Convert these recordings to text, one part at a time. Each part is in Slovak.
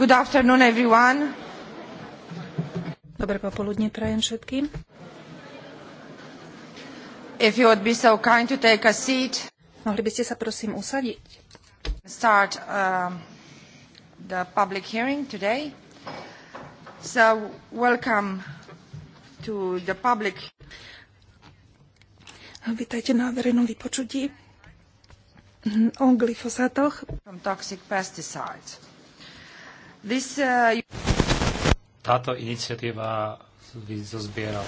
Good afternoon, everyone. Dobré popoludne prajem všetkým. If you would be so kind to take a seat. Mohli by ste sa prosím usadiť? Start um, the public hearing today. So welcome to the public. Vítajte na verejnom vypočutí o glyfosátoch. From toxic pesticides. This, uh... Táto iniciatíva by zozbierala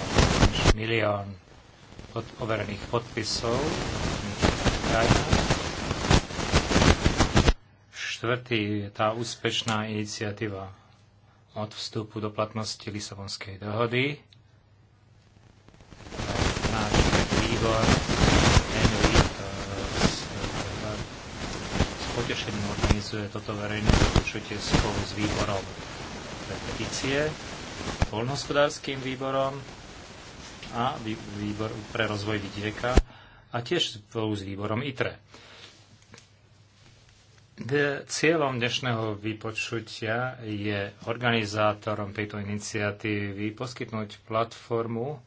milión pod overených podpisov Štvrtý je tá úspešná iniciatíva od vstupu do platnosti Lisabonskej dohody. Náš výbor potešením organizuje toto verejné vypočutie spolu s výborom pre petície, poľnohospodárským výborom a výbor pre rozvoj vidieka a tiež spolu s výborom ITRE. Cieľom dnešného vypočutia je organizátorom tejto iniciatívy poskytnúť platformu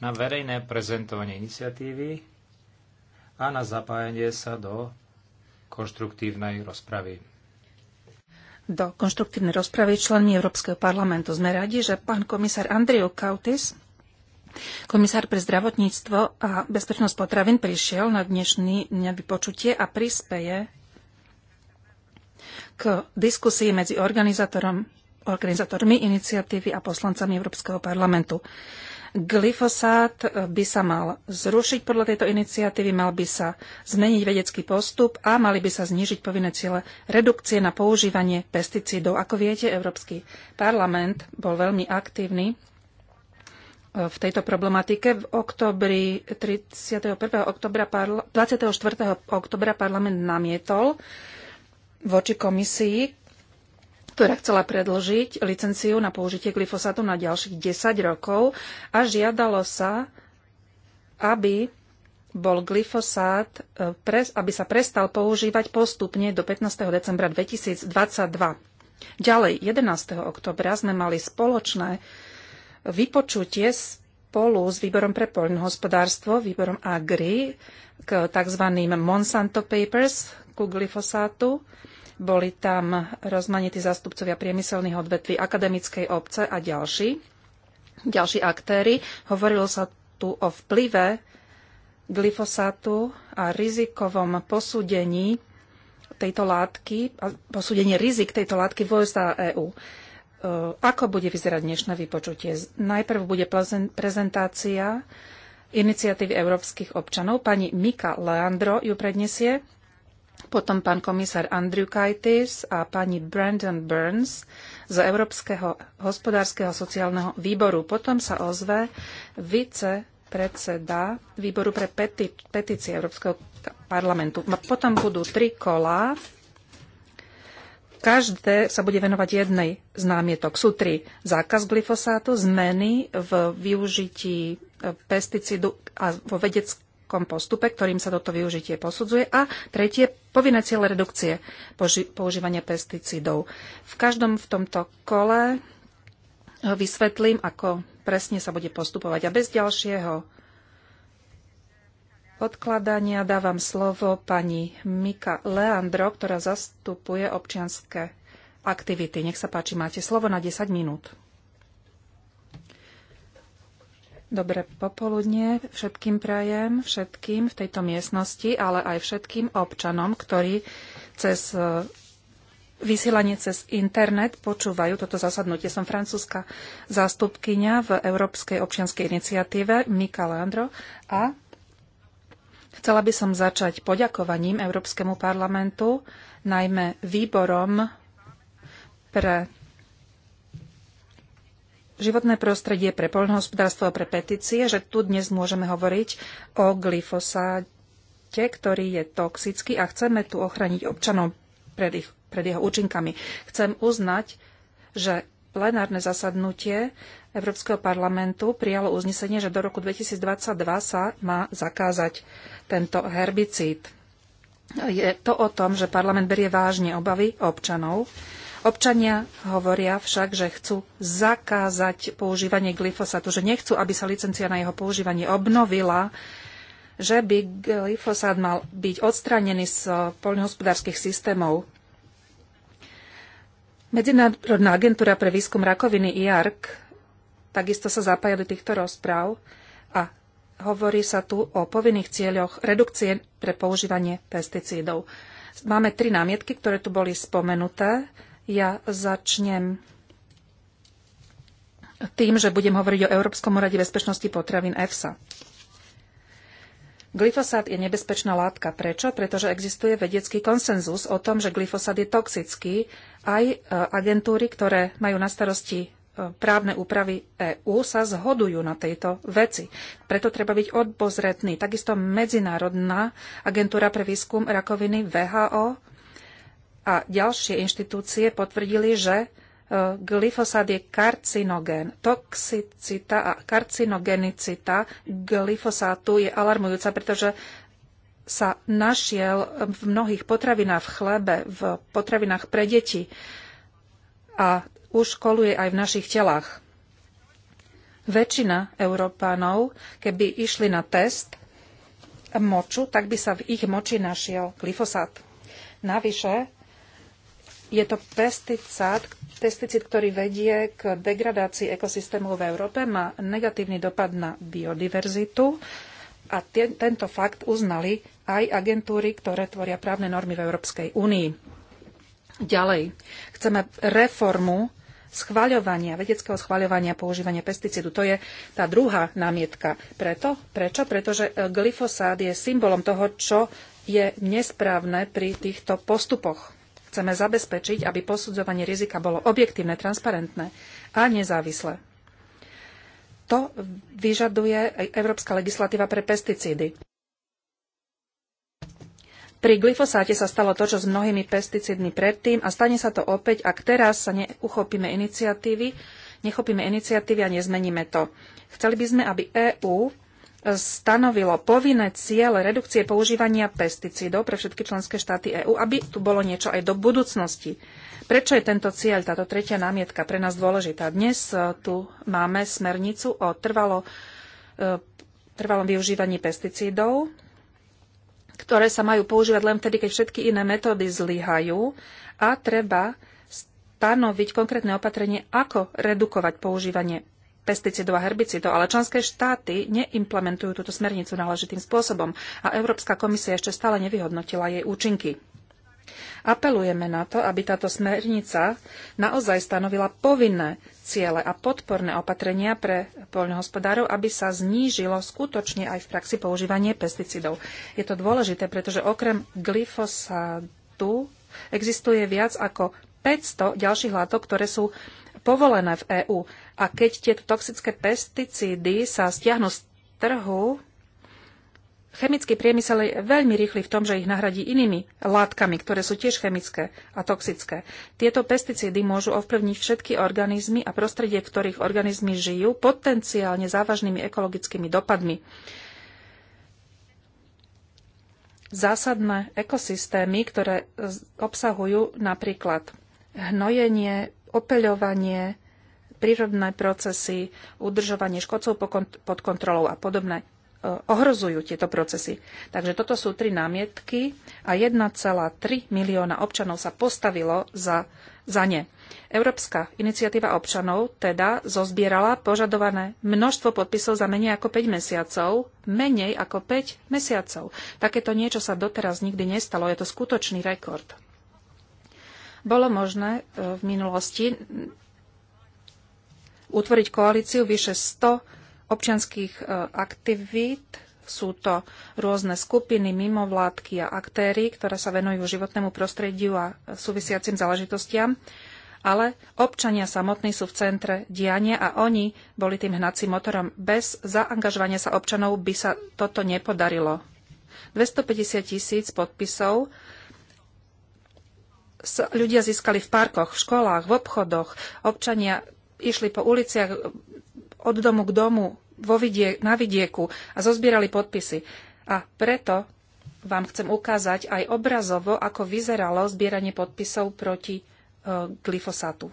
na verejné prezentovanie iniciatívy a na zapájanie sa do konštruktívnej rozpravy. Do konštruktívnej rozpravy členmi Európskeho parlamentu sme radi, že pán komisár Andriu Kautis, komisár pre zdravotníctvo a bezpečnosť potravín, prišiel na dnešný vypočutie a prispeje k diskusii medzi organizátorom organizátormi iniciatívy a poslancami Európskeho parlamentu. Glyfosát by sa mal zrušiť podľa tejto iniciatívy, mal by sa zmeniť vedecký postup a mali by sa znížiť povinné ciele redukcie na používanie pesticídov. Ako viete, Európsky parlament bol veľmi aktívny eh, v tejto problematike. V oktobri 31. Oktobra, 24. oktobra parlament namietol voči komisii ktorá chcela predlžiť licenciu na použitie glyfosátu na ďalších 10 rokov a žiadalo sa, aby bol glyfosát, e, aby sa prestal používať postupne do 15. decembra 2022. Ďalej, 11. oktobra sme mali spoločné vypočutie spolu s výborom pre poľnohospodárstvo, výborom AGRI, k tzv. Monsanto Papers, ku glyfosátu boli tam rozmanití zástupcovia priemyselných odvetví, akademickej obce a ďalší, ďalší aktéry. Hovorilo sa tu o vplyve glyfosátu a rizikovom posúdení tejto látky, posúdenie rizik tejto látky v USA a EÚ. E, ako bude vyzerať dnešné vypočutie? Najprv bude prezentácia iniciatívy európskych občanov. Pani Mika Leandro ju predniesie potom pán komisár Andrew Kajtis a pani Brandon Burns z Európskeho hospodárskeho sociálneho výboru. Potom sa ozve vicepredseda výboru pre peti- petície Európskeho parlamentu. No, potom budú tri kolá. Každé sa bude venovať jednej z námietok. Sú tri. Zákaz glyfosátu, zmeny v využití pesticídu a vo vedeckej akom postupe, ktorým sa toto využitie posudzuje. A tretie, povinné ciele redukcie používania pesticídov. V každom v tomto kole eh, vysvetlím, ako presne sa bude postupovať. A bez ďalšieho odkladania dávam slovo pani Mika Leandro, ktorá zastupuje občianské aktivity. Nech sa páči, máte slovo na 10 minút. Dobre popoludne všetkým prajem, všetkým v tejto miestnosti, ale aj všetkým občanom, ktorí cez e, vysielanie cez internet počúvajú toto zasadnutie. Som francúzska zástupkynia v Európskej občianskej iniciatíve Mika Leandro a chcela by som začať poďakovaním Európskemu parlamentu, najmä výborom pre životné prostredie, pre poľnohospodárstvo a pre petície, že tu dnes môžeme hovoriť o glyfosáte, ktorý je toxický a chceme tu ochraniť občanov pred, ich, pred jeho účinkami. Chcem uznať, že plenárne zasadnutie Európskeho parlamentu prijalo uznesenie, že do roku 2022 sa má zakázať tento herbicíd. Je to o tom, že parlament berie vážne obavy občanov Občania hovoria však, že chcú zakázať používanie glyfosátu, že nechcú, aby sa licencia na jeho používanie obnovila, že by glyfosát mal byť odstranený z poľnohospodárskych systémov. Medzinárodná agentúra pre výskum rakoviny IARC takisto sa zapája do týchto rozpráv a hovorí sa tu o povinných cieľoch redukcie pre používanie pesticídov. Máme tri námietky, ktoré tu boli spomenuté. Ja začnem tým, že budem hovoriť o Európskom rade bezpečnosti potravín EFSA. Glyfosát je nebezpečná látka. Prečo? Pretože existuje vedecký konsenzus o tom, že glyfosát je toxický. Aj e, agentúry, ktoré majú na starosti e, právne úpravy EÚ, sa zhodujú na tejto veci. Preto treba byť odbozretný. Takisto Medzinárodná agentúra pre výskum rakoviny VHO a ďalšie inštitúcie potvrdili, že e, glyfosát je karcinogén. Toxicita a karcinogenicita glyfosátu je alarmujúca, pretože sa našiel v mnohých potravinách, v chlebe, v potravinách pre deti a už koluje aj v našich telách. Väčšina Európanov, keby išli na test moču, tak by sa v ich moči našiel glyfosát. Navyše, je to pesticád, pesticid, ktorý vedie k degradácii ekosystémov v Európe, má negatívny dopad na biodiverzitu a ten, tento fakt uznali aj agentúry, ktoré tvoria právne normy v Európskej únii. Ďalej, chceme reformu schvaľovania, vedeckého schvaľovania používania pesticídu. To je tá druhá námietka. Preto? Prečo? Pretože e, glyfosát je symbolom toho, čo je nesprávne pri týchto postupoch. Chceme zabezpečiť, aby posudzovanie rizika bolo objektívne, transparentné a nezávislé. To vyžaduje európska legislatíva pre pesticídy. Pri glyfosáte sa stalo to, čo s mnohými pesticídmi predtým a stane sa to opäť, ak teraz sa neuchopíme iniciatívy, nechopíme iniciatívy a nezmeníme to. Chceli by sme, aby EÚ stanovilo povinné ciele redukcie používania pesticídov pre všetky členské štáty EÚ, aby tu bolo niečo aj do budúcnosti. Prečo je tento cieľ, táto tretia námietka pre nás dôležitá? Dnes e, tu máme smernicu o trvalo, e, trvalom využívaní pesticídov, ktoré sa majú používať len vtedy, keď všetky iné metódy zlyhajú a treba stanoviť konkrétne opatrenie, ako redukovať používanie pesticidov a herbicidov, ale členské štáty neimplementujú túto smernicu náležitým spôsobom a Európska komisia ešte stále nevyhodnotila jej účinky. Apelujeme na to, aby táto smernica naozaj stanovila povinné ciele a podporné opatrenia pre poľnohospodárov, aby sa znížilo skutočne aj v praxi používanie pesticidov. Je to dôležité, pretože okrem glyfosátu existuje viac ako 500 ďalších látok, ktoré sú povolené v EÚ. A keď tieto toxické pesticídy sa stiahnu z trhu, chemický priemysel je veľmi rýchly v tom, že ich nahradí inými látkami, ktoré sú tiež chemické a toxické. Tieto pesticídy môžu ovplyvniť všetky organizmy a prostredie, v ktorých organizmy žijú, potenciálne závažnými ekologickými dopadmi zásadné ekosystémy, ktoré obsahujú napríklad hnojenie opeľovanie, prírodné procesy, udržovanie škodcov pod kontrolou a podobné e, ohrozujú tieto procesy. Takže toto sú tri námietky a 1,3 milióna občanov sa postavilo za, za ne. Európska iniciatíva občanov teda zozbierala požadované množstvo podpisov za menej ako 5 mesiacov. Menej ako 5 mesiacov. Takéto niečo sa doteraz nikdy nestalo. Je to skutočný rekord. Bolo možné e, v minulosti utvoriť koalíciu vyše 100 občianských e, aktivít. Sú to rôzne skupiny, mimovládky a aktéry, ktoré sa venujú životnému prostrediu a súvisiacim záležitostiam. Ale občania samotní sú v centre diania a oni boli tým hnacím motorom. Bez zaangažovania sa občanov by sa toto nepodarilo. 250 tisíc podpisov sa ľudia získali v parkoch, v školách, v obchodoch. Občania išli po uliciach od domu k domu vo vidie, na vidieku a zozbierali podpisy. A preto vám chcem ukázať aj obrazovo, ako vyzeralo zbieranie podpisov proti e, glyfosátu.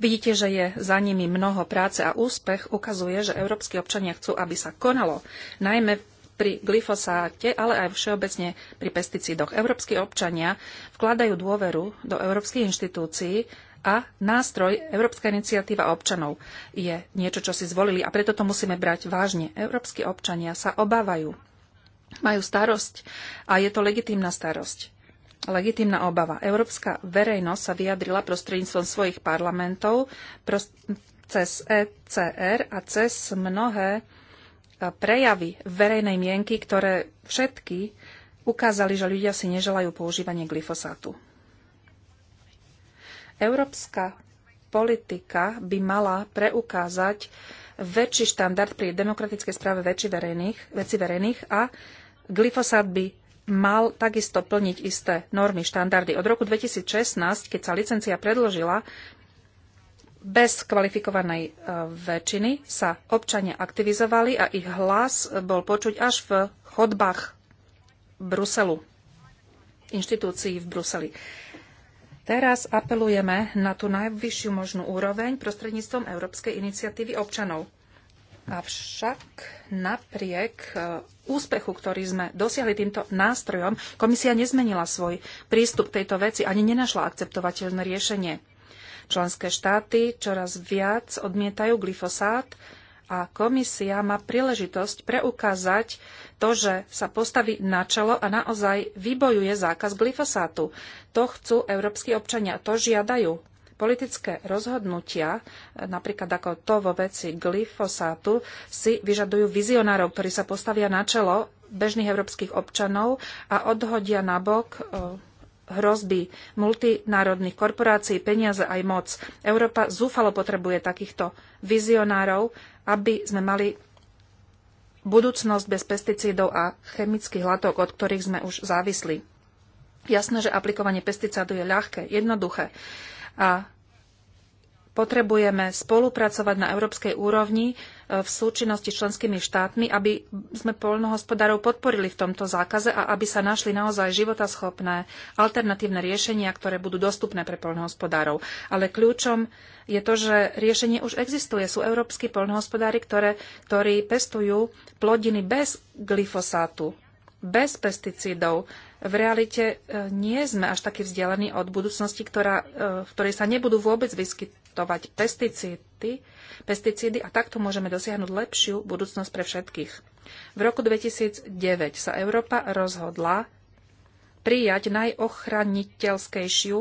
Vidíte, že je za nimi mnoho práce a úspech ukazuje, že európsky občania chcú, aby sa konalo, najmä pri glyfosáte, ale aj všeobecne pri pesticídoch. Európsky občania vkladajú dôveru do európskych inštitúcií a nástroj Európska iniciatíva občanov je niečo, čo si zvolili a preto to musíme brať vážne. Európsky občania sa obávajú, majú starosť a je to legitímna starosť legitímna obava. Európska verejnosť sa vyjadrila prostredníctvom svojich parlamentov prost- cez ECR a cez mnohé e, prejavy verejnej mienky, ktoré všetky ukázali, že ľudia si neželajú používanie glyfosátu. Európska politika by mala preukázať väčší štandard pri demokratickej správe väčší verejných, veci verejných a glyfosát by mal takisto plniť isté normy, štandardy. Od roku 2016, keď sa licencia predložila, bez kvalifikovanej e, väčšiny sa občania aktivizovali a ich hlas bol počuť až v chodbách Bruselu, inštitúcií v Bruseli. Teraz apelujeme na tú najvyššiu možnú úroveň prostredníctvom Európskej iniciatívy občanov. Avšak napriek e, úspechu, ktorý sme dosiahli týmto nástrojom, komisia nezmenila svoj prístup k tejto veci ani nenašla akceptovateľné riešenie. Členské štáty čoraz viac odmietajú glyfosát a komisia má príležitosť preukázať to, že sa postaví na čelo a naozaj vybojuje zákaz glyfosátu. To chcú európsky občania, to žiadajú politické rozhodnutia, napríklad ako to vo veci glyfosátu, si vyžadujú vizionárov, ktorí sa postavia na čelo bežných európskych občanov a odhodia nabok eh, hrozby multinárodných korporácií, peniaze aj moc. Európa zúfalo potrebuje takýchto vizionárov, aby sme mali budúcnosť bez pesticídov a chemických látok, od ktorých sme už závisli. Jasné, že aplikovanie pesticídu je ľahké, jednoduché a potrebujeme spolupracovať na európskej úrovni e, v súčinnosti s členskými štátmi, aby sme poľnohospodárov podporili v tomto zákaze a aby sa našli naozaj životaschopné alternatívne riešenia, ktoré budú dostupné pre poľnohospodárov. Ale kľúčom je to, že riešenie už existuje. Sú európsky poľnohospodári, ktoré, ktorí pestujú plodiny bez glyfosátu, bez pesticídov, v realite e, nie sme až takí vzdialení od budúcnosti, ktorá, e, v ktorej sa nebudú vôbec vyskytovať pesticídy, pesticídy a takto môžeme dosiahnuť lepšiu budúcnosť pre všetkých. V roku 2009 sa Európa rozhodla prijať najochraniteľskejšiu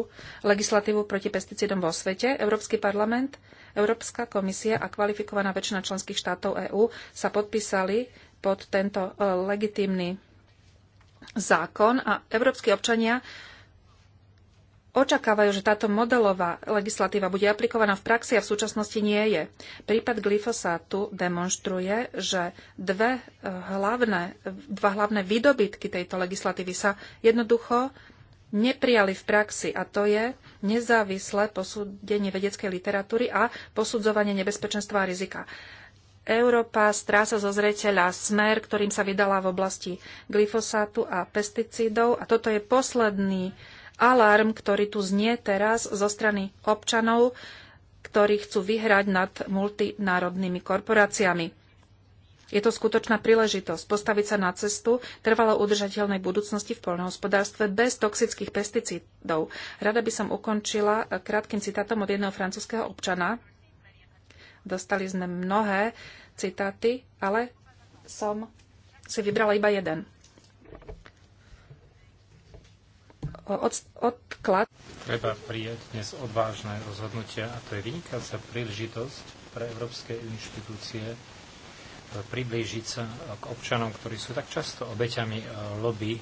legislatívu proti pesticídom vo svete. Európsky parlament, Európska komisia a kvalifikovaná väčšina členských štátov EÚ sa podpísali pod tento e, legitímny zákon a európsky občania očakávajú, že táto modelová legislatíva bude aplikovaná v praxi a v súčasnosti nie je. Prípad glyfosátu demonstruje, že dve eh, hlavné, dva hlavné výdobytky tejto legislatívy sa jednoducho neprijali v praxi a to je nezávislé posúdenie vedeckej literatúry a posudzovanie nebezpečenstva a rizika. Európa stráca zo zreteľa smer, ktorým sa vydala v oblasti glyfosátu a pesticídov. A toto je posledný alarm, ktorý tu znie teraz zo strany občanov, ktorí chcú vyhrať nad multinárodnými korporáciami. Je to skutočná príležitosť postaviť sa na cestu trvalo udržateľnej budúcnosti v poľnohospodárstve bez toxických pesticídov. Rada by som ukončila krátkým citátom od jedného francúzského občana, Dostali sme mnohé citáty, ale som si vybrala iba jeden. Od, odklad. Treba prijať dnes odvážne rozhodnutia a to je vynikajúca príležitosť pre európske inštitúcie priblížiť sa k občanom, ktorí sú tak často obeťami eh, lobby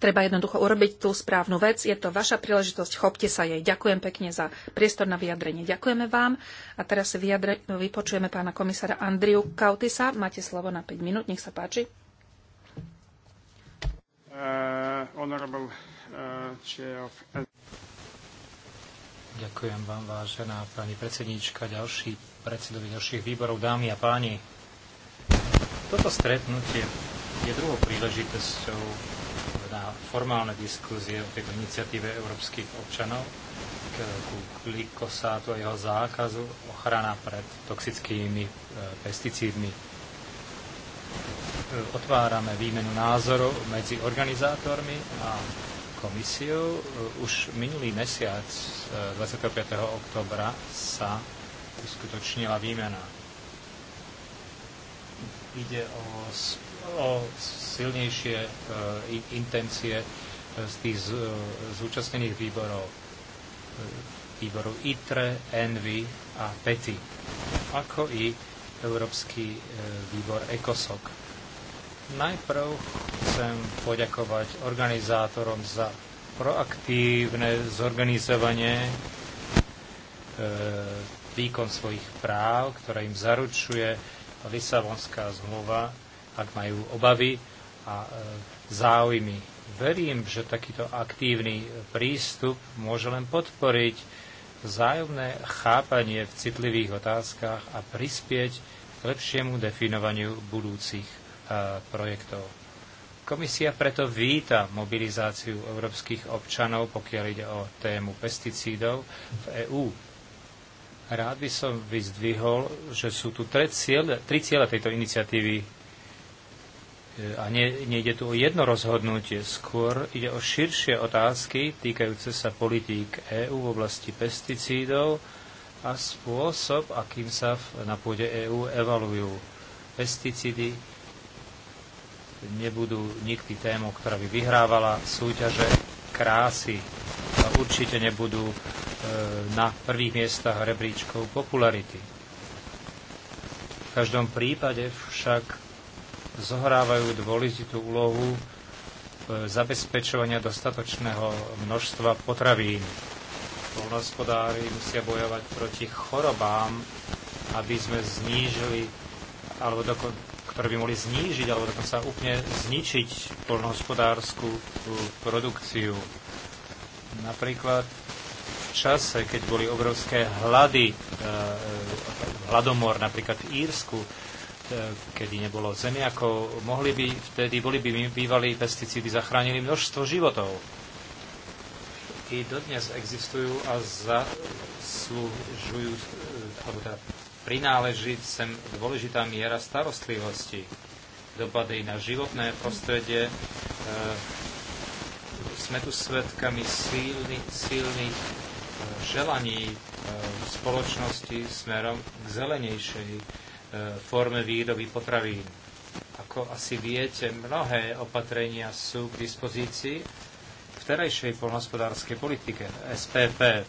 Treba jednoducho urobiť tú správnu vec. Je to vaša príležitosť, chopte sa jej. Ďakujem pekne za priestor na vyjadrenie. Ďakujeme vám. A teraz si vyjadre, vypočujeme pána komisára Andriu Kautisa. Máte slovo na 5 minút, nech sa páči. Uh, honorable, uh, of... Ďakujem vám, vážená pani predsedníčka, ďalší predsedovi ďalších výborov, dámy a páni. Toto stretnutie je druhou príležitosťou formálne diskusie o tejto iniciatíve európskych občanov k, ku glikosátu a jeho zákazu ochrana pred toxickými e, pesticídmi. E, otvárame výmenu názorov medzi organizátormi a komisiou. E, už minulý mesiac, e, 25. oktobra, sa uskutočnila výmena. Ide o o silnejšie eh, intencie eh, z tých eh, zúčastnených výborov. Výboru ITRE, ENVY a PETI, ako i Európsky výbor ECOSOC. Najprv chcem poďakovať organizátorom za proaktívne zorganizovanie výkon svojich práv, ktoré im zaručuje Lisabonská zmluva ak majú obavy a e, záujmy. Verím, že takýto aktívny prístup môže len podporiť vzájomné chápanie v citlivých otázkach a prispieť k lepšiemu definovaniu budúcich e, projektov. Komisia preto víta mobilizáciu európskych občanov, pokiaľ ide o tému pesticídov v EÚ. Rád by som vyzdvihol, že sú tu tri ciele, tri ciele tejto iniciatívy a nie, nejde tu o jedno rozhodnutie, skôr ide o širšie otázky týkajúce sa politík EÚ v oblasti pesticídov a spôsob, akým sa v, na pôde EÚ evalujú pesticídy. Nebudú nikdy tému, ktorá by vyhrávala súťaže krásy a určite nebudú e, na prvých miestach rebríčkov popularity. V každom prípade však zohrávajú dôležitú úlohu zabezpečovania dostatočného množstva potravín. Polnospodári musia bojovať proti chorobám, aby sme znížili, alebo dokon, ktoré by mohli znížiť, alebo dokonca úplne zničiť polnohospodárskú produkciu. Napríklad v čase, keď boli obrovské hlady, e, e, hladomor napríklad v Írsku, E, kedy nebolo zemiakov, mohli by, vtedy boli by bývalí pesticídy, zachránili množstvo životov. I dodnes existujú a zaslúžujú, e, alebo teda prináleží sem dôležitá miera starostlivosti, dopady na životné prostredie. E, sme tu svetkami silný, silných želaní v spoločnosti smerom k zelenejšej E, forme výroby potravín. Ako asi viete, mnohé opatrenia sú k dispozícii v terajšej polnohospodárskej politike, SPP.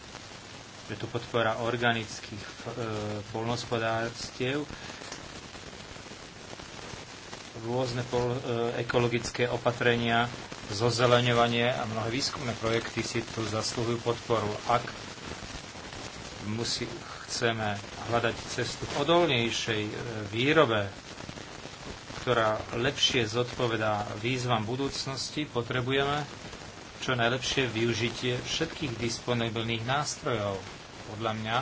Je tu podpora organických e, polnohospodárstiev, rôzne pol, e, ekologické opatrenia, zozeleňovanie a mnohé výskumné projekty si tu zaslúhujú podporu. Ak musí, chceme hľadať cestu k odolnejšej e, výrobe, ktorá lepšie zodpovedá výzvam budúcnosti, potrebujeme čo najlepšie využitie všetkých disponibilných nástrojov. Podľa mňa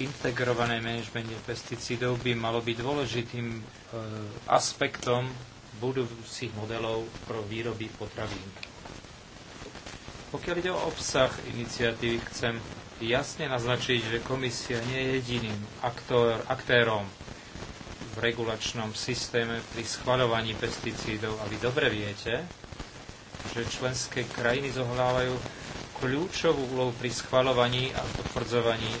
integrované manažmentie pesticídov by malo byť dôležitým e, aspektom budúcich modelov pro výroby potravín. Pokiaľ ide o obsah iniciatívy, chcem jasne naznačiť, že komisia nie je jediným aktor, aktérom v regulačnom systéme pri schvaľovaní pesticídov. A vy dobre viete, že členské krajiny zohľávajú kľúčovú úlohu pri schvaľovaní a potvrdzovaní e, e,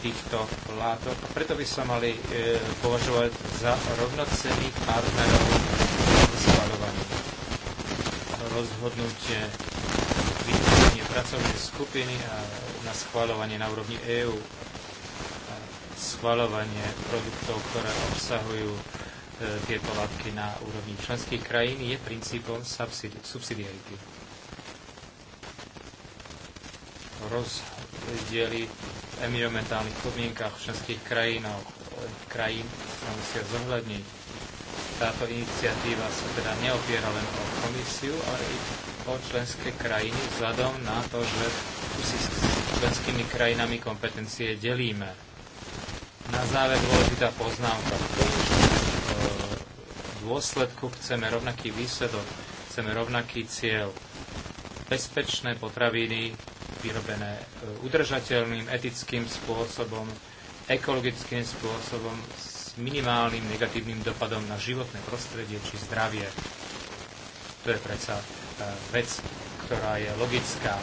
týchto látok. A preto by sa mali e, považovať za rovnocenných partnerov v schvaľovaní. Rozhodnutie pracovnej skupiny na schváľovanie na úrovni EÚ, schváľovanie produktov, ktoré obsahujú e, tieto látky na úrovni členských krajín, je princípom subsidiarity. Rozdiely v environmentálnych podmienkach členských krajín a krajín sa musia zohľadniť. Táto iniciatíva sa teda neopiera len o komisiu, ale i o členské krajiny vzhľadom na to, že tu si s členskými krajinami kompetencie delíme. Na záver dôležitá poznámka. V e, dôsledku chceme rovnaký výsledok, chceme rovnaký cieľ. Bezpečné potraviny vyrobené e, udržateľným, etickým spôsobom, ekologickým spôsobom s minimálnym negatívnym dopadom na životné prostredie či zdravie. To je predsa E, vec, ktorá je logická.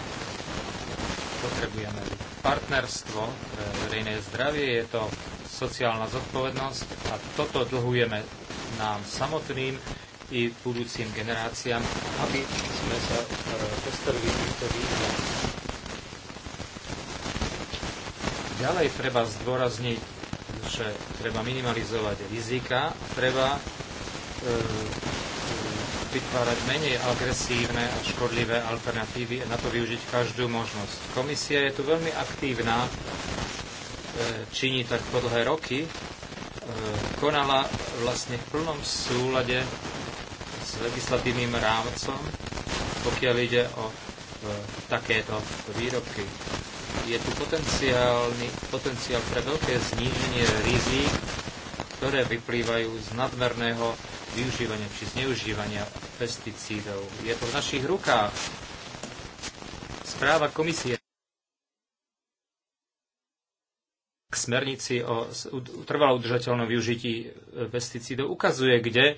Potrebujeme partnerstvo pre verejné zdravie, je to sociálna zodpovednosť a toto dlhujeme nám samotným i budúcim generáciám, aby sme sa postavili týchto výzvam. Ďalej treba zdôrazniť, že treba minimalizovať rizika, treba e, vytvárať menej agresívne a škodlivé alternatívy a na to využiť každú možnosť. Komisia je tu veľmi aktívna, e, činí tak po dlhé roky, e, konala vlastne v plnom súlade s legislatívnym rámcom, pokiaľ ide o e, takéto výrobky. Je tu potenciál pre veľké zníženie rizík ktoré vyplývajú z nadmerného využívania či zneužívania pesticídov. Je to v našich rukách. Správa komisie k smernici o trvalo udržateľnom využití e, pesticídov ukazuje, kde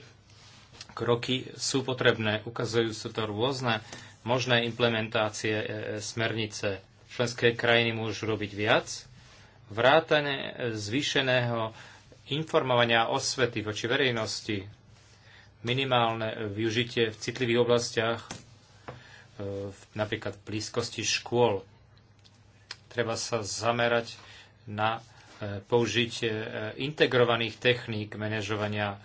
kroky sú potrebné. Ukazujú sa to rôzne možné implementácie e, e, smernice. Členské krajiny môžu robiť viac, vrátane zvýšeného informovania a osvety voči verejnosti, minimálne využitie v citlivých oblastiach, e, napríklad v blízkosti škôl. Treba sa zamerať na e, použitie e, integrovaných techník manažovania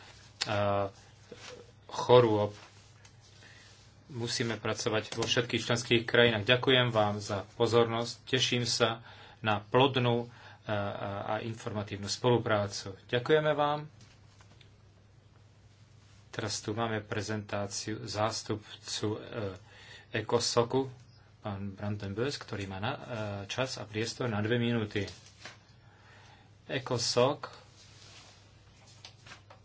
chorôb. Musíme pracovať vo všetkých členských krajinách. Ďakujem vám za pozornosť. Teším sa na plodnú a, a informatívnu spoluprácu. Ďakujeme vám. Teraz tu máme prezentáciu zástupcu ECOSOKu, pán Brandenbös, ktorý má na, e, čas a priestor na dve minúty. ECOSOK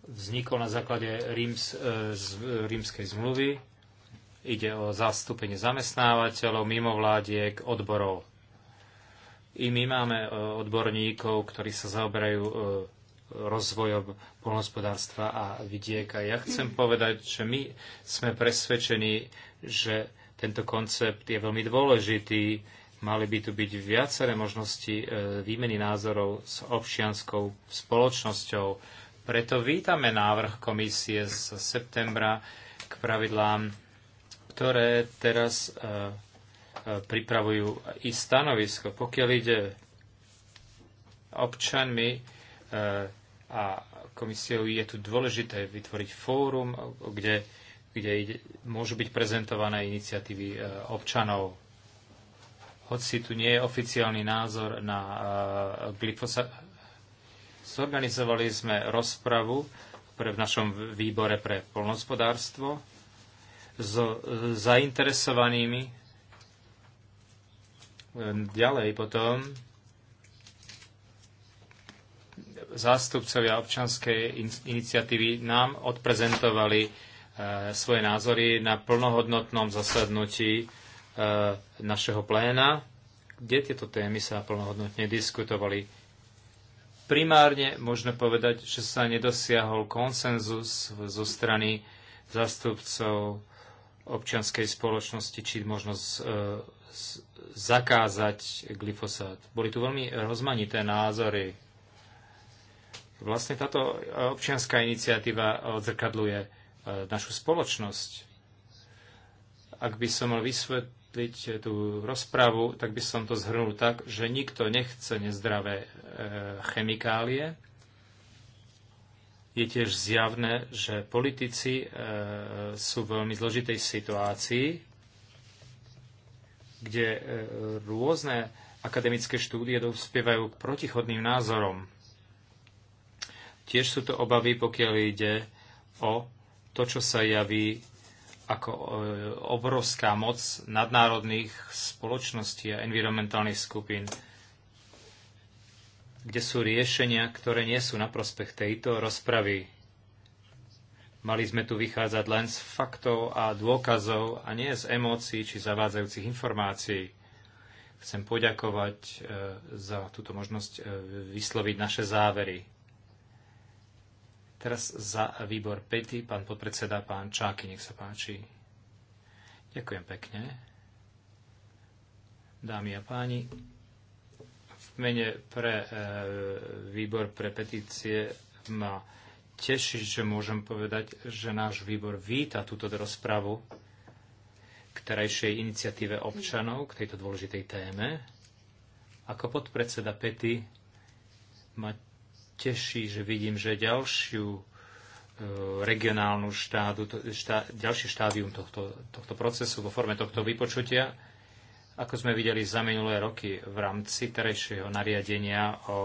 vznikol na základe Ríms, e, z, rímskej zmluvy. Ide o zastúpenie zamestnávateľov, mimovládiek, odborov i my máme e, odborníkov, ktorí sa zaoberajú e, rozvojom polnospodárstva a vidieka. Ja chcem povedať, že my sme presvedčení, že tento koncept je veľmi dôležitý. Mali by tu byť viaceré možnosti e, výmeny názorov s občianskou spoločnosťou. Preto vítame návrh komisie z septembra k pravidlám, ktoré teraz pripravujú i stanovisko. Pokiaľ ide občanmi e, a komisiou, je tu dôležité vytvoriť fórum, kde, kde ide, môžu byť prezentované iniciatívy e, občanov. Hoci tu nie je oficiálny názor na e, glyfosát, zorganizovali sme rozpravu pre, v našom výbore pre polnospodárstvo s zainteresovanými Ďalej potom zástupcovia občanskej iniciatívy nám odprezentovali e, svoje názory na plnohodnotnom zasadnutí e, našeho pléna, kde tieto témy sa plnohodnotne diskutovali. Primárne možno povedať, že sa nedosiahol konsenzus zo strany zástupcov občianskej spoločnosti, či možno z, e, z zakázať glyfosát. Boli tu veľmi rozmanité názory. Vlastne táto občianská iniciatíva odzrkadluje e, našu spoločnosť. Ak by som mal vysvetliť e, tú rozpravu, tak by som to zhrnul tak, že nikto nechce nezdravé e, chemikálie. Je tiež zjavné, že politici sú v veľmi zložitej situácii, kde e, rôzne akademické štúdie dospievajú k protichodným názorom. Tiež sú to obavy, pokiaľ ide o to, čo sa javí ako e, obrovská moc nadnárodných spoločností a environmentálnych skupín, kde sú riešenia, ktoré nie sú na prospech tejto rozpravy. Mali sme tu vychádzať len z faktov a dôkazov a nie z emócií či zavádzajúcich informácií. Chcem poďakovať e, za túto možnosť e, vysloviť naše závery. Teraz za výbor Pety, pán podpredseda, pán Čáky, nech sa páči. Ďakujem pekne. Dámy a páni, v mene pre e, výbor pre petície ma teší, že môžem povedať, že náš výbor víta túto rozpravu k terajšej iniciatíve občanov, k tejto dôležitej téme. Ako podpredseda Pety ma teší, že vidím, že ďalšiu e, regionálnu štádu, štá, ďalšie štádium tohto, tohto procesu vo forme tohto vypočutia, ako sme videli za minulé roky v rámci terajšieho nariadenia o, o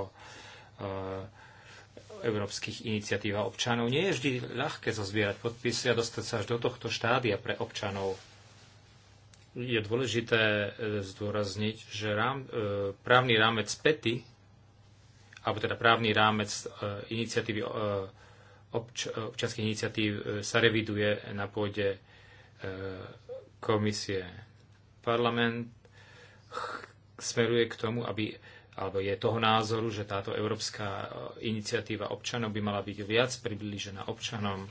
e, európskych iniciatív a občanov. Nie je vždy ľahké zozbierať podpisy a dostať sa až do tohto štádia pre občanov. Je dôležité e, zdôrazniť, že rám, e, právny rámec PETI, alebo teda právny rámec e, iniciatívy, e, obč, e, občanských iniciatív e, sa reviduje na pôde e, komisie. Parlament smeruje k tomu, aby alebo je toho názoru, že táto európska e, iniciatíva občanov by mala byť viac priblížená občanom,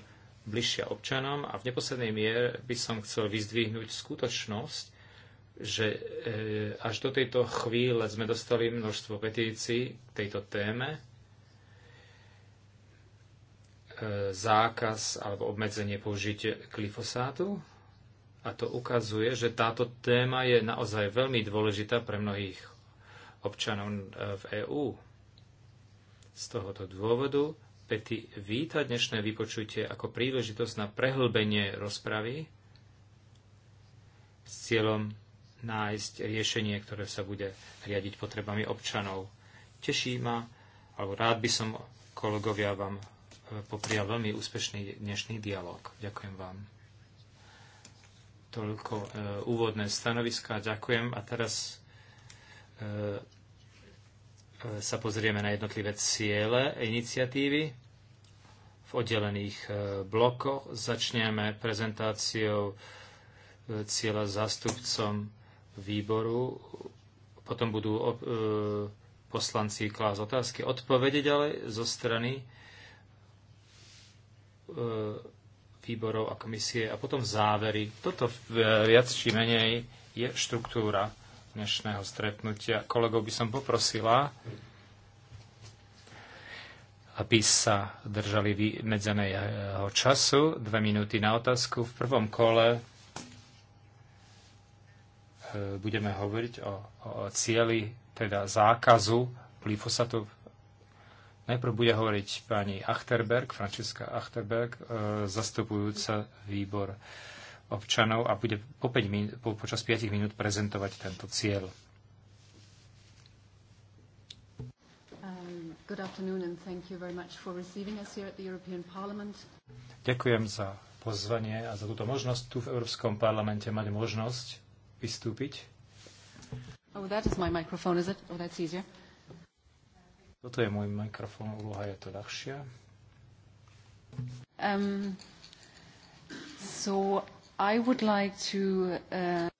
bližšia občanom. A v neposlednej miere by som chcel vyzdvihnúť skutočnosť, že e, až do tejto chvíle sme dostali množstvo petícií k tejto téme. E, zákaz alebo obmedzenie použitia glyfosátu. A to ukazuje, že táto téma je naozaj veľmi dôležitá pre mnohých občanov eh, v EÚ. Z tohoto dôvodu Peti víta dnešné vypočutie ako príležitosť na prehlbenie rozpravy s cieľom nájsť riešenie, ktoré sa bude riadiť potrebami občanov. Teší ma, alebo rád by som, kolegovia, vám eh, poprijal veľmi úspešný dnešný dialog. Ďakujem vám. Toľko e, úvodné stanoviska. Ďakujem. A teraz E, e, sa pozrieme na jednotlivé ciele iniciatívy v oddelených e, blokoch. Začneme prezentáciou cieľa zástupcom výboru. Potom budú poslanci klásť otázky, odpovede ďalej zo strany výborov a komisie a potom závery. Toto viac či menej je štruktúra dnešného stretnutia. Kolegov by som poprosila, aby sa držali vymedzeného času. Dve minúty na otázku. V prvom kole e, budeme hovoriť o, o cieli, teda zákazu glyfosatu. Najprv bude hovoriť pani Achterberg, Franciska Achterberg, e, zastupujúca výbor občanov a bude po 5 minút, po, počas 5 minút prezentovať tento cieľ. Um, Ďakujem za pozvanie a za túto možnosť tu v Európskom parlamente mať možnosť vystúpiť. Oh, that is my microphone, is it? Oh, that's easier. Toto je môj mikrofón, úloha je to ľahšia. Um, so i would like to, uh...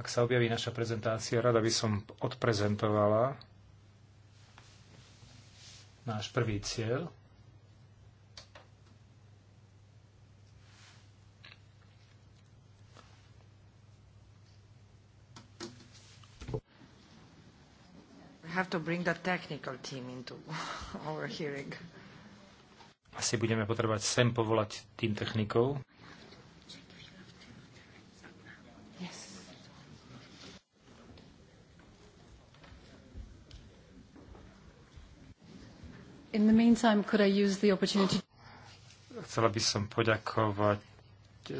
Ak sa objaví naša prezentácia, rada by som odprezentovala náš prvý cieľ. We have to bring the technical team into our hearing. Asi budeme potrebovať sem povolať tým technikov. Meantime, Chcela by som poďakovať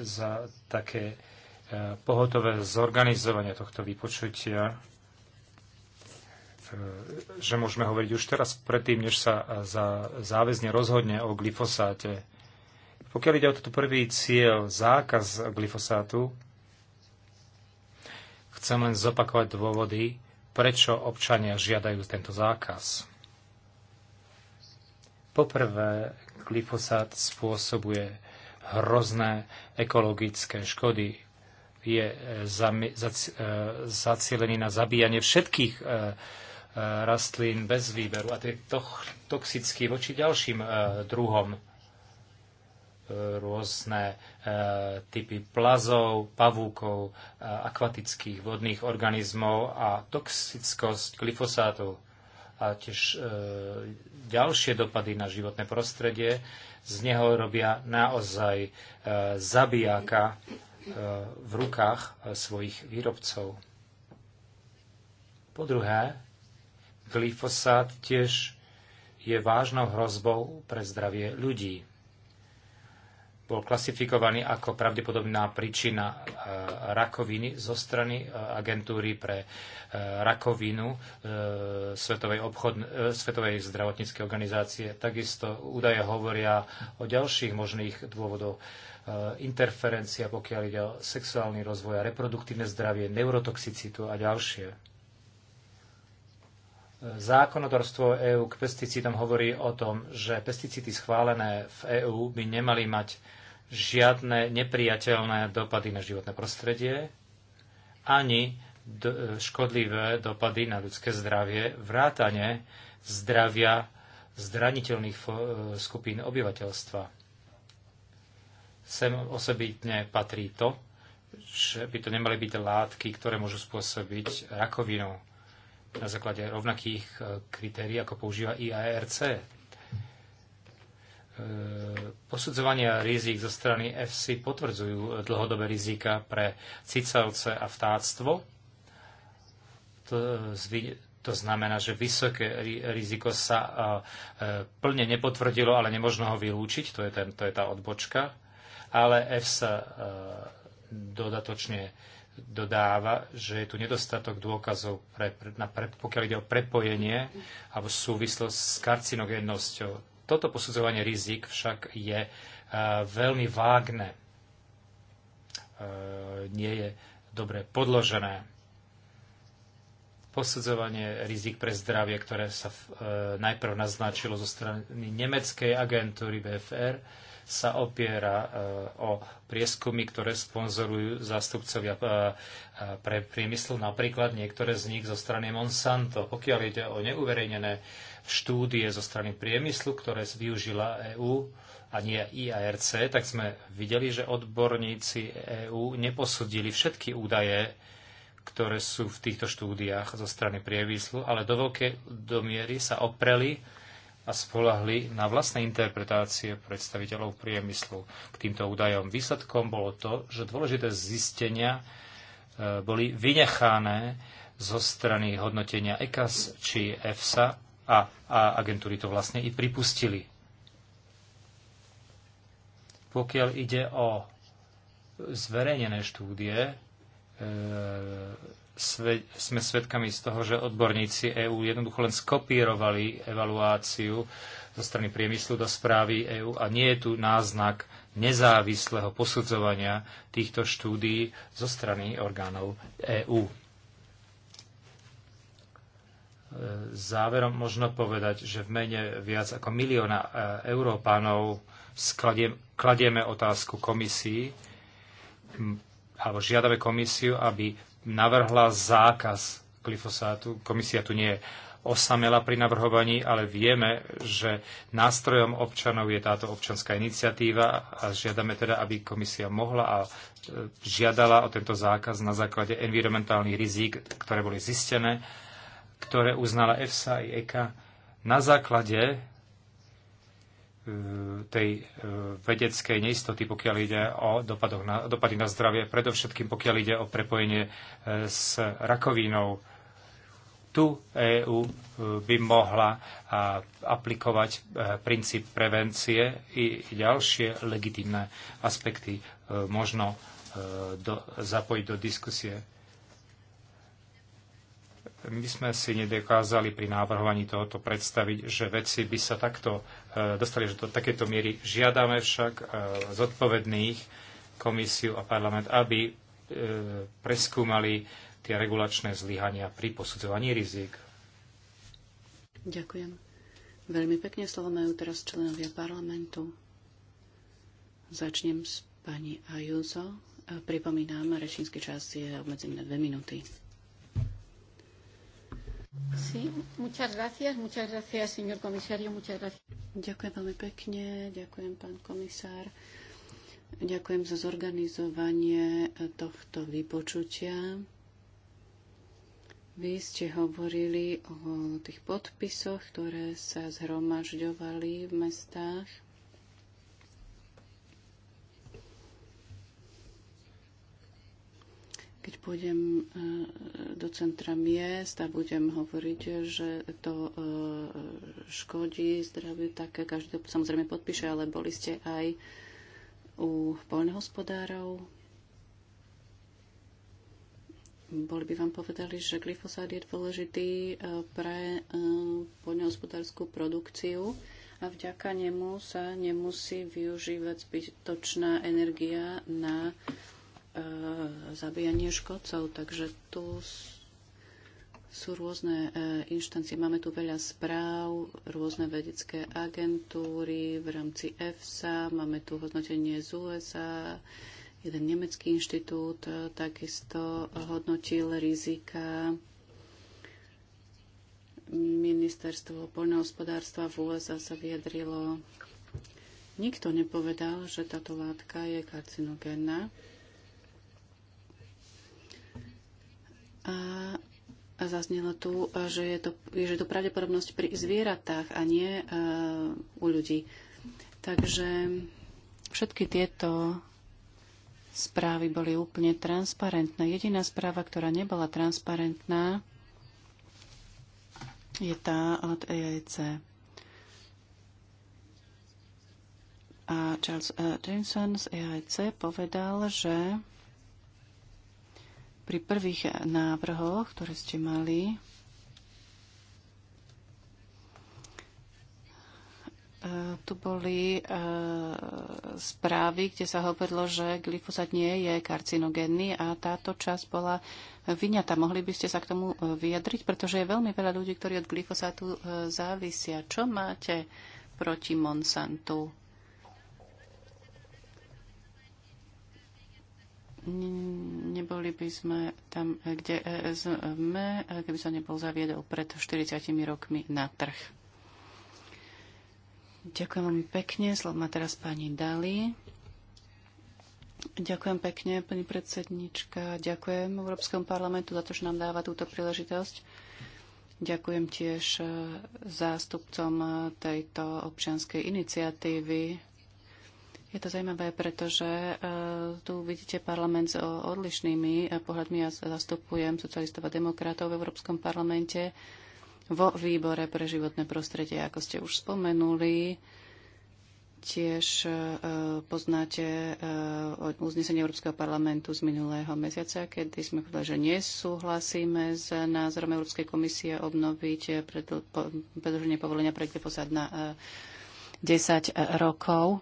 za také eh, pohotové zorganizovanie tohto vypočutia. E, že môžeme hovoriť už teraz, predtým, než sa e, za, záväzne rozhodne o glyfosáte. Pokiaľ ide o toto prvý cieľ, zákaz glyfosátu, chcem len zopakovať dôvody, prečo občania žiadajú tento zákaz. Poprvé, glyfosát spôsobuje hrozné ekologické škody. Je e, zacielený na zabíjanie všetkých Eh, rastlín bez výberu a je toxický voči ďalším eh, druhom eh, rôzne typy plazov, pavúkov, akvatických vodných organizmov a toxickosť glyfosátu a tiež ďalšie dopady na životné prostredie z neho robia naozaj zabijáka v rukách svojich výrobcov. Po druhé, glyfosát tiež je vážnou hrozbou pre zdravie ľudí. Bol klasifikovaný ako pravdepodobná príčina e, rakoviny zo strany e, agentúry pre e, rakovinu Svetovej, obchod, Svetovej zdravotníckej organizácie. Takisto údaje hovoria o ďalších možných dôvodoch interferencia, pokiaľ ide o sexuálny rozvoj a reproduktívne zdravie, neurotoxicitu a ďalšie. Zákonodarstvo EÚ k pesticídom hovorí o tom, že pesticídy schválené v EÚ by nemali mať žiadne nepriateľné dopady na životné prostredie ani škodlivé dopady na ľudské zdravie, vrátane zdravia zraniteľných e, skupín obyvateľstva. Sem osobitne patrí to, že by to nemali byť látky, ktoré môžu spôsobiť rakovinu na základe rovnakých e, kritérií, ako používa IARC. E, posudzovania rizik zo strany FC potvrdzujú dlhodobé rizika pre cicavce a vtáctvo. To, e, to znamená, že vysoké riziko sa plne nepotvrdilo, ale nemožno ho vylúčiť, to je, ten, to je tá odbočka. Ale EFSA dodatočne dodáva, že je tu nedostatok dôkazov, pre, na, pre, pokiaľ ide o prepojenie alebo súvislosť s karcinogénnosťou. Toto posudzovanie rizik však je uh, veľmi vágne. Uh, nie je dobre podložené. Posudzovanie rizik pre zdravie, ktoré sa uh, najprv naznačilo zo strany nemeckej agentúry BFR, uh, sa opiera e, o prieskumy, ktoré sponzorujú zástupcovia e, e, pre priemyslu, napríklad niektoré z nich zo strany Monsanto. Pokiaľ ide o neuverejnené štúdie zo strany priemyslu, ktoré využila EÚ a nie IARC, tak sme videli, že odborníci EÚ neposudili všetky údaje, ktoré sú v týchto štúdiách zo strany priemyslu, ale do veľkej domiery miery sa opreli a spolahli na vlastné interpretácie predstaviteľov priemyslu k týmto údajom. Výsledkom bolo to, že dôležité zistenia e, boli vynechané zo strany hodnotenia ECAS či EFSA a, a agentúry to vlastne i pripustili. Pokiaľ ide o zverejnené štúdie, e sme svedkami z toho, že odborníci EÚ jednoducho len skopírovali evaluáciu zo strany priemyslu do správy EÚ a nie je tu náznak nezávislého posudzovania týchto štúdií zo strany orgánov EÚ. E, záverom možno povedať, že v mene viac ako milióna e, Európánov kladieme otázku komisii alebo žiadame komisiu, aby navrhla zákaz glyfosátu. Komisia tu nie je osamela pri navrhovaní, ale vieme, že nástrojom občanov je táto občanská iniciatíva a žiadame teda, aby komisia mohla a e, žiadala o tento zákaz na základe environmentálnych rizík, ktoré boli zistené, ktoré uznala EFSA i ECA na základe E, tej e, vedeckej neistoty, pokiaľ ide o dopadoch na, dopady na zdravie, predovšetkým pokiaľ ide o prepojenie e, s rakovinou. Tu EÚ by mohla aplikovať princíp prevencie i ďalšie legitimné aspekty možno do, zapojiť do diskusie. My sme si nedokázali pri návrhovaní tohoto predstaviť, že veci by sa takto E, dostali do takéto miery. Žiadame však e, zodpovedných komisiu a parlament, aby e, preskúmali tie regulačné zlyhania pri posudzovaní rizik. Ďakujem. Veľmi pekne slovo majú teraz členovia parlamentu. Začnem s pani Ajuzo. Pripomínam, rečnícky čas je obmedzený na dve minúty. Sí, muchas gracias, muchas gracias, señor muchas gracias. Ďakujem veľmi pekne, ďakujem pán komisár. Ďakujem za zorganizovanie tohto vypočutia. Vy ste hovorili o tých podpisoch, ktoré sa zhromažďovali v mestách keď pôjdem e, do centra miest a budem hovoriť, že to e, škodí zdraviu, tak každý to samozrejme podpíše, ale boli ste aj u poľnohospodárov. Boli by vám povedali, že glyfosát je dôležitý e, pre poľnohospodárskú produkciu a vďaka nemu sa nemusí využívať zbytočná energia na E, zabíjanie škodcov. Takže tu sú rôzne e, inštancie. Máme tu veľa správ, rôzne vedecké agentúry v rámci EFSA, máme tu hodnotenie z USA, jeden nemecký inštitút e, takisto hodnotil rizika ministerstvo poľnohospodárstva v USA sa vyjadrilo. Nikto nepovedal, že táto látka je karcinogénna. A zaznelo tu, že je, to, že je to pravdepodobnosť pri zvieratách a nie e, u ľudí. Takže všetky tieto správy boli úplne transparentné. Jediná správa, ktorá nebola transparentná, je tá od EIC. A Charles e, Jameson z EIC povedal, že pri prvých návrhoch, ktoré ste mali, eh, tu boli eh, správy, kde sa hovorilo, že glyfosát nie je karcinogénny a táto časť bola vyňatá. Mohli by ste sa k tomu eh, vyjadriť, pretože je veľmi veľa ľudí, ktorí od glyfosátu závisia. Čo máte proti Monsantu? neboli by sme tam, kde sme, keby sa nebol zaviedol pred 40 rokmi na trh. Ďakujem veľmi pekne. Slovo má teraz pani Dali. Ďakujem pekne, pani predsednička. Ďakujem Európskom parlamentu za to, že nám dáva túto príležitosť. Ďakujem tiež eh, zástupcom eh, tejto občianskej iniciatívy, je to zaujímavé, pretože e, tu vidíte parlament s e, odlišnými e, pohľadmi. Ja zastupujem socialistov a demokratov v Európskom parlamente vo výbore pre životné prostredie, ako ste už spomenuli. Tiež poznáte uznesenie Európskeho parlamentu z minulého mesiaca, kedy sme povedali, že nesúhlasíme s názorom Európskej komisie obnoviť predlženie povolenia pre glyfosát na 10 rokov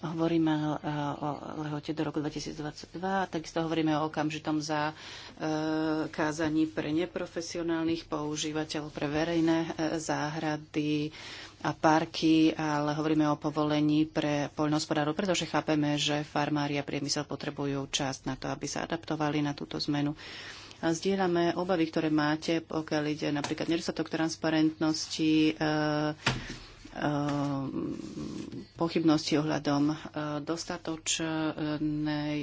Hovoríme eh, o lehote do roku 2022 a takisto hovoríme o okamžitom zakázaní pre neprofesionálnych používateľov, pre verejné eh, záhrady a parky, ale hovoríme o povolení pre poľnohospodárov, pretože chápeme, že farmári a priemysel potrebujú čas na to, aby sa adaptovali na túto zmenu. A zdieľame obavy, ktoré máte, pokiaľ ide napríklad nedostatok transparentnosti, e Eh, pochybnosti ohľadom eh,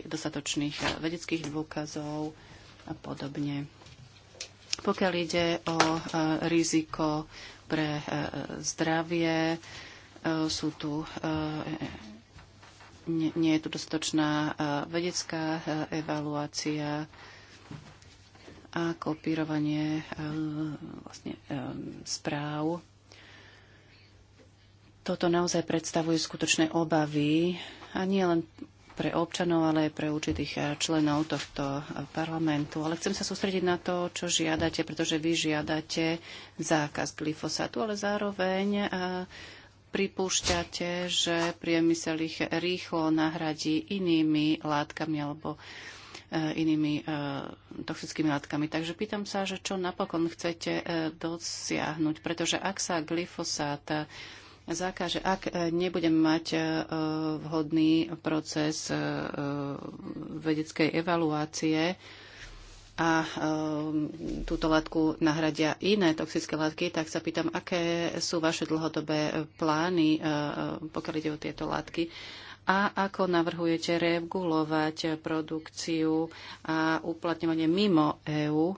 dostatočných eh, vedeckých dôkazov a podobne. Pokiaľ ide o riziko pre zdravie, sú tu, nie, je tu dostatočná vedecká evaluácia a kopírovanie vlastne, správ toto naozaj predstavuje skutočné obavy a nie len pre občanov, ale aj pre určitých eh, členov tohto eh, parlamentu. Ale chcem sa sústrediť na to, čo žiadate, pretože vy žiadate zákaz glyfosátu, ale zároveň eh, pripúšťate, že priemysel ich rýchlo nahradí inými látkami alebo inými toxickými látkami. Takže pýtam sa, že čo napokon chcete dosiahnuť, pretože ak sa glyfosát zakáže, ak e, nebudem mať e, vhodný proces e, vedeckej evaluácie a túto látku nahradia iné toxické látky, tak sa pýtam, aké sú vaše dlhodobé plány, pokiaľ ide o tieto látky a ako navrhujete regulovať produkciu a uplatňovanie mimo EÚ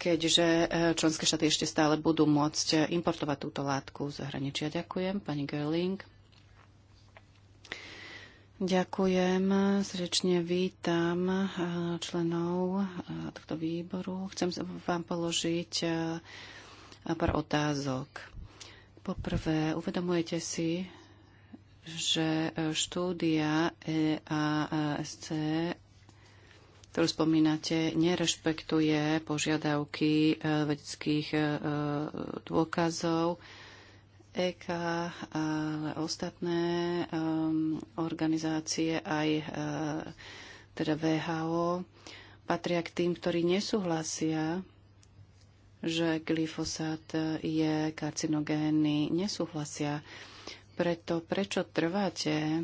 keďže e, členské štáty ešte stále budú môcť e, importovať túto látku z zahraničia. Ďakujem, pani Gerling. Ďakujem, srdečne vítam e, členov tohto výboru. Chcem vám položiť pár otázok. Poprvé, uvedomujete si, že štúdia EASC ktorú spomínate, nerešpektuje požiadavky e, vedeckých e, e, dôkazov. EK, ale ostatné organizácie, aj teda VHO, patria k tým, ktorí nesúhlasia že glyfosát je karcinogénny. Nesúhlasia. Preto prečo trváte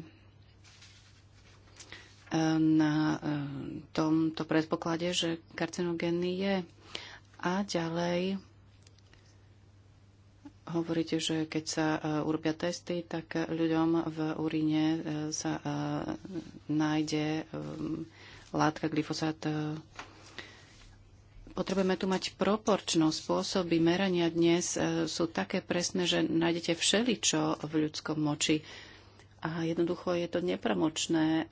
na eh, tomto predpoklade, že karcinogénny je. A ďalej hovoríte, že keď sa eh, urobia testy, tak ľuďom v urine eh, sa nájde látka glyfosát. Potrebujeme tu mať proporčnosť. Spôsoby merania dnes sú také presné, že nájdete všeličo v ľudskom moči a jednoducho je to nepromočné,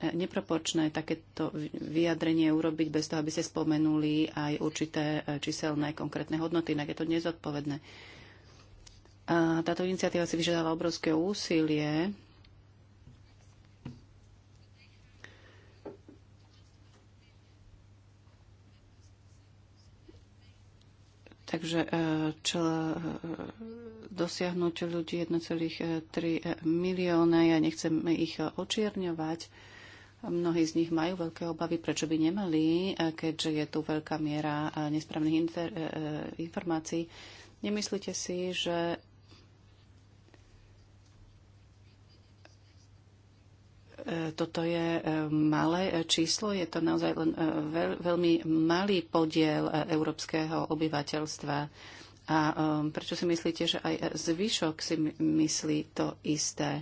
e, takéto vyjadrenie urobiť bez toho, aby ste spomenuli aj určité e, číselné konkrétne hodnoty, inak je to nezodpovedné. A táto iniciatíva si vyžiadala obrovské úsilie Takže e, čo e, dosiahnuť ľudí 1,3 e, milióna, ja nechcem ich očierňovať. Mnohí z nich majú veľké obavy, prečo by nemali, keďže je tu veľká miera nesprávnych informácií. Nemyslíte si, že toto je e, malé e, číslo, je to naozaj len e, veľ, veľmi malý podiel európskeho obyvateľstva. A prečo si myslíte, že aj zvyšok si myslí to isté?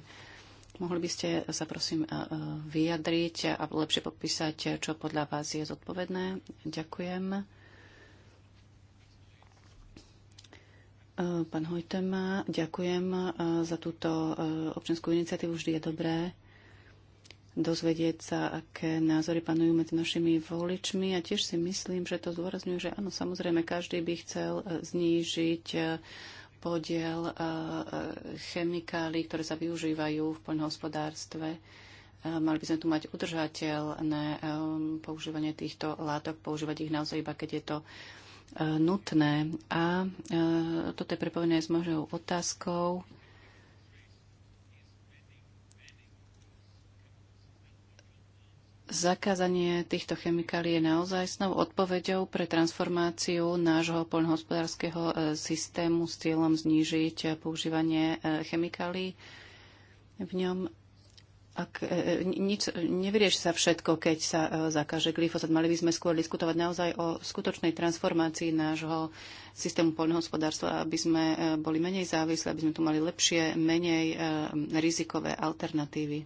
Mohli by ste sa prosím vyjadriť a lepšie popísať, čo podľa vás je zodpovedné? Ďakujem. Pán Hojtema, ďakujem za túto občanskú iniciatívu. Vždy je dobré dozvedieť sa, aké názory panujú medzi našimi voličmi. A tiež si myslím, že to zdôrazňuje, že áno, samozrejme, každý by chcel eh, znížiť eh, podiel eh, chemikálií, ktoré sa využívajú v poľnohospodárstve. Mali by sme tu mať udržateľné používanie týchto látok, používať ich naozaj iba, keď je to nutné. A toto je prepojené s možnou otázkou Zakázanie týchto chemikálií je naozaj snou odpoveďou pre transformáciu nášho poľnohospodárskeho e, systému s cieľom znížiť e, používanie e, chemikálií. V ňom ak nič, nevyrieši sa všetko, keď sa zakáže glyfosát. Mali by sme skôr diskutovať naozaj o skutočnej transformácii nášho systému poľnohospodárstva, aby sme boli menej závislí, aby sme tu mali lepšie, menej rizikové alternatívy.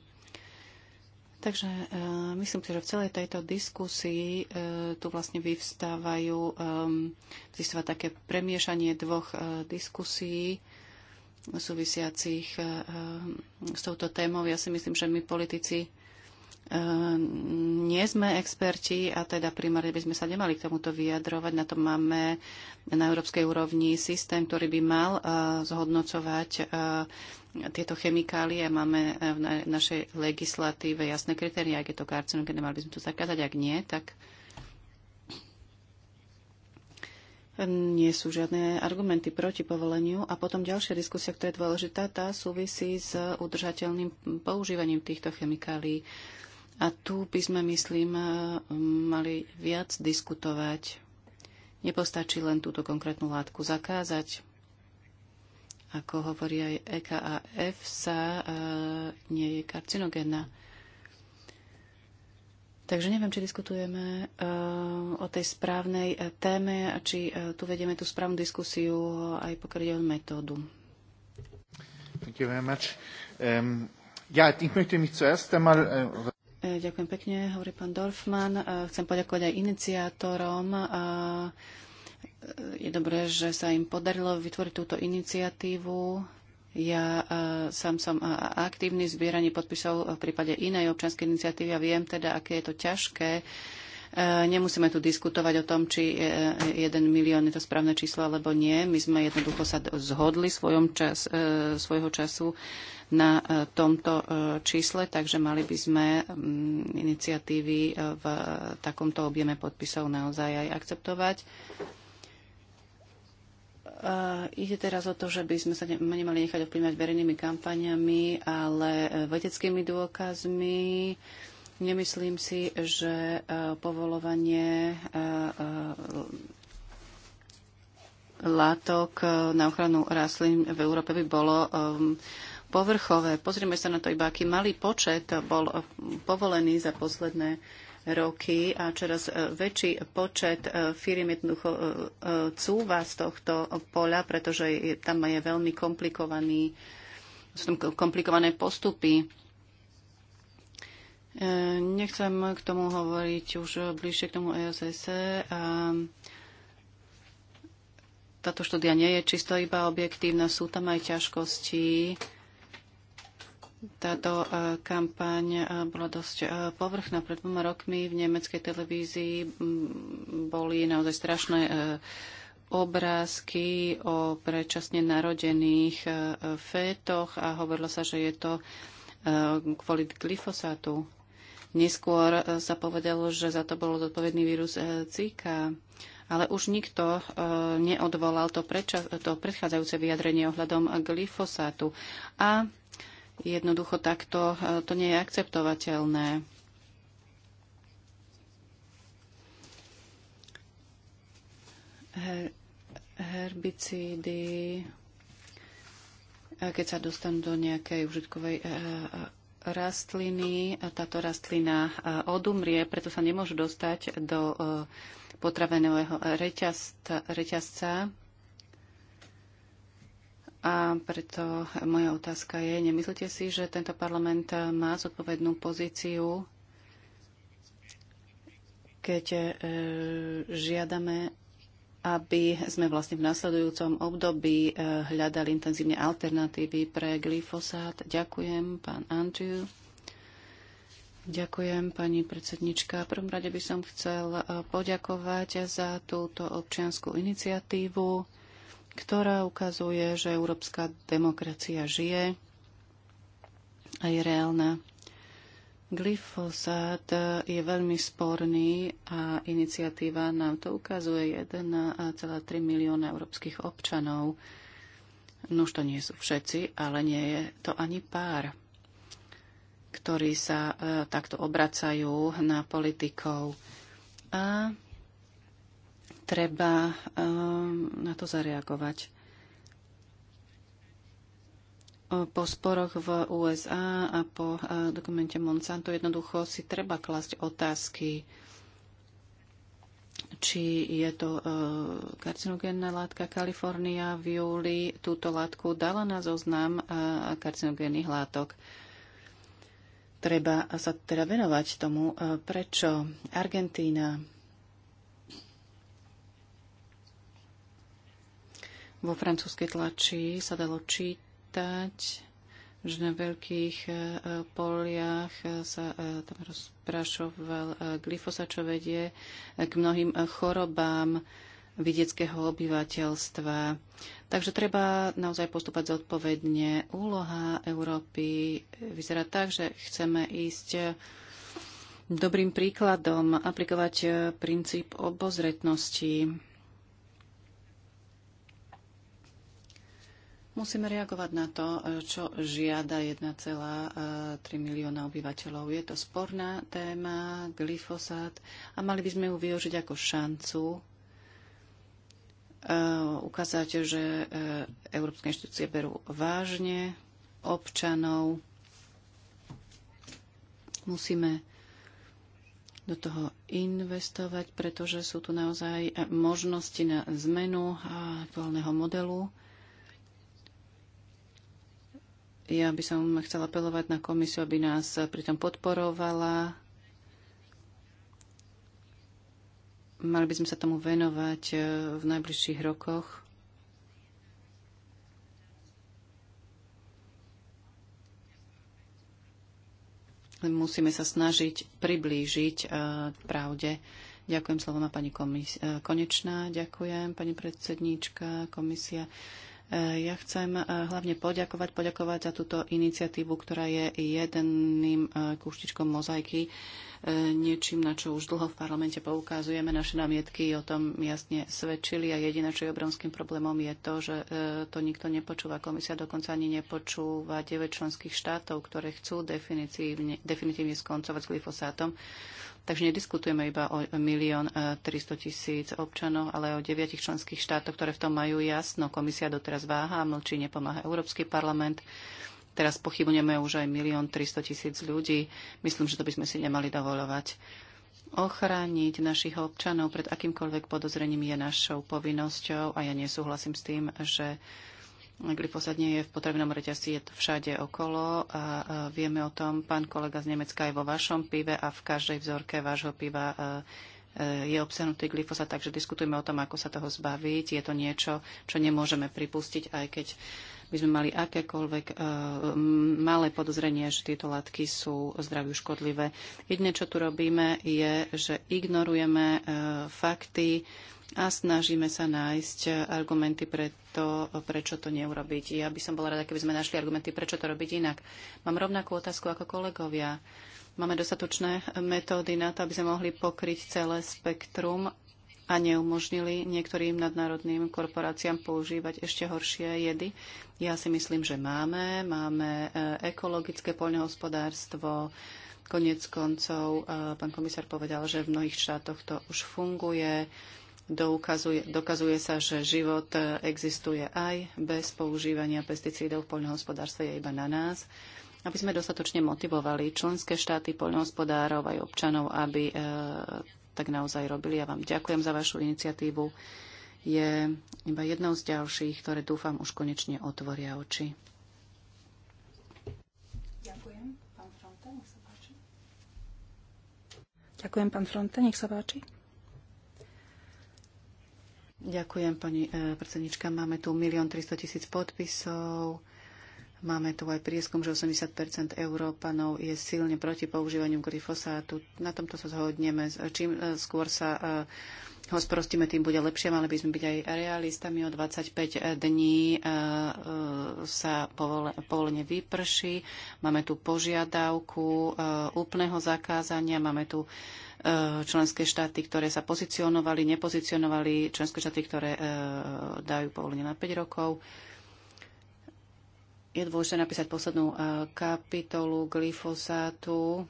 Takže uh, myslím si, že v celej tejto diskusii uh, tu vlastne vyvstávajú um, vyvstáva také premiešanie dvoch uh, diskusí súvisiacich uh, s touto témou. Ja si myslím, že my politici Ehm, nie sme experti a teda primárne by sme sa nemali k tomuto vyjadrovať. Na to máme na európskej úrovni systém, ktorý by mal eh, zhodnocovať eh, tieto chemikálie. Máme eh, v našej legislatíve jasné kritéria, ak je to keď mali by sme to zakázať, ak nie, tak nie sú žiadne argumenty proti povoleniu. A potom ďalšia diskusia, ktorá je dôležitá, tá súvisí s udržateľným používaním týchto chemikálií. A tu by sme, myslím, e, mali viac diskutovať. Nepostačí len túto konkrétnu látku zakázať. Ako hovorí aj EKAF, sa e, nie je karcinogénna. Takže neviem, či diskutujeme e, o tej správnej e, téme a či tu vedieme tú správnu diskusiu aj pokiaľ ide o metódu. Thank you very much. Um, ja, ich möchte mich zuerst einmal... E, ďakujem pekne, hovorí pán Dorfman. E, chcem poďakovať aj iniciátorom. E, je dobré, že sa im podarilo vytvoriť túto iniciatívu. Ja sám som aktívny v zbieraní podpisov v prípade inej občianskej iniciatívy a viem teda, aké je to ťažké E, nemusíme tu diskutovať o tom, či 1 e, milión je to správne číslo alebo nie. My sme jednoducho sa zhodli svojom čas, e, svojho času na tomto čísle, takže mali by sme mm, iniciatívy v takomto objeme podpisov naozaj aj akceptovať. Uh, ide teraz o to, že by sme sa ne- nemali nechať ovplyvňovať verejnými kampaniami, ale vedeckými dôkazmi. Uh, Nemyslím si, že eh, povolovanie eh, eh, látok na ochranu rastlín v Európe by bolo povrchové. Pozrieme sa na to iba, aký malý počet bol povolený za posledné roky a čoraz väčší počet firiem jednoducho cúva z tohto poľa, pretože tam je veľmi komplikovaný, sú tam komplikované postupy E, nechcem k tomu hovoriť už bližšie k tomu ESS. E a táto štúdia nie je čisto iba objektívna, sú tam aj ťažkosti. Táto e, kampaň bola dosť povrchná. Pred dvoma rokmi v nemeckej televízii boli naozaj strašné obrázky o predčasne narodených fétoch a hovorilo sa, že je to kvôli glyfosátu. Neskôr e, sa povedalo, že za to bol zodpovedný vírus e, Zika. Ale už nikto e, neodvolal to, predča- to predchádzajúce vyjadrenie ohľadom glyfosátu. A jednoducho takto to nie je akceptovateľné. Her, herbicídy, keď sa dostanú do nejakej užitkovej rastliny, táto rastlina e, odumrie, preto sa nemôžu dostať do e, potraveného reťazca, reťazca. A preto moja otázka je, nemyslíte si, že tento parlament má zodpovednú pozíciu, keď e, žiadame aby sme vlastne v nasledujúcom období eh, hľadali intenzívne alternatívy pre glyfosát. Ďakujem, pán Andrew. Ďakujem, pani predsednička. V prvom rade by som chcel eh, poďakovať za túto občianskú iniciatívu, ktorá ukazuje, že európska demokracia žije a je reálna. Glyfosát je veľmi sporný a iniciatíva nám to ukazuje 1,3 milióna európskych občanov. už to nie sú všetci, ale nie je to ani pár, ktorí sa e, takto obracajú na politikov. A treba e, na to zareagovať po sporoch v USA a po e, dokumente Monsanto jednoducho si treba klasť otázky, či je to e, karcinogénna látka. Kalifornia v júli túto látku dala na zoznam e, karcinogénnych látok. Treba sa teda venovať tomu, prečo Argentína vo francúzskej tlači sa dalo čítať, pamätať, že na veľkých e, poliach e, sa e, tam rozprašoval glyfosát, čo vedie k mnohým chorobám vidieckého obyvateľstva. Takže treba naozaj postúpať zodpovedne. Úloha Európy vyzerá tak, že chceme ísť dobrým príkladom, aplikovať princíp obozretnosti Musíme reagovať na to, čo žiada 1,3 milióna obyvateľov. Je to sporná téma, glyfosát a mali by sme ju využiť ako šancu e, ukázať, že e, európske inštitúcie berú vážne občanov. Musíme do toho investovať, pretože sú tu naozaj e, možnosti na zmenu aktuálneho modelu ja by som chcela apelovať na komisiu, aby nás pritom podporovala. Mali by sme sa tomu venovať e, v najbližších rokoch. musíme sa snažiť priblížiť e, pravde. Ďakujem slovo má pani komis- e, Konečná, ďakujem pani predsedníčka, komisia. Ja chcem eh, hlavne poďakovať, poďakovať za túto iniciatívu, ktorá je jedným eh, kúštičkom mozaiky, eh, niečím, na čo už dlho v parlamente poukazujeme. Naše námietky o tom jasne svedčili a jediné, čo je obrovským problémom, je to, že to nikto nepočúva. Komisia dokonca ani nepočúva 9 členských štátov, ktoré chcú definitívne, skoncovať s glyfosátom Takže nediskutujeme iba o milión 300 e, tisíc občanov, ale o deviatich členských štátoch, ktoré v tom majú jasno. Komisia doteraz váha, mlčí, nepomáha Európsky parlament. Teraz pochybujeme už aj milión 300 tisíc ľudí. Myslím, že to by sme si nemali dovolovať. Ochrániť našich občanov pred akýmkoľvek podozrením je našou povinnosťou a ja nesúhlasím s tým, že Glyfosát nie je v potravinom reťazci, je to všade okolo a vieme o tom, pán kolega z Nemecka, aj vo vašom pive a v každej vzorke vášho piva je obsahnutý glyfosát, takže diskutujeme o tom, ako sa toho zbaviť. Je to niečo, čo nemôžeme pripustiť, aj keď by sme mali akékoľvek malé podozrenie, že tieto látky sú zdraviu škodlivé. Jedine, čo tu robíme, je, že ignorujeme fakty, a snažíme sa nájsť argumenty pre to, prečo to neurobiť. Ja by som bola rada, keby sme našli argumenty, prečo to robiť inak. Mám rovnakú otázku ako kolegovia. Máme dostatočné metódy na to, aby sme mohli pokryť celé spektrum a neumožnili niektorým nadnárodným korporáciám používať ešte horšie jedy? Ja si myslím, že máme. Máme e, ekologické poľnohospodárstvo, Konec koncov, e, pán komisár povedal, že v mnohých štátoch to už funguje dokazuje sa, že život existuje aj bez používania pesticídov v poľnohospodárstve, je iba na nás, aby sme dostatočne motivovali členské štáty, poľnohospodárov aj občanov, aby e, tak naozaj robili. Ja vám ďakujem za vašu iniciatívu. Je iba jednou z ďalších, ktoré dúfam už konečne otvoria oči. Ďakujem, pán Fronte, nech sa páči. Ďakujem, pán Fronte, nech sa páči. Ďakujem, pani eh, predsednička. Máme tu 1 300 000 podpisov. Máme tu aj prieskum, že 80 Európanov je silne proti používaniu glyfosátu. Na tomto sa zhodneme. Čím e, skôr sa e, ho sprostíme, tým bude lepšie. Mali by sme byť aj realistami. O 25 e, dní sa povolenie vyprší. Máme tu požiadavku úplného zakázania. Máme tu členské štáty, ktoré sa pozicionovali, nepozicionovali, členské štáty, ktoré dajú povolenie na 5 rokov je dôležité napísať poslednú e, kapitolu glyfosátu.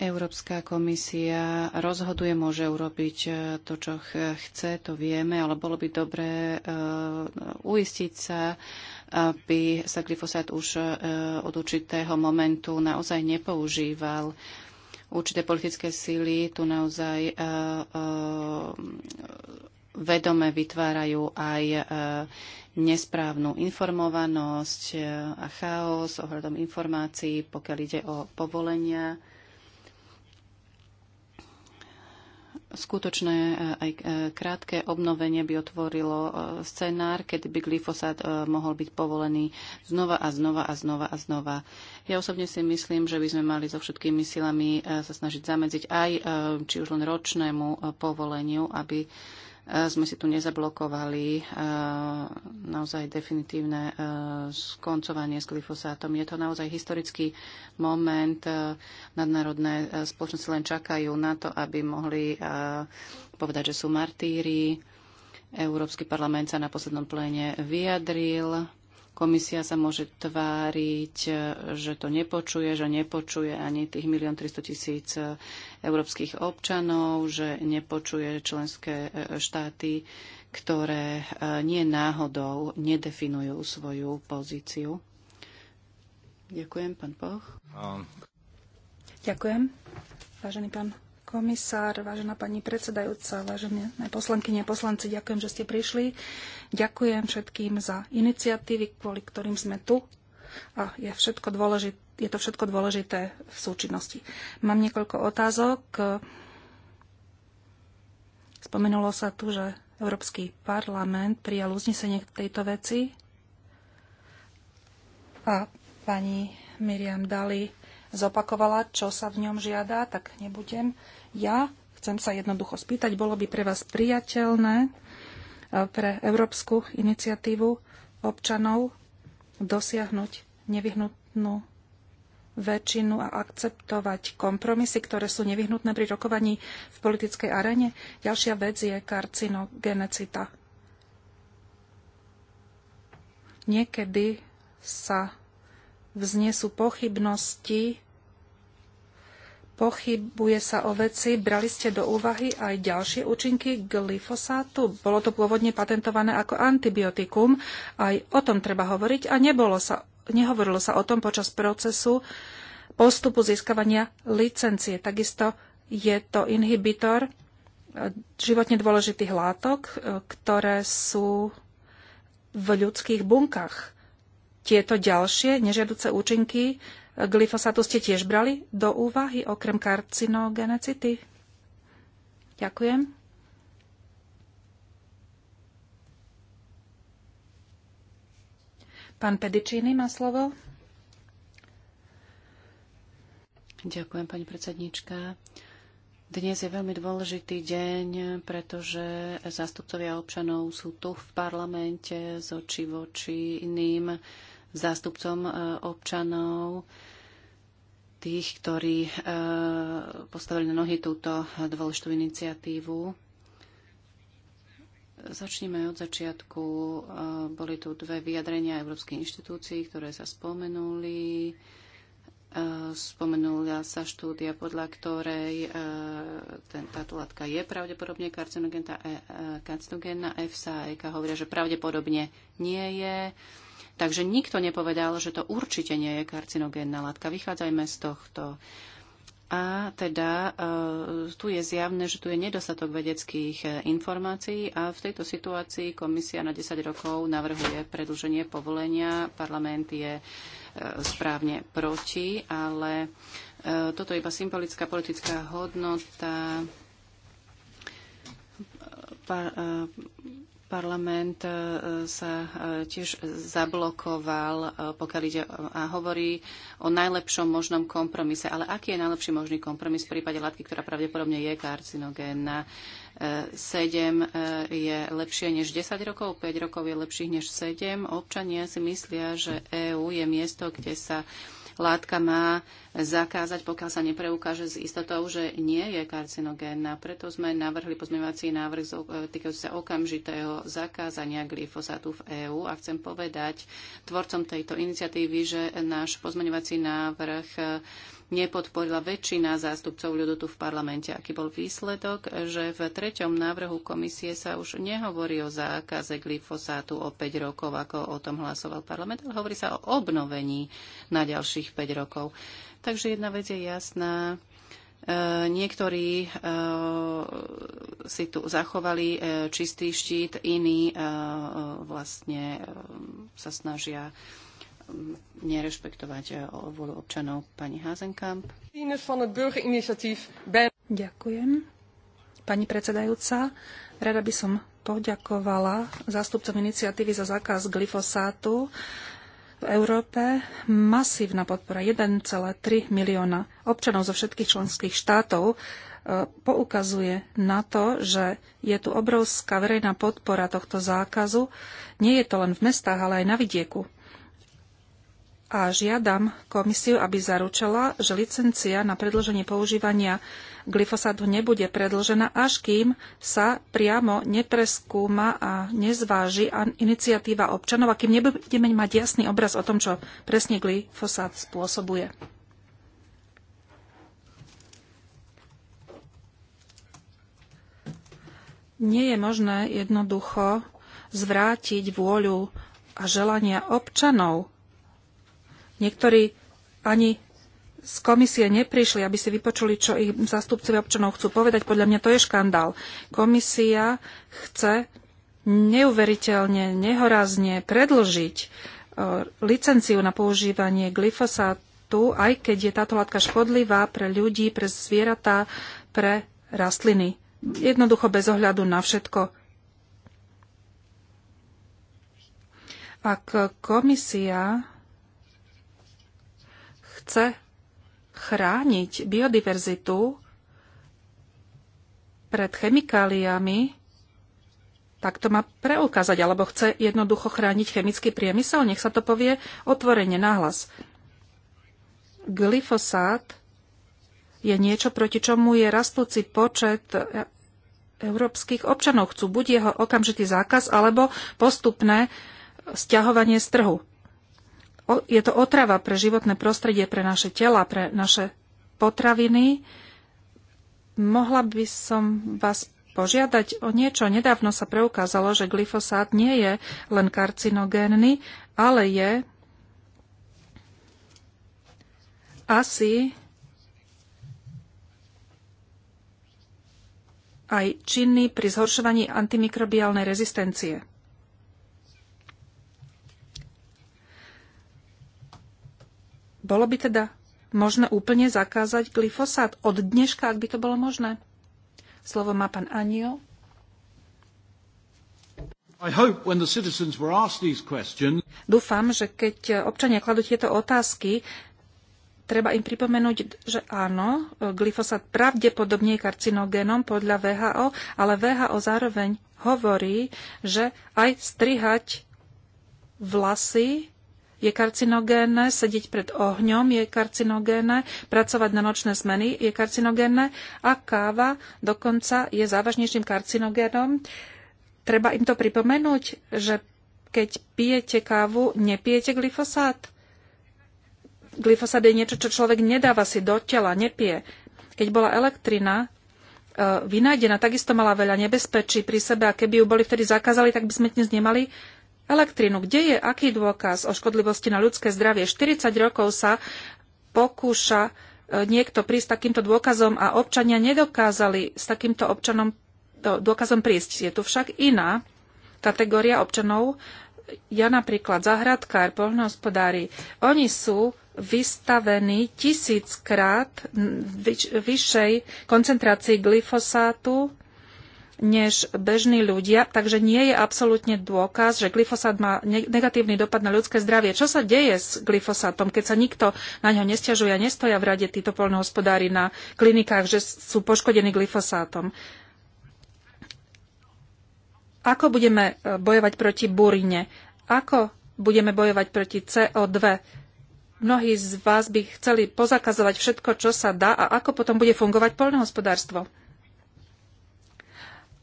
Európska komisia rozhoduje, môže urobiť e, to, čo chce, to vieme, ale bolo by dobré e, uistiť sa, aby sa glyfosát už od určitého momentu naozaj nepoužíval. Určité politické síly tu naozaj vedome vytvárajú aj e, nesprávnu informovanosť e, a chaos ohľadom informácií, pokiaľ ide o povolenia. Skutočné e, aj krátke obnovenie by otvorilo scenár, kedy by glyfosát mohol byť povolený znova a znova a znova a znova. Ja osobne si myslím, že by sme mali so všetkými silami sa snažiť zamedziť aj či už len ročnému povoleniu, aby sme si tu nezablokovali e, naozaj definitívne e, skoncovanie s glyfosátom. Je to naozaj historický moment. E, nadnárodné spoločnosti len čakajú na to, aby mohli povedať, že sú martíri. Európsky parlament sa na poslednom pléne vyjadril Komisia sa môže tváriť, že to nepočuje, že nepočuje ani tých 1 300 tisíc e, európskych občanov, že nepočuje členské e, štáty, ktoré e, nie náhodou nedefinujú svoju pozíciu. Ďakujem, pán Poch. No. Ďakujem, vážený pán komisár, vážená pani predsedajúca, vážené poslankyne, poslanci, ďakujem, že ste prišli. Ďakujem všetkým za iniciatívy, kvôli ktorým sme tu. A je, všetko je to všetko dôležité v súčinnosti. Mám niekoľko otázok. Spomenulo sa tu, že Európsky parlament prijal uznesenie k tejto veci a pani Miriam Dali zopakovala, čo sa v ňom žiada, tak nebudem ja chcem sa jednoducho spýtať, bolo by pre vás priateľné e, pre európsku iniciatívu občanov dosiahnuť nevyhnutnú väčšinu a akceptovať kompromisy, ktoré sú nevyhnutné pri rokovaní v politickej arene. Ďalšia vec je karcinogenecita. Niekedy sa vznesú pochybnosti Pochybuje sa o veci, brali ste do úvahy aj ďalšie účinky glyfosátu. Bolo to pôvodne patentované ako antibiotikum, aj o tom treba hovoriť a nebolo sa, nehovorilo sa o tom počas procesu postupu získavania licencie. Takisto je to inhibitor životne dôležitých látok, ktoré sú v ľudských bunkách. Tieto ďalšie nežiaduce účinky glyfosátu ste tiež brali do úvahy, okrem karcinogenecity? Ďakujem. Pán Pedičíny má slovo. Ďakujem, pani predsednička. Dnes je veľmi dôležitý deň, pretože zástupcovia občanov sú tu v parlamente z oči voči iným zástupcom e, občanov, tých, ktorí e, postavili na nohy túto dôležitú iniciatívu. Začníme od začiatku. E, boli tu dve vyjadrenia Európskej inštitúcií, ktoré sa spomenuli. Spomenula sa štúdia, podľa ktorej táto látka je pravdepodobne karcinogénna. EFSA a EK hovoria, že pravdepodobne nie je. Takže nikto nepovedal, že to určite nie je karcinogénna látka. Vychádzajme z tohto. A teda e, tu je zjavné, že tu je nedostatok vedeckých e, informácií a v tejto situácii komisia na 10 rokov navrhuje predlženie povolenia. Parlament je e, správne proti, ale toto je iba symbolická politická hodnota Parlament e, sa e, tiež zablokoval, e, pokiaľ ide a hovorí o najlepšom možnom kompromise. Ale aký je najlepší možný kompromis v prípade látky, ktorá pravdepodobne je karcinogénna? 7 je lepšie než 10 rokov, 5 rokov je lepších než 7. Občania si myslia, že EÚ je miesto, kde sa látka má zakázať, pokiaľ sa nepreukáže s istotou, že nie je karcinogénna. Preto sme navrhli pozmeňovací návrh e, týkajúci sa okamžitého zakázania glyfosátu v EÚ a chcem povedať tvorcom tejto iniciatívy, že náš pozmeňovací návrh nepodporila väčšina zástupcov ľudu tu v parlamente. Aký bol výsledok, že v treťom návrhu komisie sa už nehovorí o zákaze glyfosátu o 5 rokov, ako o tom hlasoval parlament, ale hovorí sa o obnovení na ďalších 5 rokov. Takže jedna vec je jasná. E, niektorí e, si tu zachovali e, čistý štít, iní vlastne sa snažia nerešpektovať eh, vôľu občanov. Pani Hazenkamp. Ďakujem. Pani predsedajúca, rada by som poďakovala zástupcom iniciatívy za zákaz glyfosátu v Európe masívna podpora 1,3 milióna občanov zo všetkých členských štátov eh, poukazuje na to, že je tu obrovská verejná podpora tohto zákazu. Nie je to len v mestách, ale aj na vidieku a žiadam komisiu, aby zaručila, že licencia na predlženie používania glyfosátu nebude predlžená, až kým sa priamo nepreskúma a nezváži iniciatíva občanov a kým nebudeme mať jasný obraz o tom, čo presne glyfosát spôsobuje. Nie je možné jednoducho zvrátiť vôľu a želania občanov Niektorí ani z komisie neprišli, aby si vypočuli, čo ich zastupci občanov chcú povedať. Podľa mňa to je škandál. Komisia chce neuveriteľne, nehorazne predlžiť e, licenciu na používanie glyfosátu, aj keď je táto látka škodlivá pre ľudí, pre zvieratá, pre rastliny. Jednoducho bez ohľadu na všetko. Ak komisia chce chrániť biodiverzitu pred chemikáliami, tak to má preukázať, alebo chce jednoducho chrániť chemický priemysel, nech sa to povie otvorene nahlas. Glyfosát je niečo, proti čomu je rastúci počet európskych občanov. Chcú buď jeho okamžitý zákaz, alebo postupné stiahovanie z trhu je to otrava pre životné prostredie, pre naše tela, pre naše potraviny. Mohla by som vás požiadať o niečo. Nedávno sa preukázalo, že glyfosát nie je len karcinogénny, ale je asi aj činný pri zhoršovaní antimikrobiálnej rezistencie. Bolo by teda možné úplne zakázať glyfosát od dneška, ak by to bolo možné? Slovo má pán Anio. Dúfam, že keď občania kladú tieto otázky, treba im pripomenúť, že áno, glyfosát pravdepodobne je karcinogénom podľa VHO, ale VHO zároveň hovorí, že aj strihať vlasy je karcinogénne, sedieť pred ohňom je karcinogénne, pracovať na nočné zmeny je karcinogénne a káva dokonca je závažnejším karcinogénom. Treba im to pripomenúť, že keď pijete kávu, nepijete glyfosát. Glyfosát je niečo, čo človek nedáva si do tela, nepije. Keď bola elektrina, e, vynájdená, takisto mala veľa nebezpečí pri sebe a keby ju boli vtedy zakázali, tak by sme dnes nemali elektrínu. Kde je aký dôkaz o škodlivosti na ľudské zdravie? 40 rokov sa pokúša e, niekto prísť takýmto dôkazom a občania nedokázali s takýmto občanom dôkazom prísť. Je tu však iná kategória občanov. Ja napríklad, zahradkár, poľnohospodári, oni sú vystavení tisíckrát vyššej koncentrácii glyfosátu než bežní ľudia, takže nie je absolútne dôkaz, že glyfosát má negatívny dopad na ľudské zdravie. Čo sa deje s glyfosátom, keď sa nikto na ňo nestiažuje a nestoja v rade títo polnohospodári na klinikách, že sú poškodení glyfosátom? Ako budeme e, bojovať proti burine? Ako budeme bojovať proti CO2? Mnohí z vás by chceli pozakazovať všetko, čo sa dá a ako potom bude fungovať poľnohospodárstvo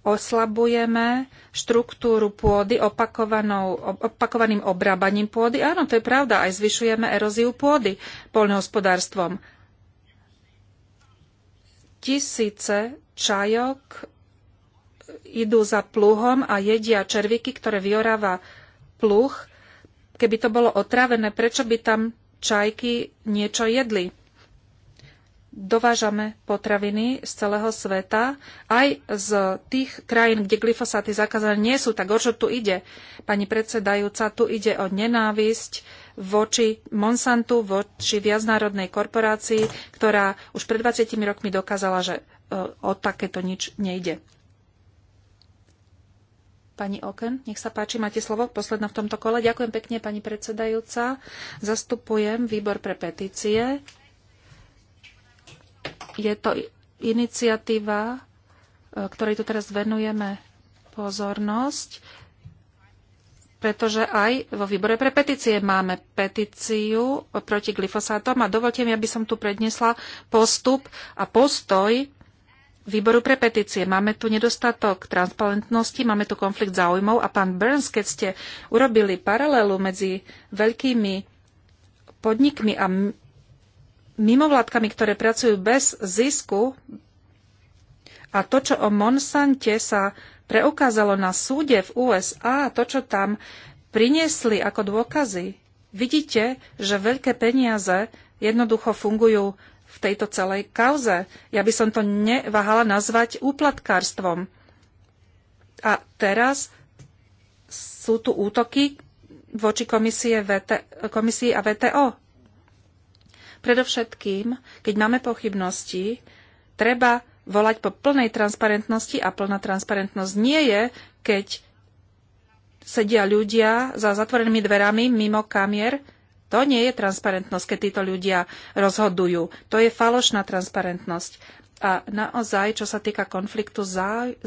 oslabujeme štruktúru pôdy opakovaným obrábaním pôdy. Áno, to je pravda, aj zvyšujeme eróziu pôdy poľnohospodárstvom. Tisíce čajok idú za pluhom a jedia červíky, ktoré vyoráva pluh. Keby to bolo otravené, prečo by tam čajky niečo jedli? dovážame potraviny z celého sveta, aj z tých krajín, kde glyfosáty zakázané nie sú, tak o čo tu ide? Pani predsedajúca, tu ide o nenávisť voči Monsantu, voči viacnárodnej korporácii, ktorá už pred 20 rokmi dokázala, že e, o takéto nič nejde. Pani Oken, nech sa páči, máte slovo posledná v tomto kole. Ďakujem pekne, pani predsedajúca. Zastupujem výbor pre petície je to iniciatíva, e, ktorej tu teraz venujeme pozornosť, pretože aj vo výbore pre petície máme petíciu proti glyfosátom a dovolte mi, aby som tu prednesla postup a postoj výboru pre petície. Máme tu nedostatok transparentnosti, máme tu konflikt záujmov a pán Burns, keď ste urobili paralelu medzi veľkými podnikmi a mimovládkami, ktoré pracujú bez zisku a to, čo o Monsante sa preukázalo na súde v USA, to, čo tam priniesli ako dôkazy, vidíte, že veľké peniaze jednoducho fungujú v tejto celej kauze. Ja by som to neváhala nazvať úplatkárstvom. A teraz sú tu útoky voči komisie, VT, komisii a VTO. Predovšetkým, keď máme pochybnosti, treba volať po plnej transparentnosti a plná transparentnosť nie je, keď sedia ľudia za zatvorenými dverami mimo kamier. To nie je transparentnosť, keď títo ľudia rozhodujú. To je falošná transparentnosť. A naozaj, čo sa týka konfliktu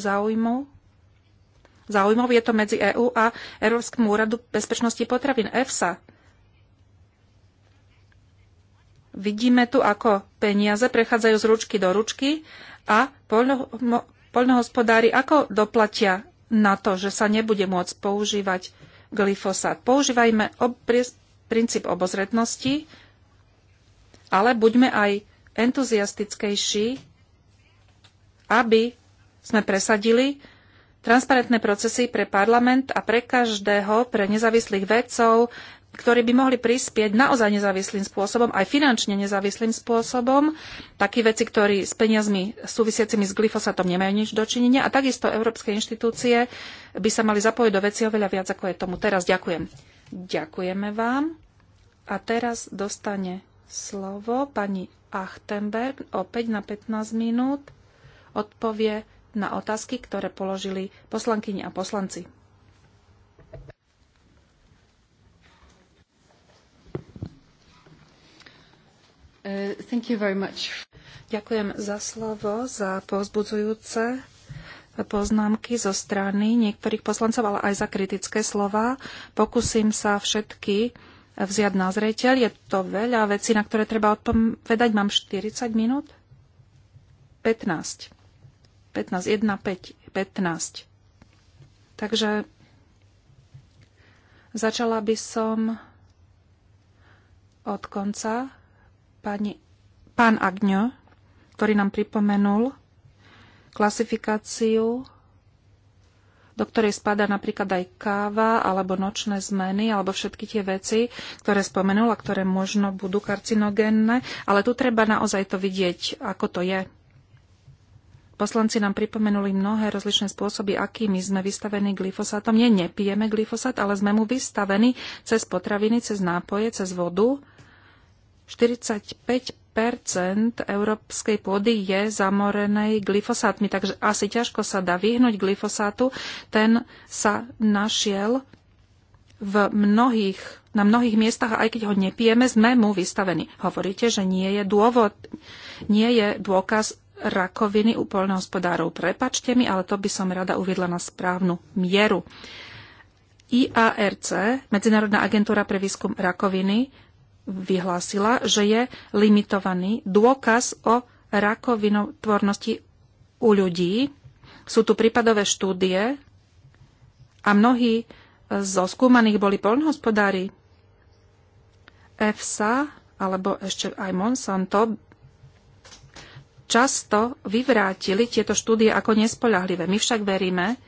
záujmov, záujmov je to medzi EÚ a Európskym úradu bezpečnosti potravín EFSA Vidíme tu, ako peniaze prechádzajú z ručky do ručky a poľnohospodári ako doplatia na to, že sa nebude môcť používať glyfosát. Používajme ob- princíp obozretnosti, ale buďme aj entuziastickejší, aby sme presadili transparentné procesy pre parlament a pre každého, pre nezávislých vedcov, ktorí by mohli prispieť naozaj nezávislým spôsobom, aj finančne nezávislým spôsobom. Takí veci, ktorí s peniazmi súvisiacimi s glyfosatom nemajú nič dočinenia. A takisto európske inštitúcie by sa mali zapojiť do veci oveľa viac, ako je tomu teraz. Ďakujem. Ďakujeme vám. A teraz dostane slovo pani Achtenberg opäť na 15 minút. Odpovie na otázky, ktoré položili poslankyni a poslanci. Uh, thank you very much. Ďakujem za slovo, za pozbudzujúce poznámky zo strany niektorých poslancov, ale aj za kritické slova. Pokúsim sa všetky vziať na zreteľ. Je to veľa vecí, na ktoré treba odpovedať. Mám 40 minút? 15. 15, 1, 5, 15. Takže začala by som od konca pani, pán Agňo, ktorý nám pripomenul klasifikáciu, do ktorej spadá napríklad aj káva alebo nočné zmeny alebo všetky tie veci, ktoré spomenul a ktoré možno budú karcinogénne, ale tu treba naozaj to vidieť, ako to je. Poslanci nám pripomenuli mnohé rozličné spôsoby, akými sme vystavení glyfosátom. Nie nepijeme glyfosát, ale sme mu vystavení cez potraviny, cez nápoje, cez vodu 45 európskej pôdy je zamorenej glyfosátmi, takže asi ťažko sa dá vyhnúť glyfosátu. Ten sa našiel v mnohých, na mnohých miestach a aj keď ho nepijeme, sme mu vystavení. Hovoríte, že nie je dôvod, nie je dôkaz rakoviny u poľnohospodárov. Prepačte mi, ale to by som rada uviedla na správnu mieru. IARC, Medzinárodná agentúra pre výskum rakoviny, vyhlásila, že je limitovaný dôkaz o rakovinotvornosti u ľudí. Sú tu prípadové štúdie a mnohí zo skúmaných boli poľnohospodári. EFSA alebo ešte aj Monsanto často vyvrátili tieto štúdie ako nespoľahlivé. My však veríme,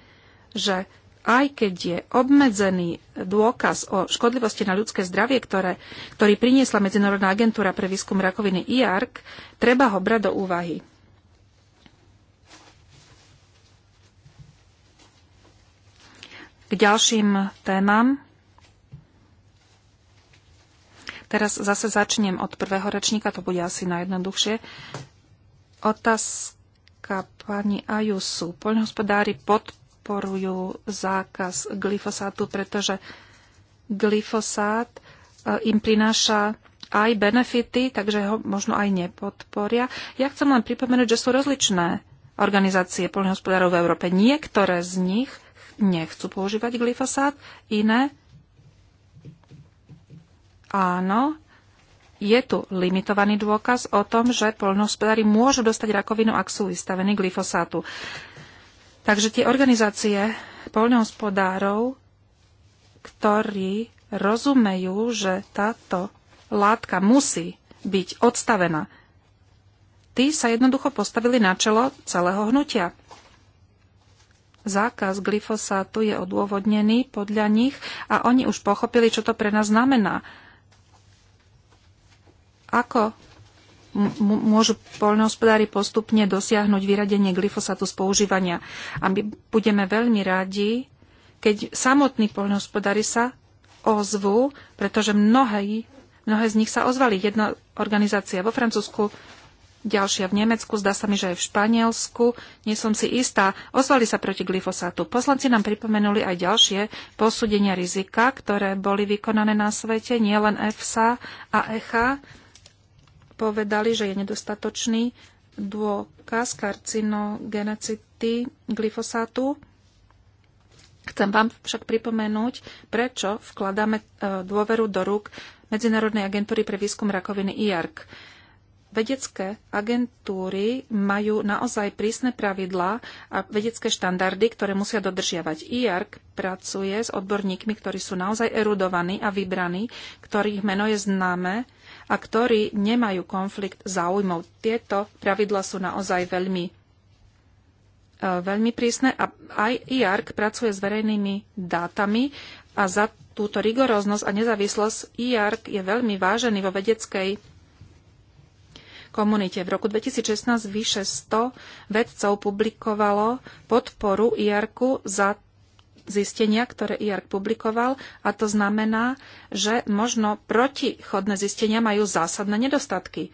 že aj keď je obmedzený dôkaz o škodlivosti na ľudské zdravie, ktoré, ktorý priniesla Medzinárodná agentúra pre výskum rakoviny IARC, treba ho brať do úvahy. K ďalším témam. Teraz zase začnem od prvého rečníka, to bude asi najjednoduchšie. Otázka pani Ajusu. Poľnohospodári pod podporujú zákaz glyfosátu, pretože glyfosát e, im prináša aj benefity, takže ho možno aj nepodporia. Ja chcem len pripomenúť, že sú rozličné organizácie poľnohospodárov v Európe. Niektoré z nich nechcú používať glyfosát, iné áno. Je tu limitovaný dôkaz o tom, že poľnohospodári môžu dostať rakovinu, ak sú vystavení glyfosátu. Takže tie organizácie poľnohospodárov, ktorí rozumejú, že táto látka musí byť odstavená, tí sa jednoducho postavili na čelo celého hnutia. Zákaz glyfosátu je odôvodnený podľa nich a oni už pochopili, čo to pre nás znamená. Ako môžu poľnohospodári postupne dosiahnuť vyradenie glyfosátu z používania. A my budeme veľmi radi, keď samotní poľnohospodári sa ozvu, pretože mnohé, mnohé z nich sa ozvali. Jedna organizácia vo Francúzsku, ďalšia v Nemecku, zdá sa mi, že aj v Španielsku, nie som si istá, ozvali sa proti glyfosátu. Poslanci nám pripomenuli aj ďalšie posúdenia rizika, ktoré boli vykonané na svete, nielen EFSA a ECHA, povedali, že je nedostatočný dôkaz karcinogenecity glyfosátu. Chcem vám však pripomenúť, prečo vkladáme e, dôveru do rúk Medzinárodnej agentúry pre výskum rakoviny IARC. Vedecké agentúry majú naozaj prísne pravidlá a vedecké štandardy, ktoré musia dodržiavať. IARC pracuje s odborníkmi, ktorí sú naozaj erudovaní a vybraní, ktorých meno je známe a ktorí nemajú konflikt záujmov. Tieto pravidla sú naozaj veľmi, e, veľmi prísne a aj IARC pracuje s verejnými dátami a za túto rigoróznosť a nezávislosť IARC je veľmi vážený vo vedeckej komunite. V roku 2016 vyše 100 vedcov publikovalo podporu IARC za zistenia, ktoré IARC publikoval a to znamená, že možno protichodné zistenia majú zásadné nedostatky.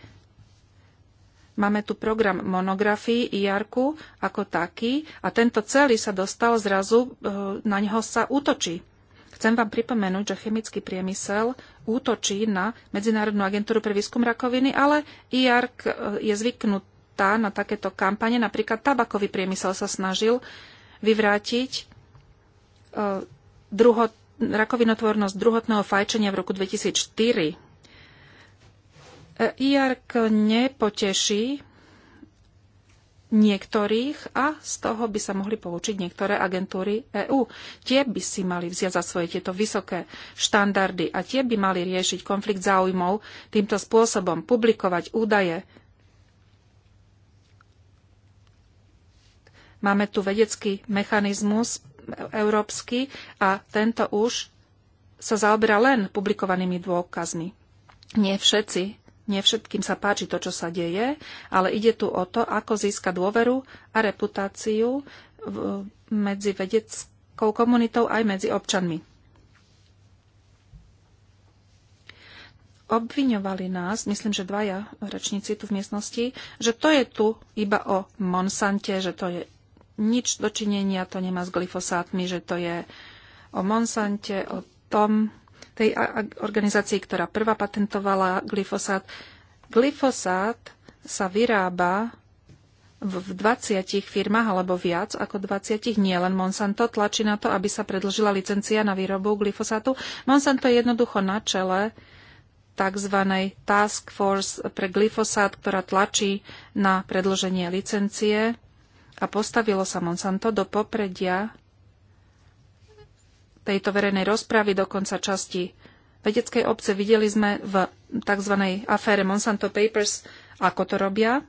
Máme tu program monografií IARC ako taký a tento celý sa dostal zrazu, e, na ňoho sa útočí. Chcem vám pripomenúť, že chemický priemysel útočí na Medzinárodnú agentúru pre výskum rakoviny, ale IARC e, je zvyknutá na takéto kampane. Napríklad tabakový priemysel sa snažil vyvrátiť E, druhot, rakovinotvornosť druhotného fajčenia v roku 2004. E, IARK nepoteší niektorých a z toho by sa mohli poučiť niektoré agentúry EÚ. Tie by si mali vziať za svoje tieto vysoké štandardy a tie by mali riešiť konflikt záujmov týmto spôsobom, publikovať údaje. Máme tu vedecký mechanizmus európsky a tento už sa zaoberá len publikovanými dôkazmi. Nie všetci, nie všetkým sa páči to, čo sa deje, ale ide tu o to, ako získa dôveru a reputáciu medzi vedeckou komunitou aj medzi občanmi. Obviňovali nás, myslím, že dvaja rečníci tu v miestnosti, že to je tu iba o Monsante, že to je nič dočinenia to nemá s glyfosátmi, že to je o Monsante, o tom, tej organizácii, ktorá prvá patentovala glyfosát. Glyfosát sa vyrába v 20 firmách alebo viac ako 20, nie len Monsanto, tlačí na to, aby sa predlžila licencia na výrobu glyfosátu. Monsanto je jednoducho na čele tzv. Task Force pre glyfosát, ktorá tlačí na predlženie licencie a postavilo sa Monsanto do popredia tejto verejnej rozpravy, dokonca časti vedeckej obce. Videli sme v tzv. afére Monsanto Papers, ako to robia.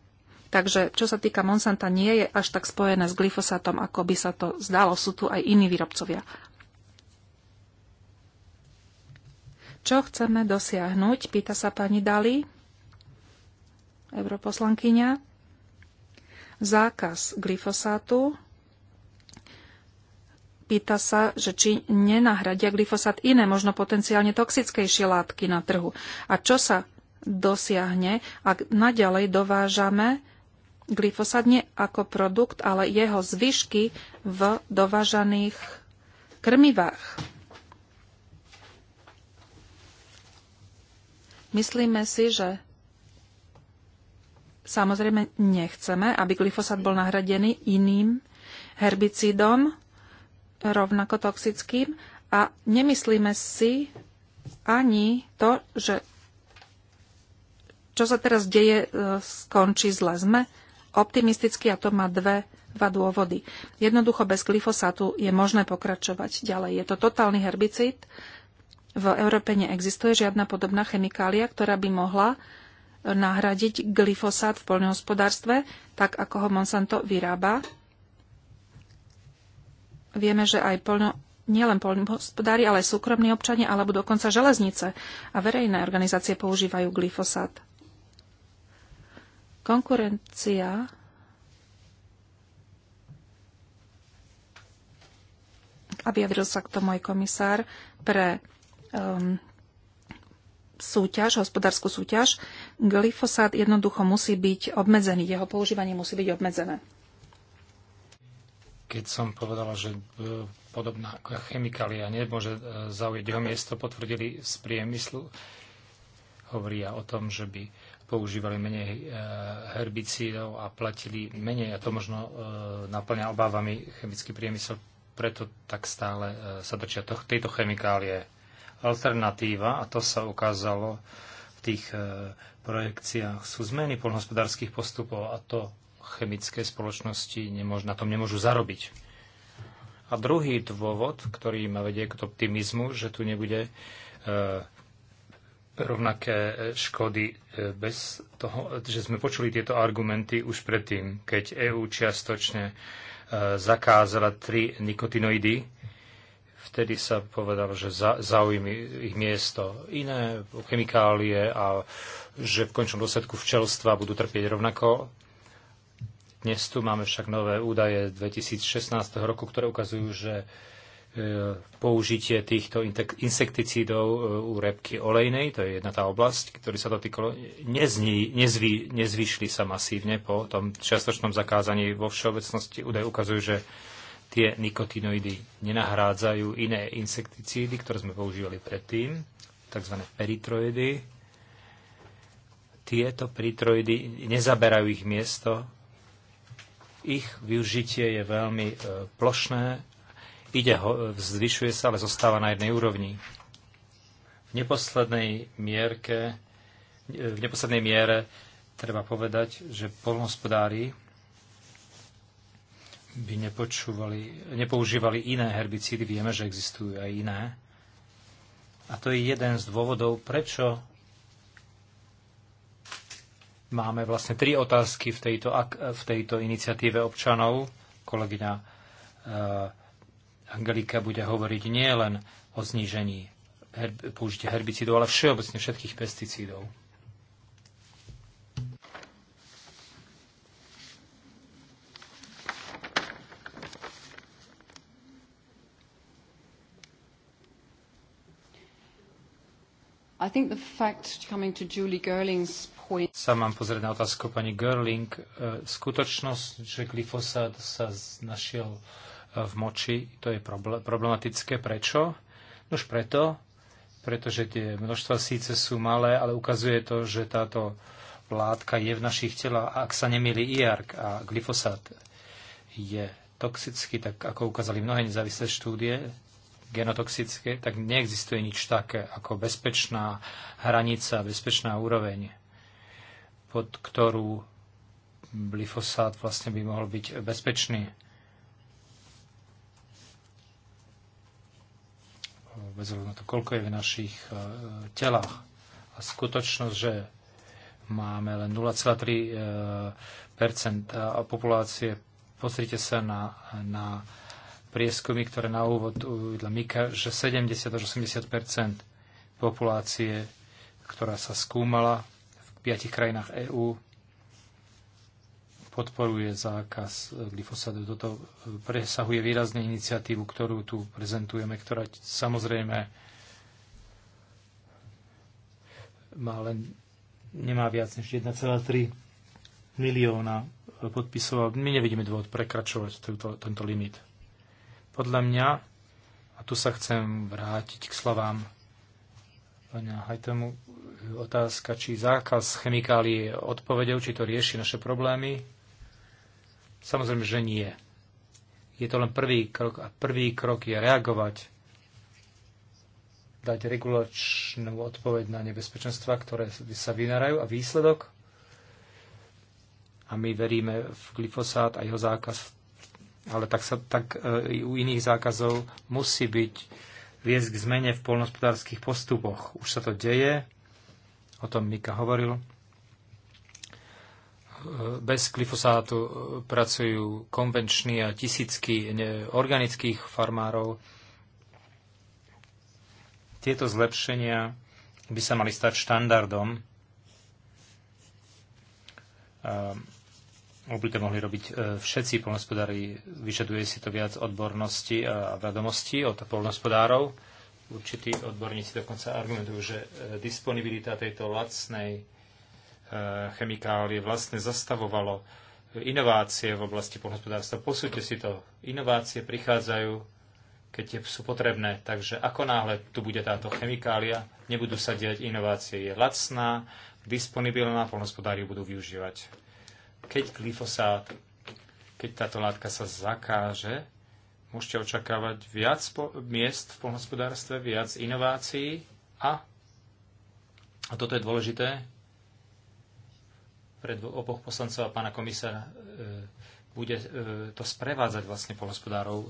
Takže čo sa týka Monsanta, nie je až tak spojené s glyfosátom, ako by sa to zdalo. Sú tu aj iní výrobcovia. Čo chceme dosiahnuť? Pýta sa pani Dali, europoslankyňa zákaz glyfosátu. Pýta sa, že či nenahradia glyfosát iné, možno potenciálne toxickejšie látky na trhu. A čo sa dosiahne, ak naďalej dovážame glyfosát nie ako produkt, ale jeho zvyšky v dovážaných krmivách. Myslíme si, že Samozrejme nechceme, aby glyfosát bol nahradený iným herbicídom, rovnako toxickým, a nemyslíme si ani to, že čo sa teraz deje, e, skončí zle. Sme optimisticky a to má dve, dva dôvody. Jednoducho bez glyfosátu je možné pokračovať ďalej. Je to totálny herbicid. V Európe neexistuje žiadna podobná chemikália, ktorá by mohla nahradiť glyfosát v poľnohospodárstve, tak ako ho Monsanto vyrába. Vieme, že aj poľno, nielen poľnohospodári, ale aj súkromní občania alebo dokonca železnice a verejné organizácie používajú glyfosát. Konkurencia a vyjadril sa k tomu aj komisár pre um, súťaž, hospodárskú súťaž, glyfosát jednoducho musí byť obmedzený, jeho používanie musí byť obmedzené. Keď som povedala, že e, podobná chemikália nemôže e, zaujať jeho miesto, potvrdili z priemyslu, hovoria o tom, že by používali menej e, herbicídov a platili menej a to možno naplňa obávami chemický priemysel, preto tak stále sa držia tejto chemikálie alternatíva, a to sa ukázalo v tých e, projekciách, sú zmeny polnohospodárských postupov a to chemické spoločnosti nemôž, na tom nemôžu zarobiť. A druhý dôvod, ktorý ma vedie k optimizmu, že tu nebude e, rovnaké e, škody e, bez toho, že sme počuli tieto argumenty už predtým, keď EÚ čiastočne e, zakázala tri nikotinoidy, Vtedy sa povedalo, že zaujíma ich miesto iné chemikálie a že v končnom dôsledku včelstva budú trpieť rovnako. Dnes tu máme však nové údaje 2016 roku, ktoré ukazujú, že e, použitie týchto insekticídov e, u repky olejnej, to je jedna tá oblasť, ktorý sa dotýkalo, nezni, nezvy, nezvyšli sa masívne po tom čiastočnom zakázaní. Vo všeobecnosti údaje ukazujú, že tie nikotinoidy nenahrádzajú iné insekticídy, ktoré sme používali predtým, tzv. peritroidy. Tieto peritroidy nezaberajú ich miesto. Ich využitie je veľmi e, plošné, ide, e, zvyšuje sa, ale zostáva na jednej úrovni. V neposlednej, mierke, e, v neposlednej miere treba povedať, že polnospodári by nepočúvali, nepoužívali iné herbicídy. Vieme, že existujú aj iné. A to je jeden z dôvodov, prečo máme vlastne tri otázky v tejto, v tejto iniciatíve občanov. Kolegyňa eh, Angelika bude hovoriť nie len o znížení použitia herbicidov, ale všeobecne všetkých pesticídov. Sa mám pozrieť na otázku pani Görling. E, skutočnosť, že glyfosát sa našiel e, v moči, to je problematické. Prečo? Nož preto, pretože tie množstva síce sú malé, ale ukazuje to, že táto látka je v našich telách. Ak sa nemýli IARC a glyfosát je toxický, tak ako ukázali mnohé nezávislé štúdie, genotoxické, tak neexistuje nič také ako bezpečná hranica, bezpečná úroveň, pod ktorú glyfosát vlastne by mohol byť bezpečný. Bez na to, koľko je v našich e, telách. A skutočnosť, že máme len 0,3 e, e, populácie, pozrite sa na, na prieskumy, ktoré na úvod uvidla Mika, že 70 až 80 populácie, ktorá sa skúmala v piatich krajinách EÚ, podporuje zákaz glyfosátu. Toto presahuje výrazne iniciatívu, ktorú tu prezentujeme, ktorá samozrejme má len, nemá viac než 1,3 milióna podpisov. My nevidíme dôvod prekračovať tento, tento limit. Podľa mňa, a tu sa chcem vrátiť k slovám pána Hajtemu, otázka, či zákaz chemikálií je odpovedou, či to rieši naše problémy. Samozrejme, že nie. Je to len prvý krok a prvý krok je reagovať, dať regulačnú odpoveď na nebezpečenstva, ktoré sa vynárajú a výsledok. A my veríme v glyfosát a jeho zákaz ale tak, sa, tak e, i u iných zákazov musí byť viesť k zmene v polnospodárských postupoch. Už sa to deje, o tom Mika hovoril. E, bez glyfosátu e, pracujú konvenční a tisícky organických farmárov. Tieto zlepšenia by sa mali stať štandardom by to mohli robiť e, všetci polnospodári. Vyžaduje si to viac odbornosti a vedomostí od polnospodárov. Určití odborníci dokonca argumentujú, že e, disponibilita tejto lacnej e, chemikálie vlastne zastavovalo inovácie v oblasti polnospodárstva. Posúďte si to. Inovácie prichádzajú, keď sú potrebné. Takže ako náhle tu bude táto chemikália, nebudú sa diať inovácie. Je lacná, disponibilná, polnospodári budú využívať keď glyfosát, keď táto látka sa zakáže, môžete očakávať viac miest v polnospodárstve, viac inovácií a, a toto je dôležité pre oboch poslancov a pána komisára, e, bude e, to sprevádzať vlastne polnospodárov,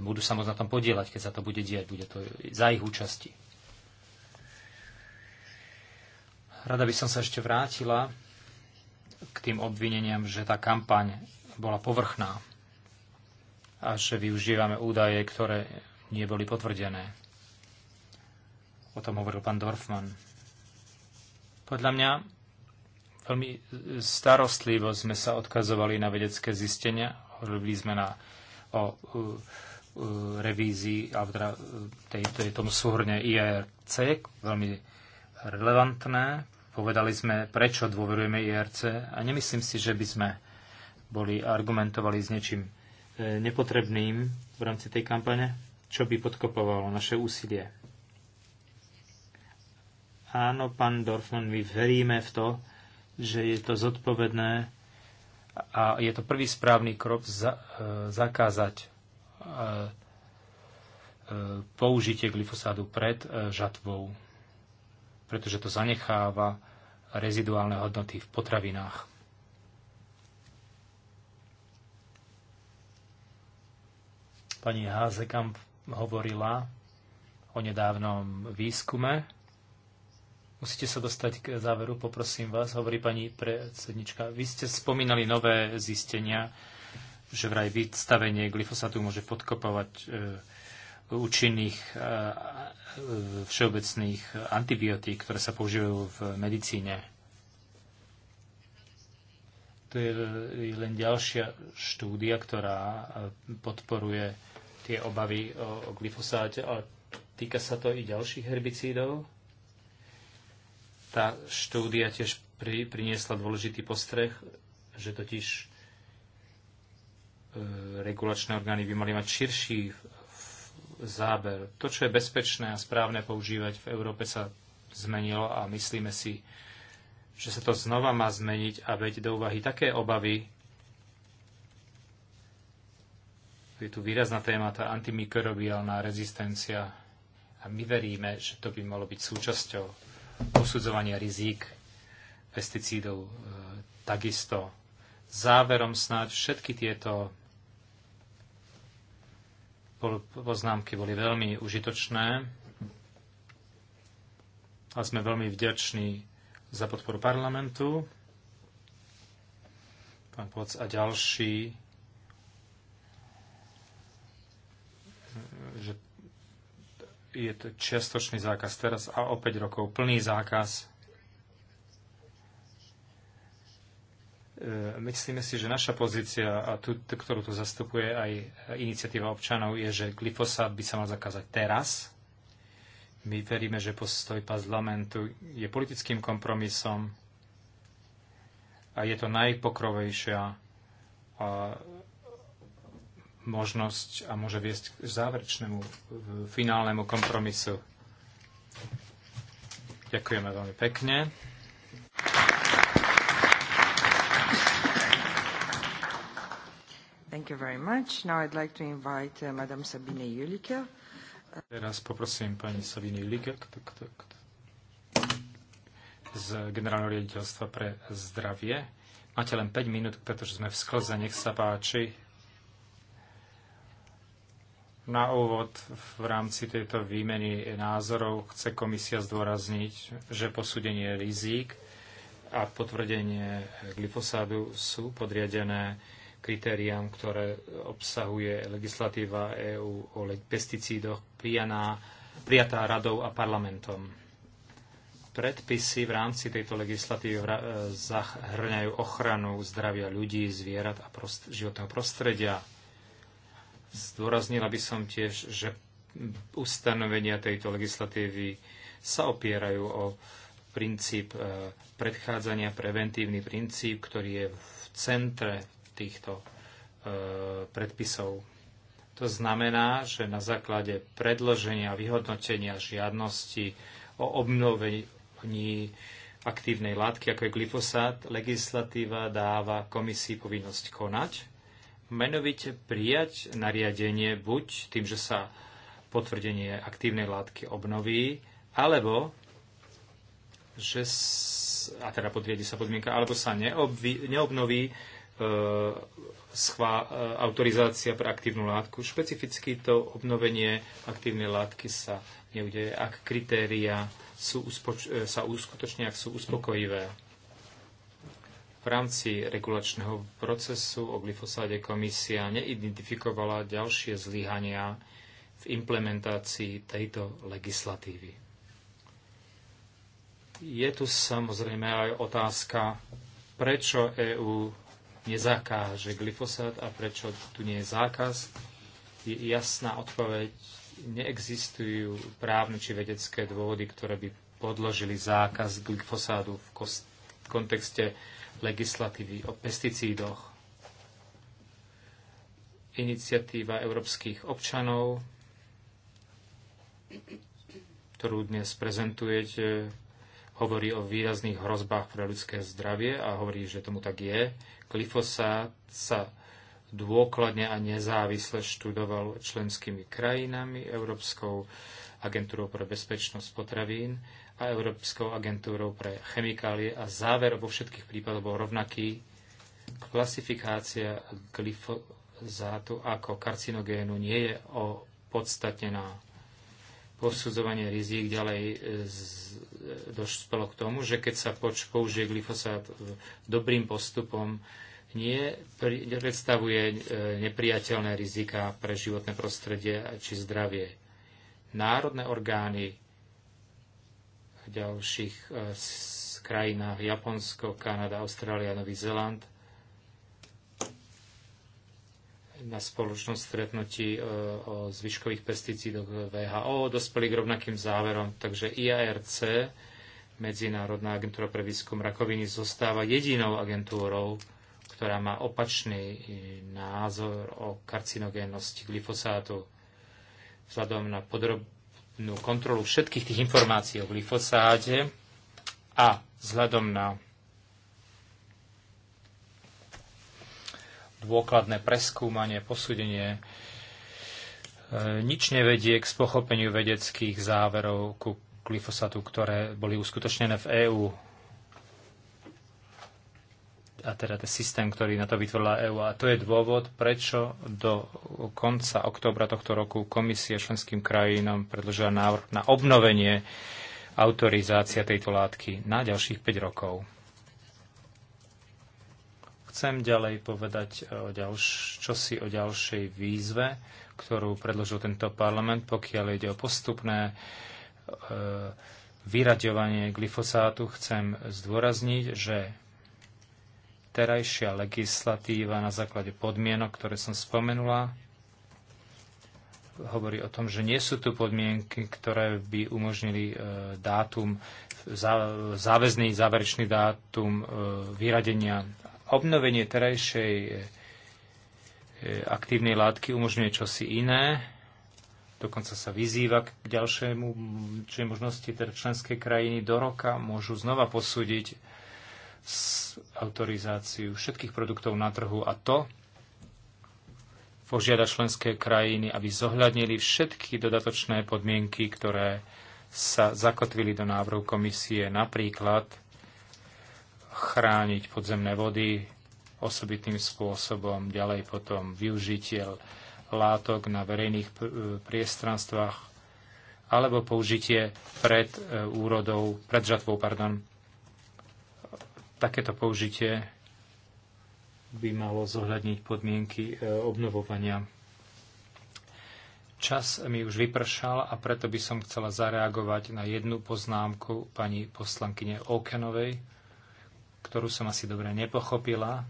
budú sa na tom podielať, keď sa to bude diať, bude to za ich účasti. Rada by som sa ešte vrátila k tým obvineniam, že tá kampaň bola povrchná a že využívame údaje, ktoré neboli potvrdené. O tom hovoril pán Dorfman. Podľa mňa veľmi starostlivo sme sa odkazovali na vedecké zistenia. Hovorili sme na, o revízii a teda, tej, tej, tomu súhrne IRC, veľmi relevantné. Povedali sme, prečo dôverujeme IRC a nemyslím si, že by sme boli argumentovali s niečím e, nepotrebným v rámci tej kampane, čo by podkopovalo naše úsilie. Áno, pán Dorfman, my veríme v to, že je to zodpovedné a je to prvý správny krok za, e, zakázať e, e, použitie glyfosádu pred e, žatvou pretože to zanecháva reziduálne hodnoty v potravinách. Pani Házekamp hovorila o nedávnom výskume. Musíte sa dostať k záveru, poprosím vás, hovorí pani predsednička. Vy ste spomínali nové zistenia, že vraj vystavenie glyfosátu môže podkopovať e, účinných eh, všeobecných antibiotík, ktoré sa používajú v medicíne. To je len ďalšia štúdia, ktorá eh, podporuje tie obavy o, glyfosáte, ale týka sa to i ďalších herbicídov. Tá štúdia tiež pri, priniesla dôležitý postreh, že totiž eh, regulačné orgány by mali mať širší záber. To, čo je bezpečné a správne používať v Európe, sa zmenilo a myslíme si, že sa to znova má zmeniť a veď do úvahy také obavy, je tu výrazná téma tá antimikrobiálna rezistencia a my veríme, že to by malo byť súčasťou posudzovania rizík pesticídov e, takisto. Záverom snáď všetky tieto poznámky boli veľmi užitočné a sme veľmi vďační za podporu parlamentu. Pán Poc a ďalší, že je to čiastočný zákaz teraz a o 5 rokov plný zákaz E, myslíme si, že naša pozícia, a tu, ktorú tu zastupuje aj iniciatíva občanov, je, že glyfosát by sa mal zakázať teraz. My veríme, že postoj parlamentu je politickým kompromisom a je to najpokrovejšia možnosť a môže viesť k záverečnému finálnemu kompromisu. Ďakujeme veľmi pekne. you very much. Now I'd like to invite uh, Madame Sabine Julike. Teraz poprosím pani Sabine Julike z Generálneho riaditeľstva pre zdravie. Máte len 5 minút, pretože sme v sklze, nech sa páči. Na úvod v rámci tejto výmeny názorov chce komisia zdôrazniť, že posúdenie rizík a potvrdenie glyfosádu sú podriadené kritériám, ktoré obsahuje legislatíva EÚ o pesticídoch prijaná, prijatá radou a parlamentom. Predpisy v rámci tejto legislatívy e, zahrňajú ochranu zdravia ľudí, zvierat a prost- životného prostredia. Zdôraznila by som tiež, že ustanovenia tejto legislatívy sa opierajú o princíp e, predchádzania, preventívny princíp, ktorý je v centre týchto e, predpisov. To znamená, že na základe predloženia a vyhodnotenia žiadnosti o obnovení aktívnej látky, ako je glyfosát, legislatíva dáva komisii povinnosť konať, menovite prijať nariadenie buď tým, že sa potvrdenie aktívnej látky obnoví, alebo že a teda sa podmienka, alebo sa neobví, neobnoví E, schvá, e, autorizácia pre aktívnu látku. Špecificky to obnovenie aktívnej látky sa neudeje, ak kritéria sú uspoč- e, sa uskutočne, ak sú uspokojivé. V rámci regulačného procesu o glyfosáde komisia neidentifikovala ďalšie zlyhania v implementácii tejto legislatívy. Je tu samozrejme aj otázka, prečo EÚ nezakáže glyfosát a prečo tu nie je zákaz. Je jasná odpoveď, neexistujú právne či vedecké dôvody, ktoré by podložili zákaz glyfosádu v, kost- kontexte legislatívy o pesticídoch. Iniciatíva európskych občanov, ktorú dnes prezentujete, hovorí o výrazných hrozbách pre ľudské zdravie a hovorí, že tomu tak je glyfosát sa dôkladne a nezávisle študoval členskými krajinami, Európskou agentúrou pre bezpečnosť potravín a Európskou agentúrou pre chemikálie a záver vo všetkých prípadoch bol rovnaký. Klasifikácia glyfosátu ako karcinogénu nie je opodstatnená posudzovanie rizik ďalej e, e, došlo k tomu, že keď sa poč, použije glyfosát e, dobrým postupom, nie predstavuje nepriateľné rizika pre životné prostredie či zdravie. Národné orgány v ďalších krajinách Japonsko, Kanada, Austrália, Nový Zeland na spoločnom stretnutí e, o zvyškových pesticídoch VHO dospeli k rovnakým záverom. Takže IARC, Medzinárodná agentúra pre výskum rakoviny, zostáva jedinou agentúrou, ktorá má opačný e, názor o karcinogénnosti glyfosátu. Vzhľadom na podrobnú kontrolu všetkých tých informácií o glyfosáde a vzhľadom na dôkladné preskúmanie, posúdenie e, nič nevedie k spochopeniu vedeckých záverov ku glyfosatu, ktoré boli uskutočnené v EÚ. A teda ten systém, ktorý na to vytvorila EÚ. A to je dôvod, prečo do konca októbra tohto roku komisia členským krajinom predložila návrh na obnovenie autorizácia tejto látky na ďalších 5 rokov. Chcem ďalej povedať, eh, o ďalš- čo si o ďalšej výzve, ktorú predložil tento parlament, pokiaľ ide o postupné e, vyraďovanie glyfosátu. Chcem zdôrazniť, že terajšia legislatíva na základe podmienok, ktoré som spomenula, hovorí o tom, že nie sú tu podmienky, ktoré by umožnili eh, dátum, záväzný záverečný dátum vyradenia obnovenie terajšej eh, eh, aktívnej látky umožňuje čosi iné, dokonca sa vyzýva k ďalšiemu, čiže možnosti teda členské krajiny do roka môžu znova posúdiť autorizáciu všetkých produktov na trhu a to požiada členské krajiny, aby zohľadnili všetky dodatočné podmienky, ktoré sa zakotvili do návrhu komisie, napríklad chrániť podzemné vody osobitným spôsobom, ďalej potom využitie látok na verejných e, priestranstvách alebo použitie pred e, úrodou, pred žatvou, pardon. Takéto použitie by malo zohľadniť podmienky e, obnovovania. Čas mi už vypršal a preto by som chcela zareagovať na jednu poznámku pani poslankyne Okenovej ktorú som asi dobre nepochopila.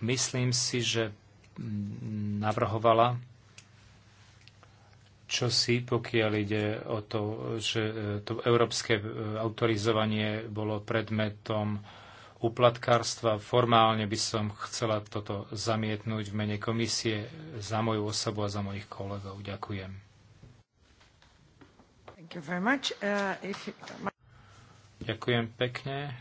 Myslím si, že navrhovala čo si, pokiaľ ide o to, že e, to európske e, autorizovanie bolo predmetom uplatkárstva. Formálne by som chcela toto zamietnúť v mene komisie za moju osobu a za mojich kolegov. Ďakujem. Uh, Ďakujem pekne.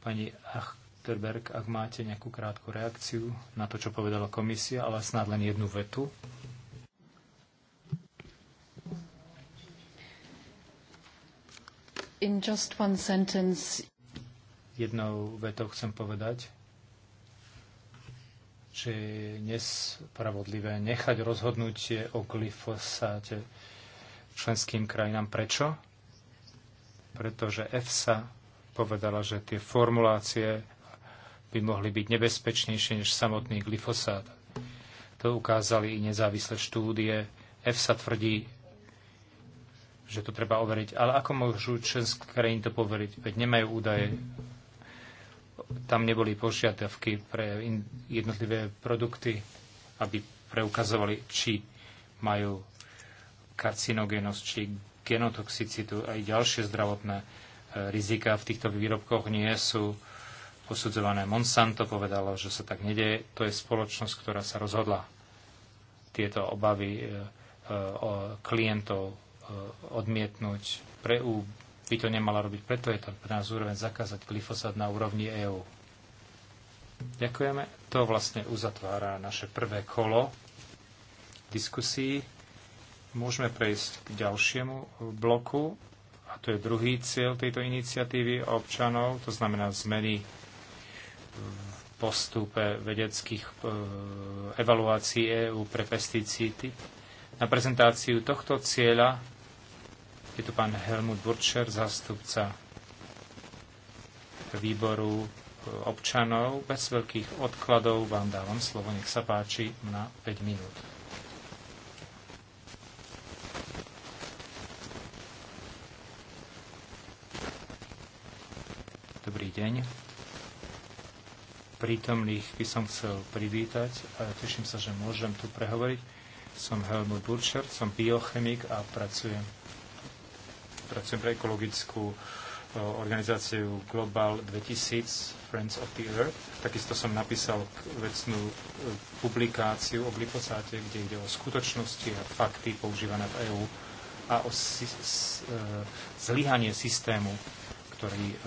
Pani Achterberg, ak máte nejakú krátku reakciu na to, čo povedala komisia, ale snad len jednu vetu. In just one sentence. Jednou vetou chcem povedať, že je nespravodlivé nechať rozhodnutie o glyfosáte členským krajinám. Prečo? Pretože EFSA povedala, že tie formulácie by mohli byť nebezpečnejšie než samotný glyfosát. To ukázali i nezávislé štúdie. EFSA tvrdí, že to treba overiť. Ale ako môžu členské krajiny to poveriť? Veď nemajú údaje. Tam neboli požiadavky pre jednotlivé produkty, aby preukazovali, či majú karcinogénosť, či genotoxicitu a aj ďalšie zdravotné rizika v týchto výrobkoch nie sú posudzované. Monsanto povedalo, že sa tak nedeje. To je spoločnosť, ktorá sa rozhodla tieto obavy e, e, klientov e, odmietnúť pre EU by to nemala robiť. Preto je to pre nás úroveň zakázať glyfosát na úrovni EÚ. Ďakujeme. To vlastne uzatvára naše prvé kolo diskusí. Môžeme prejsť k ďalšiemu bloku a to je druhý cieľ tejto iniciatívy občanov, to znamená zmeny v postupe vedeckých e, evaluácií EÚ pre pesticídy. Na prezentáciu tohto cieľa je tu pán Helmut Burčer, zástupca výboru e, občanov. Bez veľkých odkladov vám dávam slovo, nech sa páči, na 5 minút. Dobrý deň. Prítomných by som chcel privítať a teším sa, že môžem tu prehovoriť. Som Helmut Burcher, som biochemik a pracujem, pracujem pre ekologickú organizáciu Global 2000 Friends of the Earth. Takisto som napísal vecnú e, publikáciu o glyfosáte, kde ide o skutočnosti a fakty používané v EÚ a o e, zlyhanie systému, ktorý e,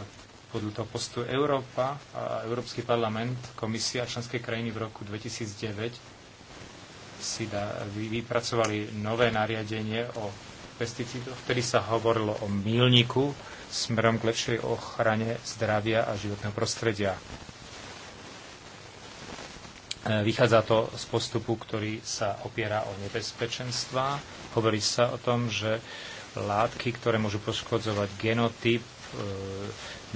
podľa toho postu Európa a Európsky parlament, komisia a členské krajiny v roku 2009 si da, vypracovali nové nariadenie o pesticídoch, vtedy sa hovorilo o milníku smerom k lepšej ochrane zdravia a životného prostredia. E, vychádza to z postupu, ktorý sa opiera o nebezpečenstva. Hovorí sa o tom, že látky, ktoré môžu poškodzovať genotyp, E,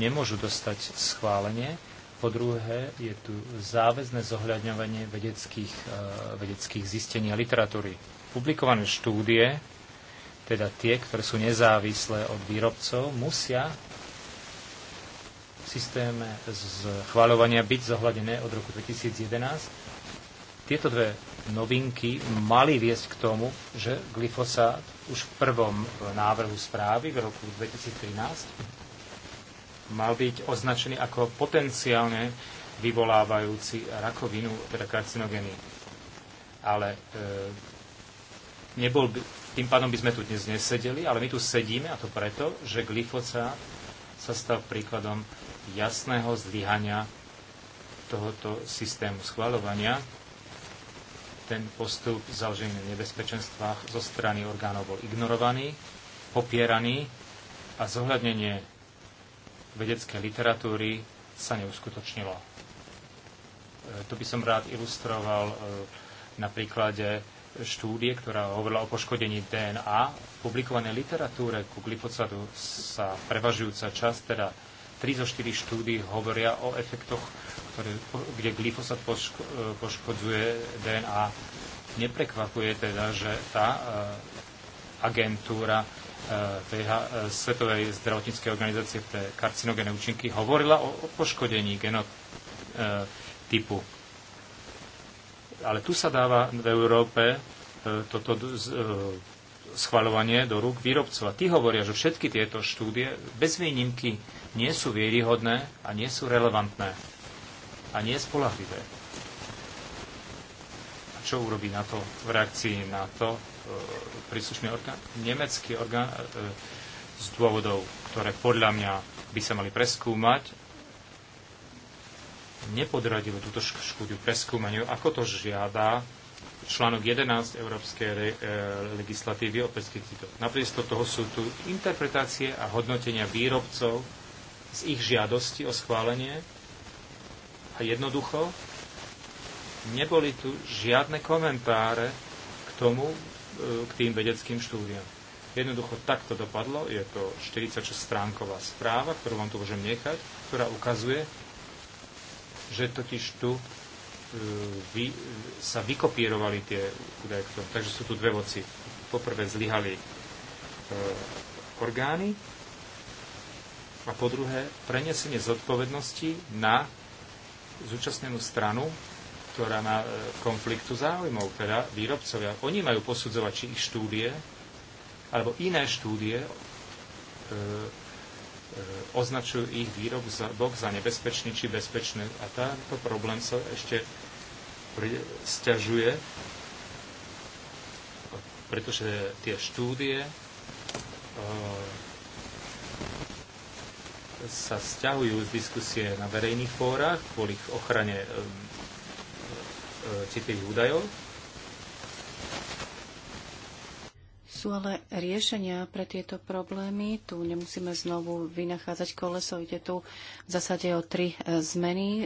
nemôžu dostať schválenie. Po druhé, je tu záväzne zohľadňovanie vedeckých, e, vedeckých zistení a literatúry. Publikované štúdie, teda tie, ktoré sú nezávislé od výrobcov, musia v systéme schváľovania byť zohľadené od roku 2011. Tieto dve novinky mali viesť k tomu, že glyfosát už v prvom návrhu správy v roku 2013 mal byť označený ako potenciálne vyvolávajúci rakovinu, teda karcinogény. Ale e, nebol by, tým pádom by sme tu dnes nesedeli, ale my tu sedíme a to preto, že glyfosa sa stal príkladom jasného zlyhania tohoto systému schvaľovania. Ten postup založený na nebezpečenstvách zo strany orgánov bol ignorovaný, popieraný a zohľadnenie vedeckej literatúry sa neuskutočnilo. E, to by som rád ilustroval e, na príklade štúdie, ktorá hovorila o poškodení DNA. V publikovanej literatúre ku glyfosadu sa prevažujúca časť, teda 3 zo 4 štúdí hovoria o efektoch, ktoré, kde glyfosát poško, e, poškodzuje DNA. Neprekvapuje teda, že tá agentúra VH, eh, Svetovej zdravotníckej organizácie pre karcinogéne účinky hovorila o, o poškodení genotypu. Eh, Ale tu sa dáva v Európe eh, toto schvaľovanie do rúk výrobcov. A tí hovoria, že všetky tieto štúdie bez výnimky nie sú vieryhodné a nie sú relevantné a nie spolahlivé. A čo urobí na to v reakcii na to E, príslušný orgán, nemecký orgán e, z dôvodov, ktoré podľa mňa by sa mali preskúmať, nepodradilo túto škúdiu preskúmaniu, ako to žiada článok 11 Európskej re, e, legislatívy o pesticidoch. Namiesto toho sú tu interpretácie a hodnotenia výrobcov z ich žiadosti o schválenie a jednoducho neboli tu žiadne komentáre k tomu, k tým vedeckým štúdiam. Jednoducho takto dopadlo, je to 46 stránková správa, ktorú vám tu môžem nechať, ktorá ukazuje, že totiž tu e, vy, sa vykopírovali tie údaje. Takže sú tu dve voci. Poprvé zlyhali e, orgány a po druhé prenesenie zodpovednosti na zúčastnenú stranu sektora na e, konfliktu záujmov, teda výrobcovia. Oni majú posudzovať, či ich štúdie alebo iné štúdie e, e, označujú ich výrob za, bok za nebezpečný či bezpečný. A tento problém sa ešte stiažuje, pretože tie štúdie e, sa stiahujú z diskusie na verejných fórach kvôli ochrane e, E, citlivých údajov. Sú ale riešenia pre tieto problémy. Tu nemusíme znovu vynachádzať koleso. Ide tu v zásade o tri e, zmeny, e,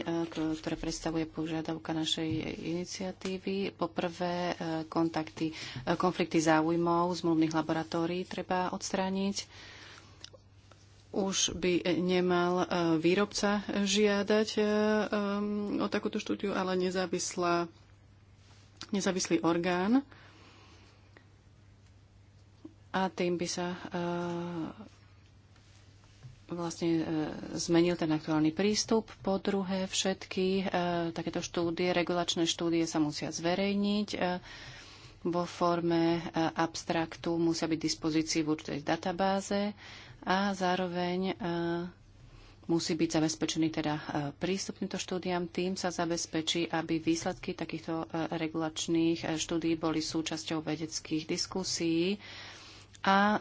ktoré predstavuje požiadavka našej iniciatívy. Poprvé, kontakty, konflikty záujmov zmluvných laboratórií treba odstrániť už by nemal e, výrobca žiadať e, e, o takúto štúdiu, ale nezávislá, nezávislý orgán. A tým by sa vlastne zmenil ten aktuálny prístup. Po druhé, všetky takéto štúdie, regulačné štúdie sa musia zverejniť vo forme abstraktu, musia byť dispozícii v určitej databáze a zároveň e, musí byť zabezpečený teda e, prístup týmto štúdiam. Tým sa zabezpečí, aby výsledky takýchto e, regulačných štúdí boli súčasťou vedeckých diskusí a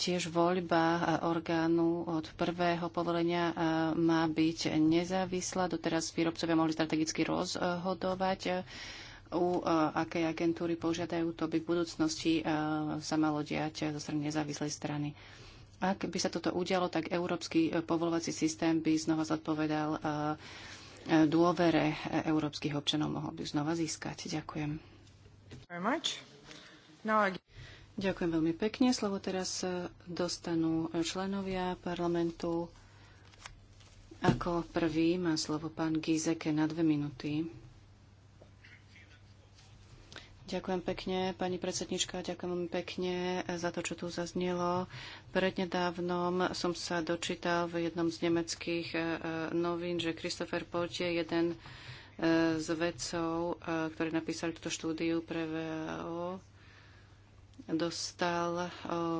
tiež voľba orgánu od prvého povolenia má byť nezávislá. Doteraz výrobcovia mohli strategicky rozhodovať u akej agentúry požiadajú, to by v budúcnosti sa malo diať zo strany nezávislej strany. Ak by sa toto udialo, tak európsky e, povolovací systém by znova zodpovedal e, e, dôvere európskych občanov mohol by znova získať. Ďakujem. Ďakujem veľmi pekne. Slovo teraz dostanú členovia parlamentu. Ako prvý má slovo pán Gizeke na dve minúty. Ďakujem pekne, pani predsednička, ďakujem veľmi pekne za to, čo tu zaznelo. Prednedávnom som sa dočítal v jednom z nemeckých e, novín, že Christopher je jeden e, z vedcov, e, ktorí napísali túto štúdiu pre VAO, dostal eh,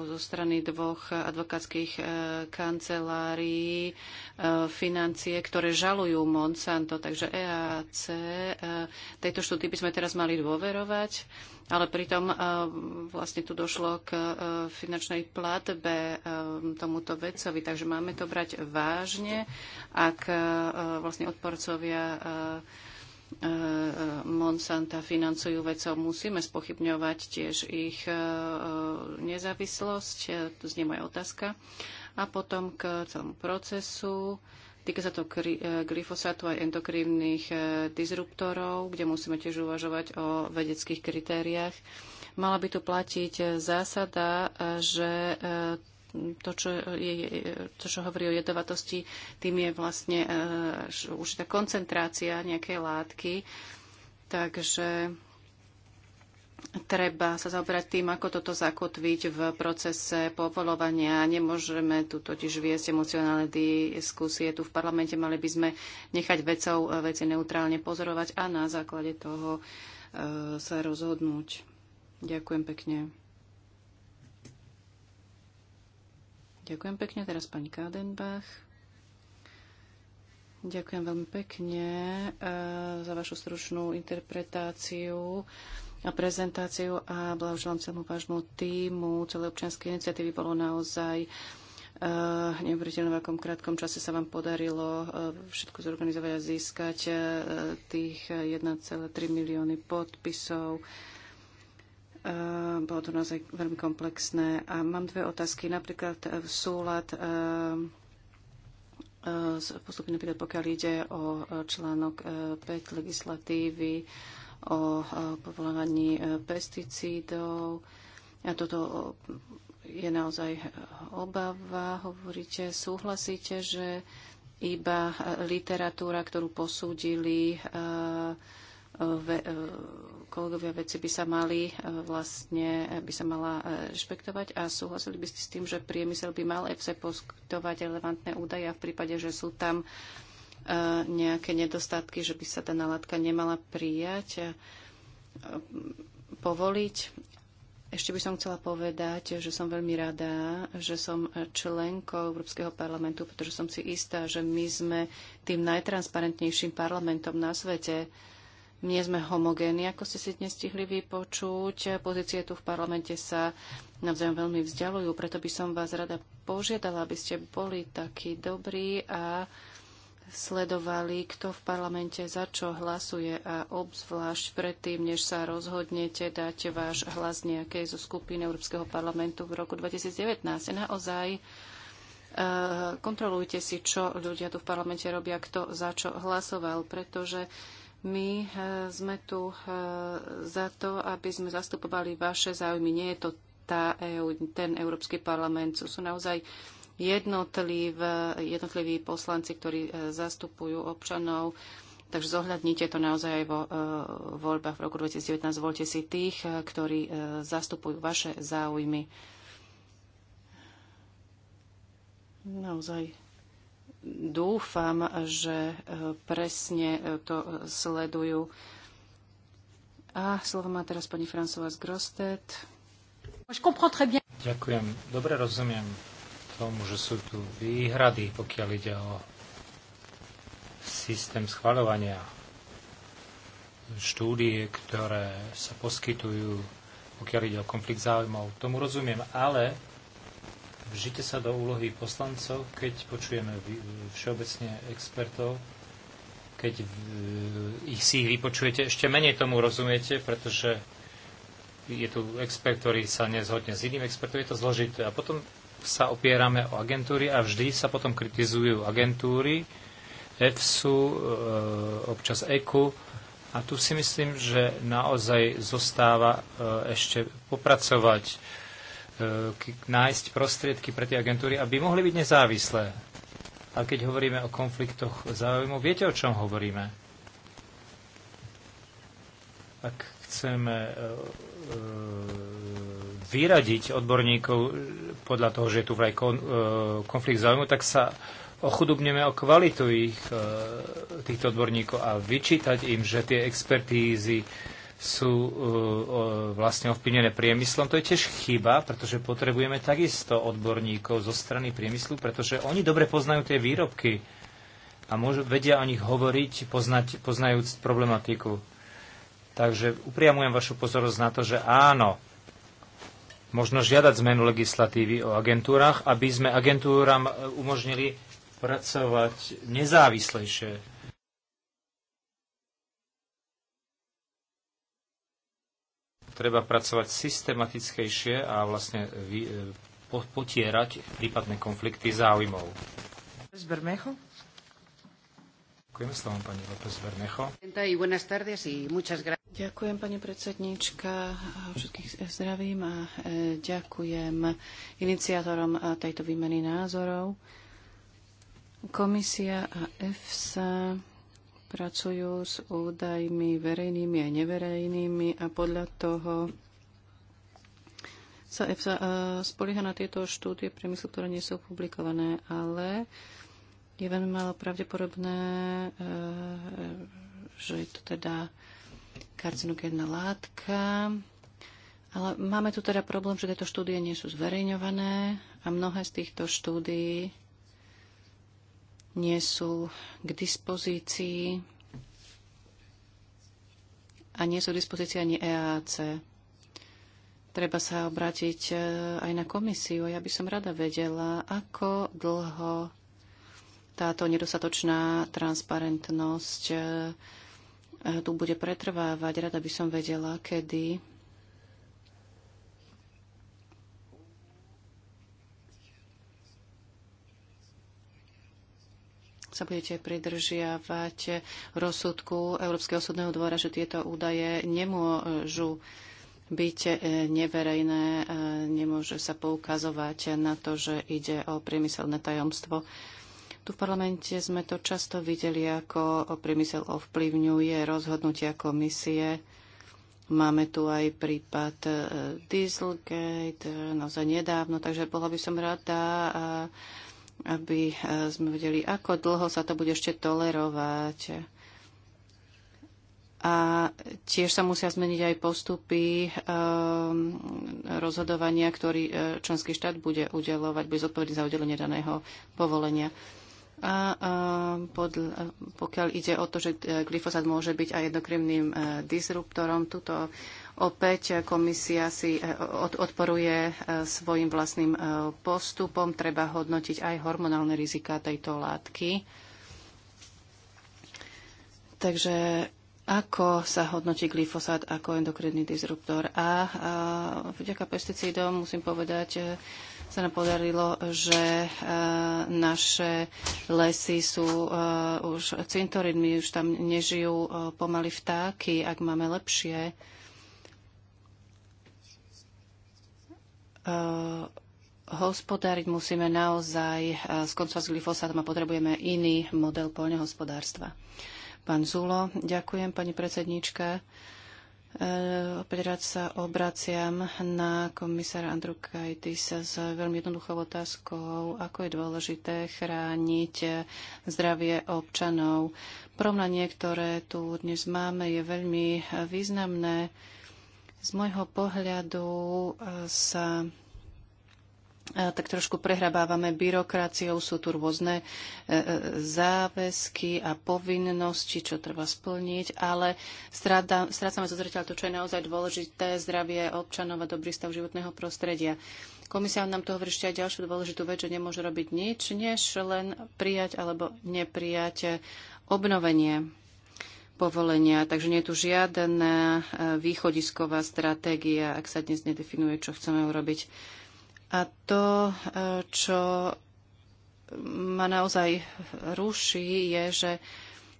zo strany dvoch advokátskych eh, kancelárií eh, financie, ktoré žalujú Monsanto. Takže EAC, tejto štúdii by sme teraz mali dôverovať, ale pritom vlastne tu došlo k finančnej platbe tomuto vedcovi. Takže máme to brať vážne, ak vlastne odporcovia E, e, Monsanta financujú vecov, musíme spochybňovať tiež ich e, nezávislosť. To znie moja otázka. A potom k celému procesu. Týka sa to glyfosátu aj endokrívnych disruptorov, kde musíme tiež uvažovať o vedeckých kritériách. Mala by tu platiť zásada, že to, čo, je, to, čo hovorí o jedovatosti, tým je vlastne e, určitá koncentrácia nejakej látky. Takže treba sa zaoberať tým, ako toto zakotviť v procese povolovania. Nemôžeme tu totiž viesť emocionálne diskusie. Tu v parlamente mali by sme nechať vecov, e, veci neutrálne pozorovať a na základe toho uh, sa rozhodnúť. Ďakujem pekne. Ďakujem pekne. Teraz pani Kádenbach. Ďakujem veľmi pekne eh, za vašu stručnú interpretáciu a prezentáciu a blahoželám celému vážnu týmu. Celé občianske iniciatívy bolo naozaj eh, neuveriteľné, v akom krátkom čase sa vám podarilo eh, všetko zorganizovať a získať tých 1,3 milióny podpisov. Eh, bolo to naozaj veľmi komplexné. A mám dve otázky. Napríklad v eh, súlad eh, postupne napríklad pokiaľ ide o článok 5 legislatívy o povolovaní pesticídov. A toto je naozaj obava. Hovoríte, súhlasíte, že iba literatúra, ktorú posúdili kolegovia veci by sa mali e, vlastne, e, by sa mala e, rešpektovať a súhlasili by ste s tým, že priemysel by mal EFSE poskytovať relevantné údaje a v prípade, že sú tam nejaké nedostatky, že by sa tá nalátka nemala prijať, povoliť. Ešte by som chcela povedať, že som veľmi rada, že som členkou Európskeho parlamentu, pretože som si istá, že my sme tým najtransparentnejším parlamentom na svete nie sme homogénni, ako ste si dnes stihli vypočuť. Pozície tu v parlamente sa navzájom veľmi vzdialujú, preto by som vás rada požiadala, aby ste boli takí dobrí a sledovali, kto v parlamente za čo hlasuje a obzvlášť predtým, než sa rozhodnete dať váš hlas nejakej zo skupiny Európskeho parlamentu v roku 2019. Naozaj eh, kontrolujte si, čo ľudia tu v parlamente robia, kto za čo hlasoval, pretože my e, sme tu e, za to, aby sme zastupovali vaše záujmy. Nie je to tá EU, ten Európsky parlament. Sú, sú naozaj jednotliv, jednotliví poslanci, ktorí e, zastupujú občanov. Takže zohľadnite to naozaj aj vo voľbách v roku 2019. Volte si tých, ktorí zastupujú vaše záujmy. Naozaj dúfam, že e, presne e, to sledujú. A slovo má teraz pani François Grostet. Ďakujem. Dobre rozumiem tomu, že sú tu výhrady, pokiaľ ide o systém schvaľovania štúdie, ktoré sa poskytujú, pokiaľ ide o konflikt záujmov. Tomu rozumiem, ale Vžite sa do úlohy poslancov, keď počujeme všeobecne expertov, keď ich si ich vypočujete, ešte menej tomu rozumiete, pretože je tu expert, ktorý sa nezhodne s iným expertom, je to zložité. A potom sa opierame o agentúry a vždy sa potom kritizujú agentúry, EFSU, e, občas EKU. A tu si myslím, že naozaj zostáva e, ešte popracovať E, nájsť prostriedky pre tie agentúry, aby mohli byť nezávislé. A keď hovoríme o konfliktoch záujmov, viete, o čom hovoríme? Ak chceme e, e, vyradiť odborníkov podľa toho, že je tu vraj konflikt záujmu, tak sa ochudobneme o kvalitu ich, týchto odborníkov a vyčítať im, že tie expertízy sú e, vlastne ovplyvnené priemyslom. To je tiež chyba, pretože potrebujeme takisto odborníkov zo strany priemyslu, pretože oni dobre poznajú tie výrobky a môžu, vedia o nich hovoriť, poznať, poznajúc problematiku. Takže upriamujem vašu pozornosť na to, že áno, možno žiadať zmenu legislatívy o agentúrach, aby sme agentúram e, umožnili pracovať nezávislejšie. treba pracovať systematickejšie a vlastne vy, e, po, potierať prípadné konflikty záujmov. Zbermecho. Ďakujem slovom pani López Ďakujem pani predsedníčka, všetkých e, zdravím a e, ďakujem iniciátorom tejto výmeny názorov. Komisia a EFSA pracujú s údajmi verejnými a neverejnými a podľa toho sa EFSA e, spolieha na tieto štúdie priemyslu, ktoré nie sú publikované, ale je veľmi málo pravdepodobné, e, že je to teda karcinogénna látka. Ale máme tu teda problém, že tieto štúdie nie sú zverejňované a mnohé z týchto štúdií nie sú k dispozícii a nie sú k dispozícii ani EAC. Treba sa obrátiť e, aj na komisiu. Ja by som rada vedela, ako dlho táto nedostatočná transparentnosť e, e, tu bude pretrvávať. Rada by som vedela, kedy sa budete pridržiavať rozsudku Európskeho súdneho dvora, že tieto údaje nemôžu byť e, neverejné, e, nemôže sa poukazovať na to, že ide o priemyselné tajomstvo. Tu v parlamente sme to často videli, ako priemysel ovplyvňuje rozhodnutia komisie. Máme tu aj prípad e, Dieselgate, naozaj nedávno, takže bola by som rada, aby e, sme vedeli, ako dlho sa to bude ešte tolerovať. A tiež sa musia zmeniť aj postupy um, rozhodovania, ktorý e, členský štát bude udelovať, bude zodpovedný za udelenie daného povolenia. A um, pod, pokiaľ ide o to, že glyfosát môže byť aj endokrinným uh, disruptorom, tuto Opäť komisia si e, odporuje e, svojim vlastným e, postupom. Treba hodnotiť aj hormonálne rizika tejto látky. Takže ako sa hodnotí glyfosát ako endokrinný disruptor? A, vďaka pesticídom musím povedať, sa nám podarilo, že naše lesy sú už cintorinmi, už tam nežijú pomaly vtáky, ak máme lepšie Eh, hospodáriť, musíme naozaj skoncovať eh, s glyfosátom a potrebujeme iný model poľnohospodárstva. Pán Zulo, ďakujem pani predsednička. Eh, opäť rád sa obraciam na komisára Andru Kajtisa s veľmi jednoduchou otázkou, ako je dôležité chrániť zdravie občanov. Porovnanie, ktoré tu dnes máme, je veľmi významné. Z môjho pohľadu eh, sa eh, tak trošku prehrabávame byrokraciou, sú tu rôzne eh, záväzky a povinnosti, čo treba splniť, ale strácame zo zreteľa to, čo je naozaj dôležité, zdravie občanov a dobrý stav životného prostredia. Komisia nám to hovorí ešte aj ďalšiu dôležitú vec, že nemôže robiť nič, než len prijať alebo neprijať obnovenie povolenia. Takže nie je tu žiadna eh, východisková stratégia, ak sa dnes nedefinuje, čo chceme urobiť. A to, eh, čo ma naozaj ruší, je, že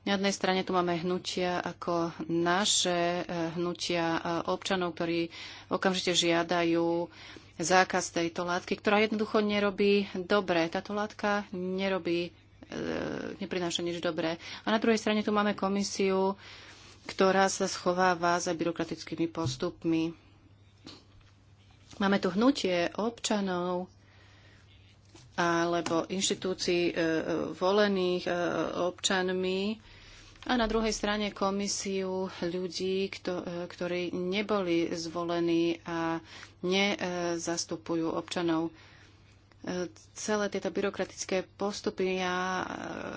na jednej strane tu máme hnutia ako naše eh, hnutia občanov, ktorí okamžite žiadajú zákaz tejto látky, ktorá jednoducho nerobí dobre. Táto látka nerobí E, neprináša nič dobré. A na druhej strane tu máme komisiu, ktorá sa schováva za byrokratickými postupmi. Máme tu hnutie občanov alebo inštitúcií e, e volených e, občanmi, a na druhej strane komisiu ľudí, e, ktorí neboli zvolení a nezastupujú občanov celé tieto byrokratické postupy ja e,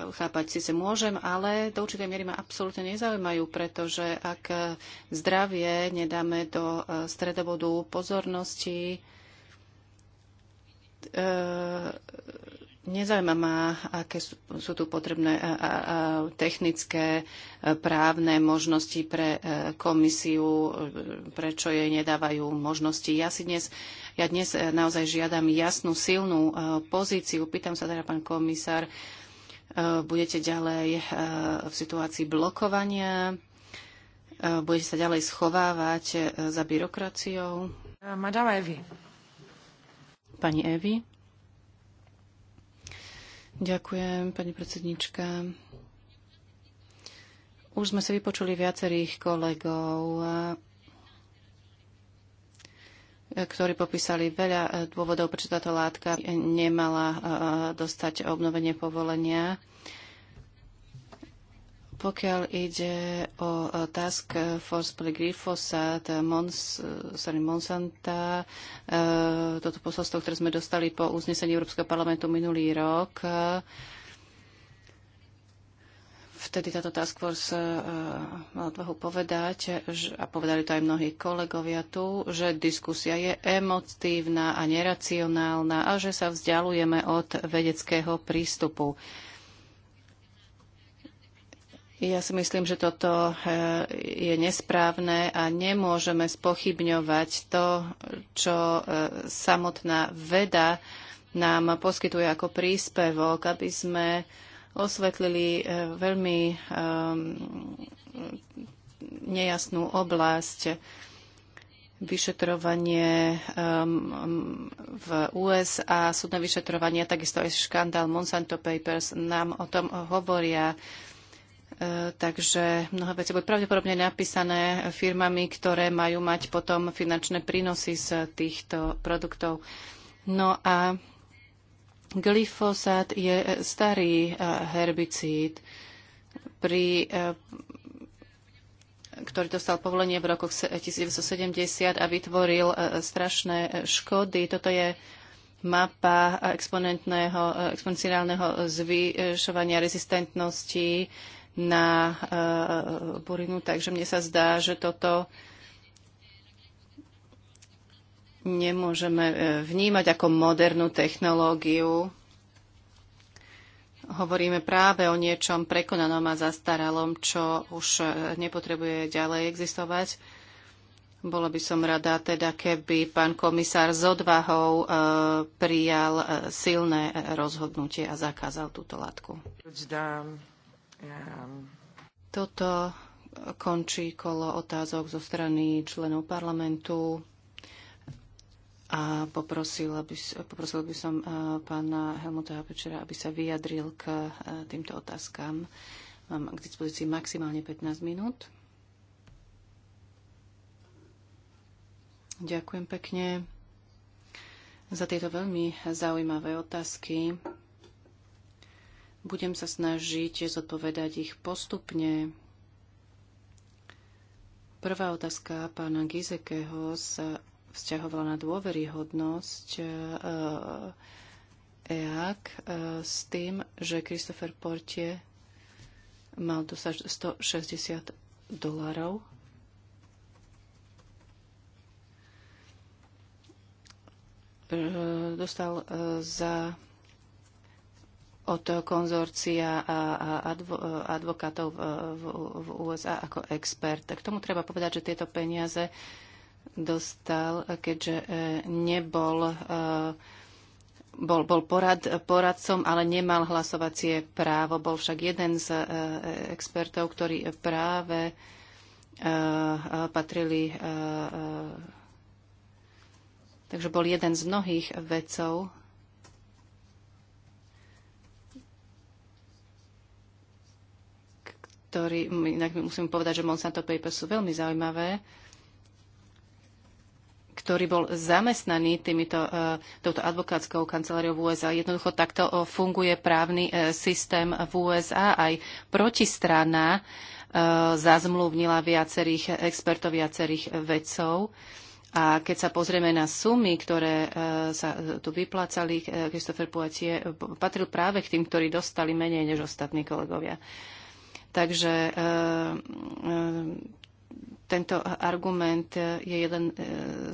chápať sa môžem, ale do určitej miery ma absolútne nezaujímajú, pretože ak zdravie nedáme do e, stredobodu pozornosti, e, Nezaujíma ma, aké sú, sú tu potrebné a, a, technické, e, právne možnosti pre e, komisiu, e, prečo jej nedávajú možnosti. Ja si dnes, ja dnes naozaj žiadam jasnú, silnú pozíciu. Pýtam sa teda, pán komisár, budete ďalej v situácii blokovania, budete sa ďalej schovávať za byrokraciou. Madame Evi. Pani Evi. Ďakujem, pani predsednička. Už sme sa vypočuli viacerých kolegov, ktorí popísali veľa dôvodov, prečo táto látka nemala eh, dostať obnovenie povolenia. Pokiaľ ide o e, Task Force pre glyfosát e, Mons, e, Monsanta, toto posolstvo, ktoré sme dostali po uznesení Európskeho parlamentu minulý rok, vtedy táto task force mal odvahu povedať, a povedali to aj mnohí kolegovia tu, že diskusia je emotívna a neracionálna a že sa vzdialujeme od vedeckého prístupu. Ja si myslím, že toto e, je nesprávne a nemôžeme spochybňovať to, čo e, samotná veda nám poskytuje ako príspevok, aby sme osvetlili e, veľmi nejasnú oblasť vyšetrovanie um, v USA, súdne vyšetrovanie, takisto aj škandál Monsanto Papers nám o tom hovoria takže mnohé veci budú pravdepodobne napísané firmami, ktoré majú mať potom finančné prínosy z týchto produktov. No a glyfosát je starý eh, herbicíd, pri, eh, ktorý dostal povolenie v rokoch 1970 a vytvoril eh, strašné škody. Toto je mapa exponenciálneho zvyšovania rezistentnosti na burinu. Eh, takže mne sa zdá, že toto nemôžeme eh, vnímať ako modernú technológiu. Hovoríme práve o niečom prekonanom a zastaralom, čo už eh, nepotrebuje ďalej existovať. Bola by som rada teda, keby pán komisár s odvahou e, prijal silné rozhodnutie a zakázal túto látku. Toto končí kolo otázok zo strany členov parlamentu a poprosil by, poprosil by som eh, pána Helmuta Večera, aby sa vyjadril k eh, týmto otázkam. Mám k dispozícii maximálne 15 minút. Ďakujem pekne za tieto veľmi zaujímavé otázky. Budem sa snažiť zodpovedať ich postupne. Prvá otázka pána Gizekeho sa vzťahovala na dôveryhodnosť EAK e e, s tým, že Christopher Portie mal dosať 160 dolarov. E, dostal za od konzorcia advo, advokátov v, v, v USA ako expert. K tomu treba povedať, že tieto peniaze dostal, keďže e, nebol e, bol, bol porad, poradcom, ale nemal hlasovacie právo. Bol však jeden z e, expertov, ktorí práve patrili. Takže bol jeden z mnohých vedcov, ktorý, inak musím povedať, že Monsanto Papers sú veľmi zaujímavé, ktorý bol zamestnaný týmito, e, touto advokátskou kanceláriou v USA. Jednoducho takto e, funguje právny e, systém v USA. Aj protistrana zazmluvnila viacerých expertov, viacerých vedcov. A keď sa pozrieme na sumy, ktoré sa tu vyplácali, Christopher Poitier patril práve k tým, ktorí dostali menej než ostatní kolegovia. Takže e, e, tento argument je jeden e,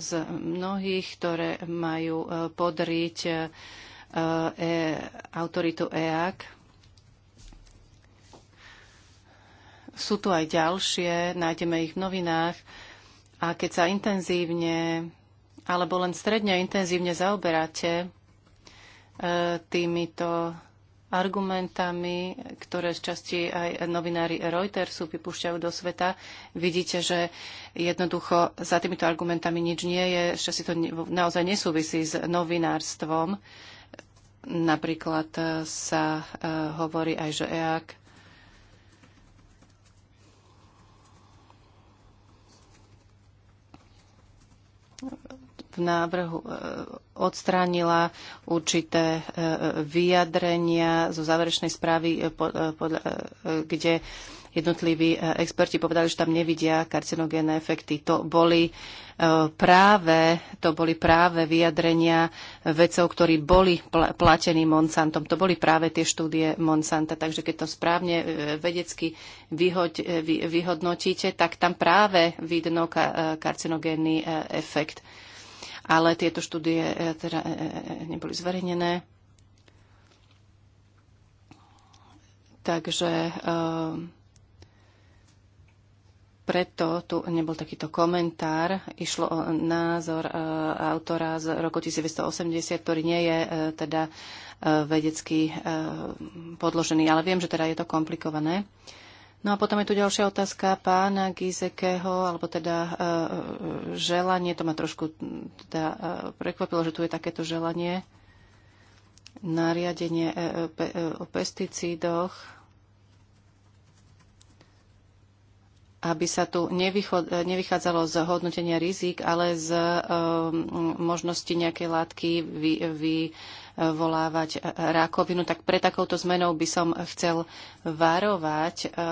z mnohých, ktoré majú podriť autoritu EAK. Sú tu aj ďalšie, nájdeme ich v novinách. A keď sa intenzívne alebo len stredne intenzívne zaoberáte týmito argumentami, ktoré z časti aj novinári Reutersu vypúšťajú do sveta, vidíte, že jednoducho za týmito argumentami nič nie je, že si to naozaj nesúvisí s novinárstvom. Napríklad sa eh, hovorí aj, že EAK v návrhu e, odstránila určité e, vyjadrenia zo záverečnej správy, e, kde jednotliví experti povedali, že tam nevidia karcinogénne efekty. To boli práve, to boli práve vyjadrenia vedcov, ktorí boli platení Monsantom. To boli práve tie štúdie Monsanta. Takže keď to správne vedecky vyhoď, vy, vyhodnotíte, tak tam práve vidno karcinogénny efekt ale tieto štúdie e, teda e, e, neboli zverejnené. Takže preto tu nebol takýto komentár. Išlo o názor autora z roku 1980, ktorý nie je teda vedecky podložený, ale viem, že teda je to komplikované. No a potom je tu ďalšia otázka pána Gizekeho, alebo teda e, e, želanie, to ma trošku teda, e, prekvapilo, že tu je takéto želanie, nariadenie o pesticídoch, aby sa tu nevychádzalo z hodnotenia rizik, ale z možnosti nejakej látky vy, vy volávať e, rakovinu, tak pre takouto zmenou by som chcel varovať. E,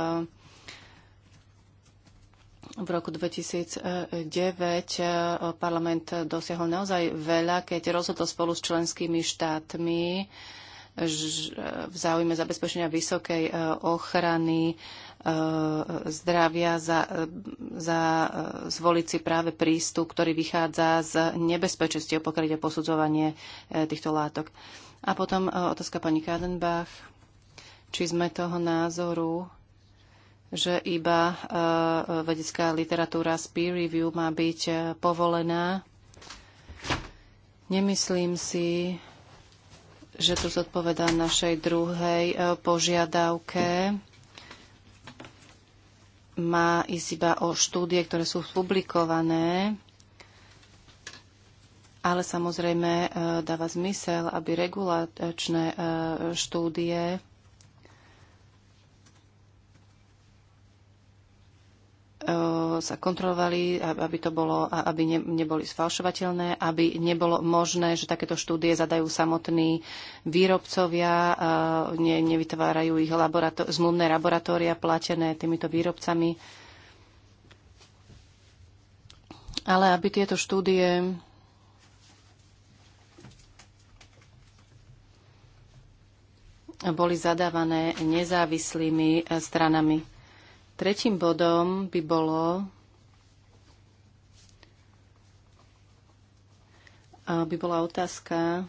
v roku 2009 e, parlament dosiahol naozaj veľa, keď rozhodol spolu s členskými štátmi v záujme zabezpečenia vysokej ochrany Eh, zdravia za, eh, za eh, zvoliť si práve prístup, ktorý vychádza z nebezpečenstiev, pokiaľ ide posudzovanie týchto látok. A potom otázka pani Kadenbach, či sme toho názoru, že iba vedecká literatúra z peer review má byť povolená. Nemyslím si, že to zodpovedá našej druhej požiadavke má ísť iba o štúdie, ktoré sú publikované, ale samozrejme e, dáva zmysel, aby regulačné e, štúdie Eh, sa kontrolovali, aby to bolo, aby ne, neboli sfalšovateľné, aby nebolo možné, že takéto štúdie zadajú samotní výrobcovia, eh, ne, nevytvárajú ich laborato- zmluvné laboratória platené týmito výrobcami. Ale aby tieto štúdie boli zadávané nezávislými eh, stranami. Tretím bodom by bolo by bola otázka.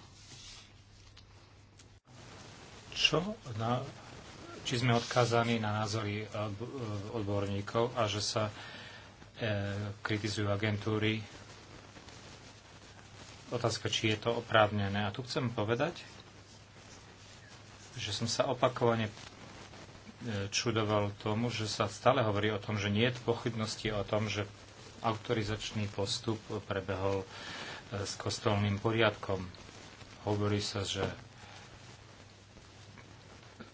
Čo na, či sme odkázaní na názory e, e, odborníkov a že sa e, kritizujú agentúry. Otázka, či je to oprávnené. A tu chcem povedať, že som sa opakovane čudoval tomu, že sa stále hovorí o tom, že nie je pochybnosti o tom, že autorizačný postup prebehol e, s kostolným poriadkom. Hovorí sa, že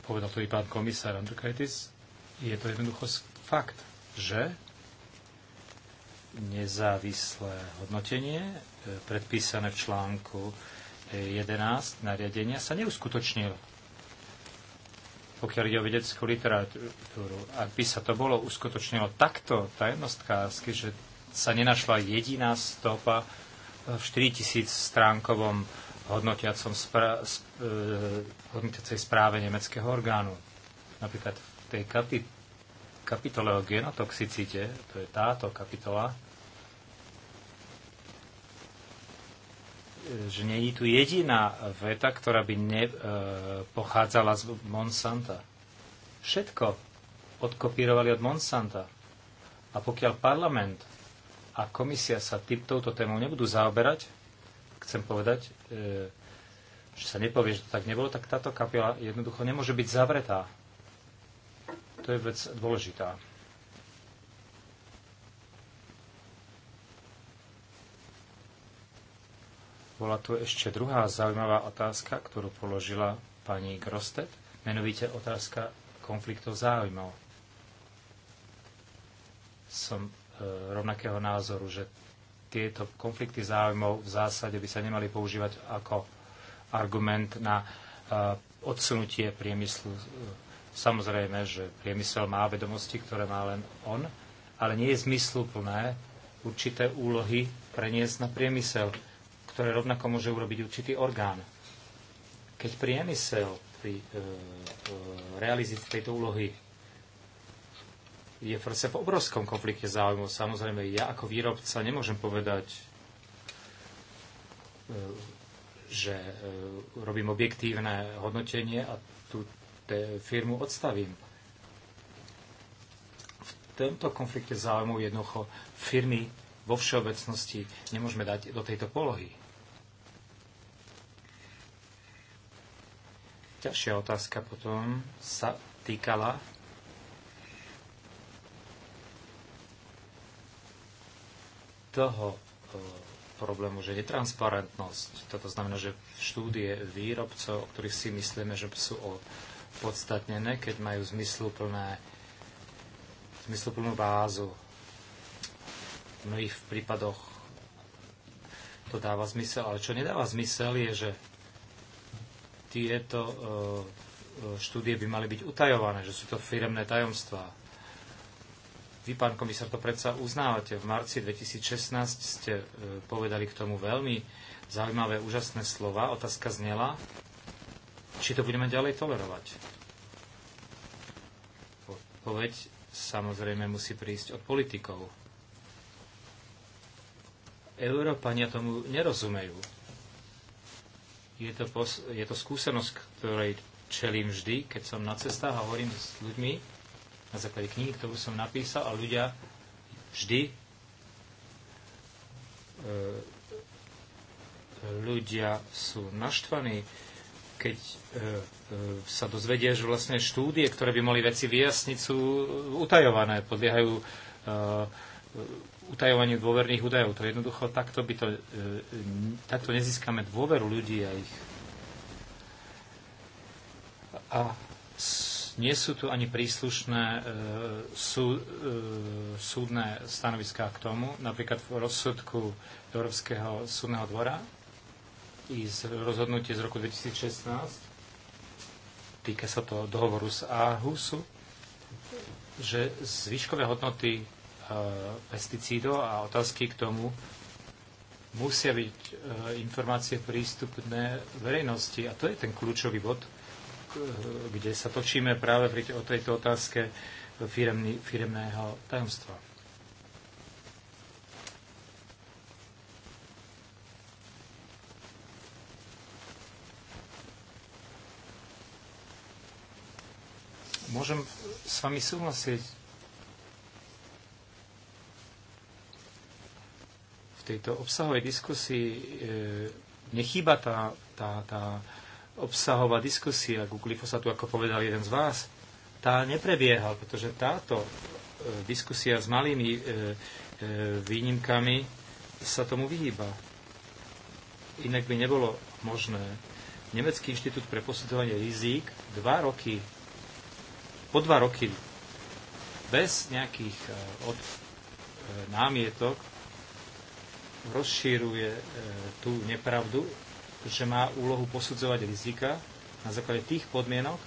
povedal to i pán komisár Andrukaitis, je to jednoducho fakt, že nezávislé hodnotenie e, predpísané v článku 11 e, nariadenia sa neuskutočnilo pokiaľ ide o vedeckú literatúru. Ak by sa to bolo uskutočnilo takto, tajnostkársky, že sa nenašla jediná stopa v 4000 stránkovom hodnotiacom spra- sp- e, hodnotiacej správe nemeckého orgánu. Napríklad v tej kapi- kapitole o genotoxicite, to je táto kapitola, že nie je tu jediná veta, ktorá by nepochádzala e, z Monsanta. Všetko odkopírovali od Monsanta. A pokiaľ parlament a komisia sa tým, touto témou nebudú zaoberať, chcem povedať, e, že sa nepovie, že to tak nebolo, tak táto kapela jednoducho nemôže byť zavretá. To je vec dôležitá. Bola tu ešte druhá zaujímavá otázka, ktorú položila pani Grostet, menovite otázka konfliktov záujmov. Som e, rovnakého názoru, že tieto konflikty záujmov v zásade by sa nemali používať ako argument na e, odsunutie priemyslu. Samozrejme, že priemysel má vedomosti, ktoré má len on, ale nie je zmysluplné určité úlohy preniesť na priemysel ktoré rovnako môže urobiť určitý orgán. Keď priemysel pri e, e, realizácii tejto úlohy je proste v obrovskom konflikte záujmov. Samozrejme, ja ako výrobca nemôžem povedať, e, že e, robím objektívne hodnotenie a tú firmu odstavím. V tomto konflikte záujmov jednoducho firmy vo všeobecnosti nemôžeme dať do tejto polohy. Ďalšia otázka potom sa týkala toho e, problému, že netransparentnosť, toto znamená, že štúdie výrobcov, o ktorých si myslíme, že sú podstatnené, keď majú zmysluplné, zmysluplnú bázu. V mnohých prípadoch to dáva zmysel, ale čo nedáva zmysel je, že tieto e, e, štúdie by mali byť utajované, že sú to firemné tajomstvá. Vy, pán komisár, to predsa uznávate. V marci 2016 ste e, povedali k tomu veľmi zaujímavé, úžasné slova. Otázka znela, či to budeme ďalej tolerovať. Odpoveď samozrejme musí prísť od politikov. Európania tomu nerozumejú je to, pos- je to skúsenosť, ktorej čelím vždy, keď som na cestách a hovorím s ľuďmi na základe knihy, ktorú som napísal a ľudia vždy e ľudia sú naštvaní, keď e, e, sa dozvedia, že vlastne štúdie, ktoré by mali veci vyjasniť, sú utajované, podliehajú e, utajovaniu dôverných údajov. To jednoducho takto, by to, e, e, takto nezískame dôveru ľudí a ich. A nie sú tu ani príslušné e, sú, súdne stanoviská k tomu, napríklad v rozsudku Európskeho súdneho dvora i z rozhodnutie z roku 2016 týka sa to dohovoru z AHUSu, že zvyškové hodnoty Eh, pesticídov a otázky k tomu musia byť eh, informácie prístupné verejnosti. A to je ten kľúčový bod, eh, kde sa točíme práve pri, o tejto otázke firemný, firemného tajomstva. Môžem s vami súhlasiť v tejto obsahovej diskusii e, nechýba tá, tá, tá obsahová diskusia ku glyfosatu, ako povedal jeden z vás. Tá neprebieha, pretože táto e, diskusia s malými e, výnimkami sa tomu vyhýba. Inak by nebolo možné. Nemecký inštitút pre posudzovanie rizík dva roky, po dva roky bez nejakých od, námietok rozšíruje e, tú nepravdu, že má úlohu posudzovať rizika na základe tých podmienok,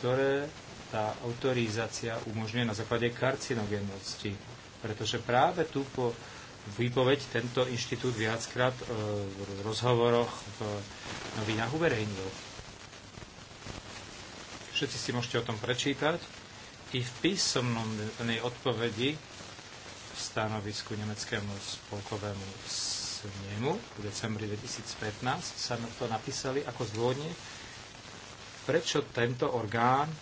ktoré tá autorizácia umožňuje na základe karcinogennosti. Pretože práve tu po výpoveď tento inštitút viackrát e, v rozhovoroch v novinách uverejnil. Všetci si môžete o tom prečítať. I v písomnej odpovedi stanovisku nemeckému spolkovému snemu v decembri 2015 sa na to napísali ako zvôdne, prečo tento orgán e,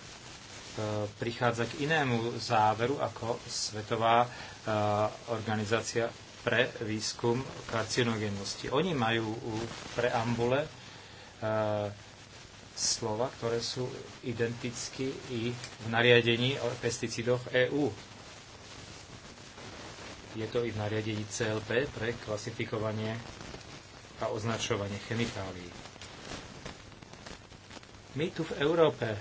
prichádza k inému záveru ako Svetová e, organizácia pre výskum karcinogennosti. Oni majú v preambule e, slova, ktoré sú identicky i v nariadení o pesticidoch EÚ je to i v nariadení CLP pre klasifikovanie a označovanie chemikálií. My tu v Európe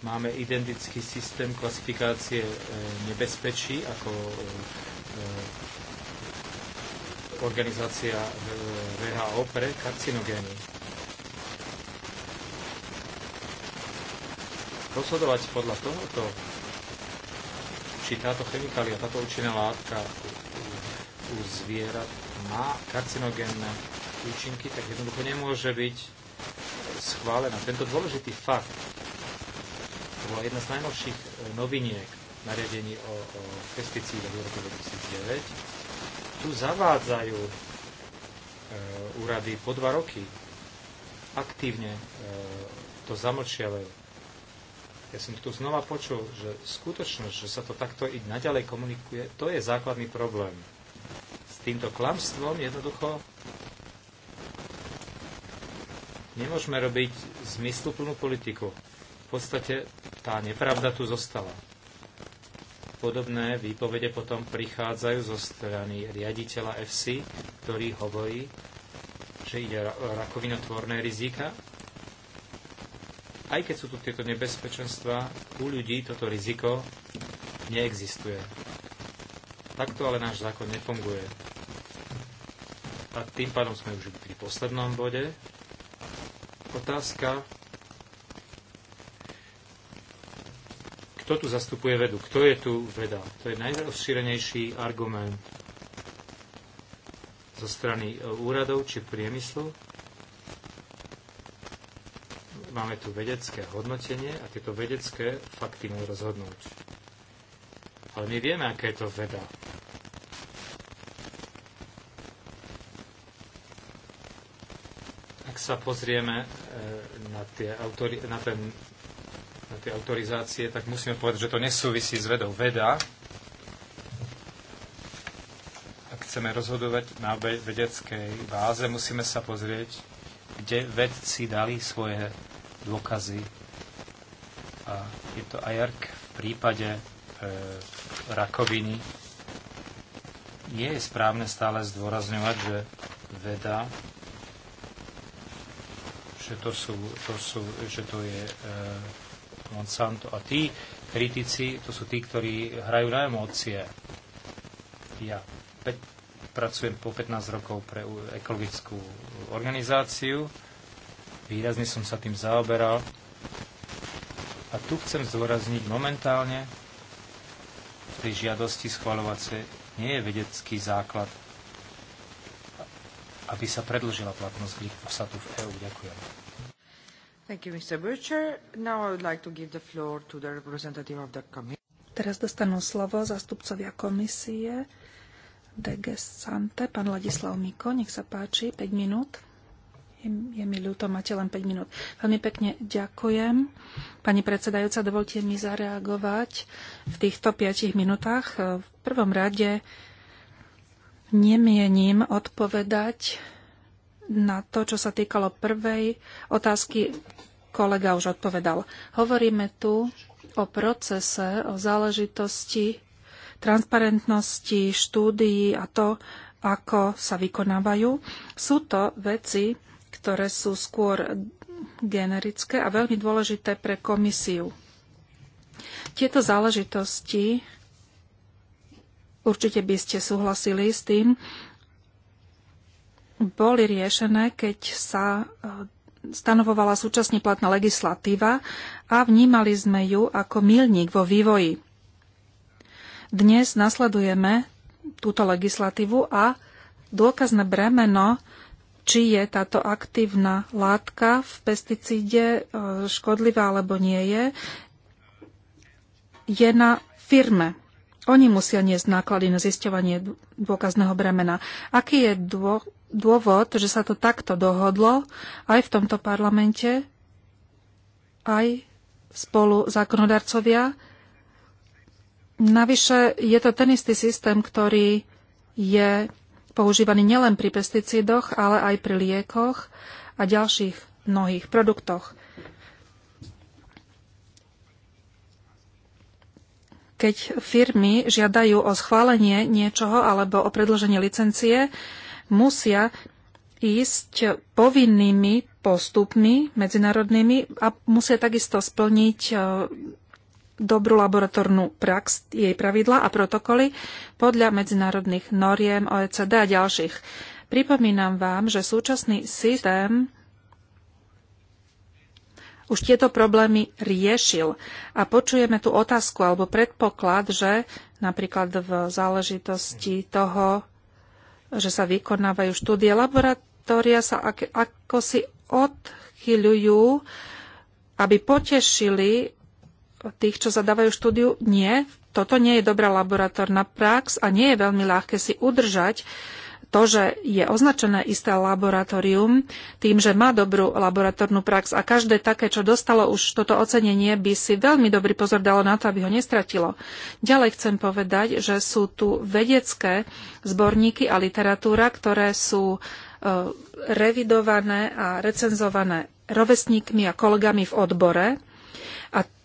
máme identický systém klasifikácie e, nebezpečí ako e, e, organizácia VHO pre karcinogény. Rozhodovať podľa tohoto či táto chemikália, táto účinná látka u, u, u zvierat má karcinogénne účinky, tak jednoducho nemôže byť schválená. Tento dôležitý fakt, to bola jedna z najnovších e, noviniek nariadení o, o pesticídoch v roku 2009, tu zavádzajú e, úrady po dva roky aktívne e, to zamlčiavajú ja som tu znova počul, že skutočnosť, že sa to takto i naďalej komunikuje, to je základný problém. S týmto klamstvom jednoducho nemôžeme robiť zmysluplnú politiku. V podstate tá nepravda tu zostala. Podobné výpovede potom prichádzajú zo strany riaditeľa FC, ktorý hovorí, že ide rakovinotvorné rizika aj keď sú tu tieto nebezpečenstva, u ľudí toto riziko neexistuje. Takto ale náš zákon nefunguje. A tým pádom sme už pri poslednom bode. Otázka, kto tu zastupuje vedu? Kto je tu veda? To je najrozšírenejší argument zo strany e, úradov či priemyslu, Máme tu vedecké hodnotenie a tieto vedecké fakty majú rozhodnúť. Ale my vieme, aké je to veda. Ak sa pozrieme e, na, tie autori- na, ten, na tie autorizácie, tak musíme povedať, že to nesúvisí s vedou. Veda Ak chceme rozhodovať na vedeckej báze, musíme sa pozrieť, kde vedci dali svoje dôkazy. A je to AJARK v prípade e, rakoviny. Nie je správne stále zdôrazňovať, že veda, že to, sú, to, sú, že to je e, Monsanto. A tí kritici, to sú tí, ktorí hrajú na emócie. Ja pe- pracujem po 15 rokov pre ekologickú organizáciu výrazne som sa tým zaoberal. A tu chcem zdôrazniť momentálne, pri žiadosti schvaľovacie nie je vedecký základ, aby sa predlžila platnosť glyfosatu v EÚ. Ďakujem. Thank you, Mr. Butcher. Now I would like to give the floor to the representative of the committee. Teraz dostanú slovo zastupcovia komisie DG Sante, pán Ladislav Miko, nech sa páči, 5 minút. Je, je mi ľúto, máte len 5 minút. Veľmi pekne ďakujem. Pani predsedajúca, dovolte mi zareagovať v týchto 5 minútach. V prvom rade nemienim odpovedať na to, čo sa týkalo prvej otázky. Kolega už odpovedal. Hovoríme tu o procese, o záležitosti transparentnosti štúdií a to, ako sa vykonávajú. Sú to veci, ktoré sú skôr generické a veľmi dôležité pre komisiu. Tieto záležitosti určite by ste súhlasili s tým, boli riešené, keď sa e, stanovovala súčasne platná legislatíva a vnímali sme ju ako milník vo vývoji. Dnes nasledujeme túto legislatívu a dôkazné bremeno či je táto aktívna látka v pesticíde e, škodlivá alebo nie je, je na firme. Oni musia niesť náklady na zisťovanie dôkazného bremena. Aký je dôvod, že sa to takto dohodlo aj v tomto parlamente, aj spolu zákonodarcovia? Navyše je to ten istý systém, ktorý je používaný nielen pri pesticídoch, ale aj pri liekoch a ďalších mnohých produktoch. Keď firmy žiadajú o schválenie niečoho alebo o predlženie licencie, musia ísť povinnými postupmi medzinárodnými a musia takisto splniť e, dobrú laboratórnu prax, jej pravidla a protokoly podľa medzinárodných noriem OECD a ďalších. Pripomínam vám, že súčasný systém už tieto problémy riešil. A počujeme tu otázku alebo predpoklad, že napríklad v záležitosti toho, že sa vykonávajú štúdie laboratória, sa ak, ako si odchyľujú, aby potešili tých, čo zadávajú štúdiu? Nie, toto nie je dobrá laboratórna prax a nie je veľmi ľahké si udržať to, že je označené isté laboratórium tým, že má dobrú laboratórnu prax a každé také, čo dostalo už toto ocenenie, by si veľmi dobrý pozor dalo na to, aby ho nestratilo. Ďalej chcem povedať, že sú tu vedecké zborníky a literatúra, ktoré sú e, revidované a recenzované rovesníkmi a kolegami v odbore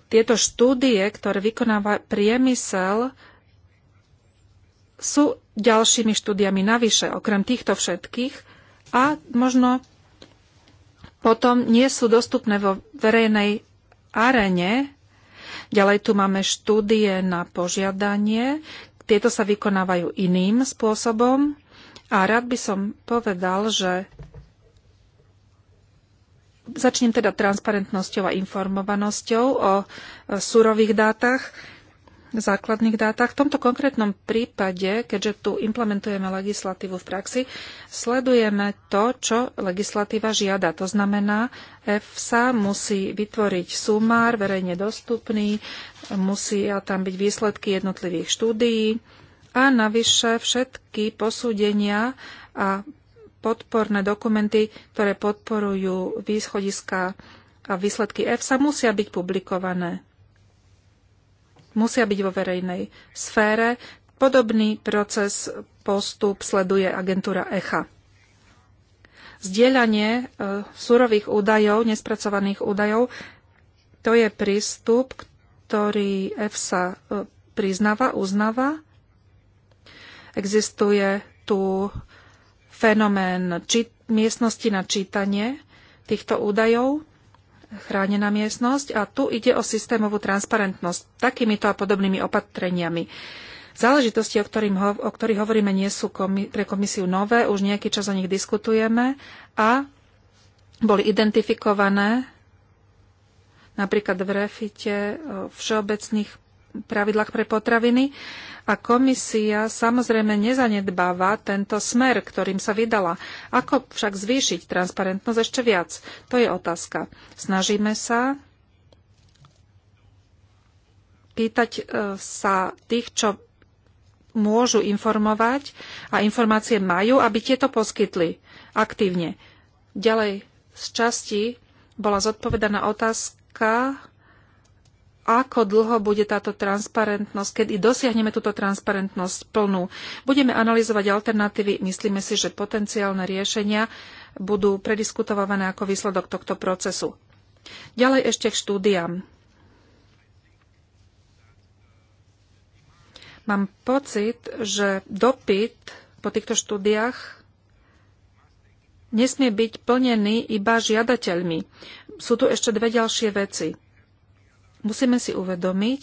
tieto štúdie, ktoré vykonáva priemysel, sú ďalšími štúdiami navyše, okrem týchto všetkých, a možno potom nie sú dostupné vo verejnej arene. Ďalej tu máme štúdie na požiadanie. Tieto sa vykonávajú iným spôsobom. A rád by som povedal, že Začnem teda transparentnosťou a informovanosťou o e, surových dátach, základných dátach. V tomto konkrétnom prípade, keďže tu implementujeme legislatívu v praxi, sledujeme to, čo legislatíva žiada. To znamená, EFSA musí vytvoriť sumár verejne dostupný, musí tam byť výsledky jednotlivých štúdií a navyše všetky posúdenia a podporné dokumenty, ktoré podporujú východiska a výsledky EFSA, musia byť publikované. Musia byť vo verejnej sfére. Podobný proces postup sleduje agentúra ECHA. Zdieľanie e, surových údajov, nespracovaných údajov, to je prístup, ktorý EFSA e, priznáva, uznáva. Existuje tu fenomén či- miestnosti na čítanie týchto údajov, chránená miestnosť a tu ide o systémovú transparentnosť takýmito a podobnými opatreniami. Záležitosti, o, ktorým ho- o ktorých hovoríme, nie sú komi- pre komisiu nové, už nejaký čas o nich diskutujeme a boli identifikované napríklad v refite všeobecných pravidlách pre potraviny a komisia samozrejme nezanedbáva tento smer, ktorým sa vydala. Ako však zvýšiť transparentnosť ešte viac? To je otázka. Snažíme sa pýtať e, sa tých, čo môžu informovať a informácie majú, aby tieto poskytli aktívne. Ďalej z časti bola zodpovedaná otázka, ako dlho bude táto transparentnosť, kedy dosiahneme túto transparentnosť plnú. Budeme analyzovať alternatívy, myslíme si, že potenciálne riešenia budú prediskutované ako výsledok tohto procesu. Ďalej ešte k štúdiám. Mám pocit, že dopyt po týchto štúdiách nesmie byť plnený iba žiadateľmi. Sú tu ešte dve ďalšie veci Musíme si uvedomiť,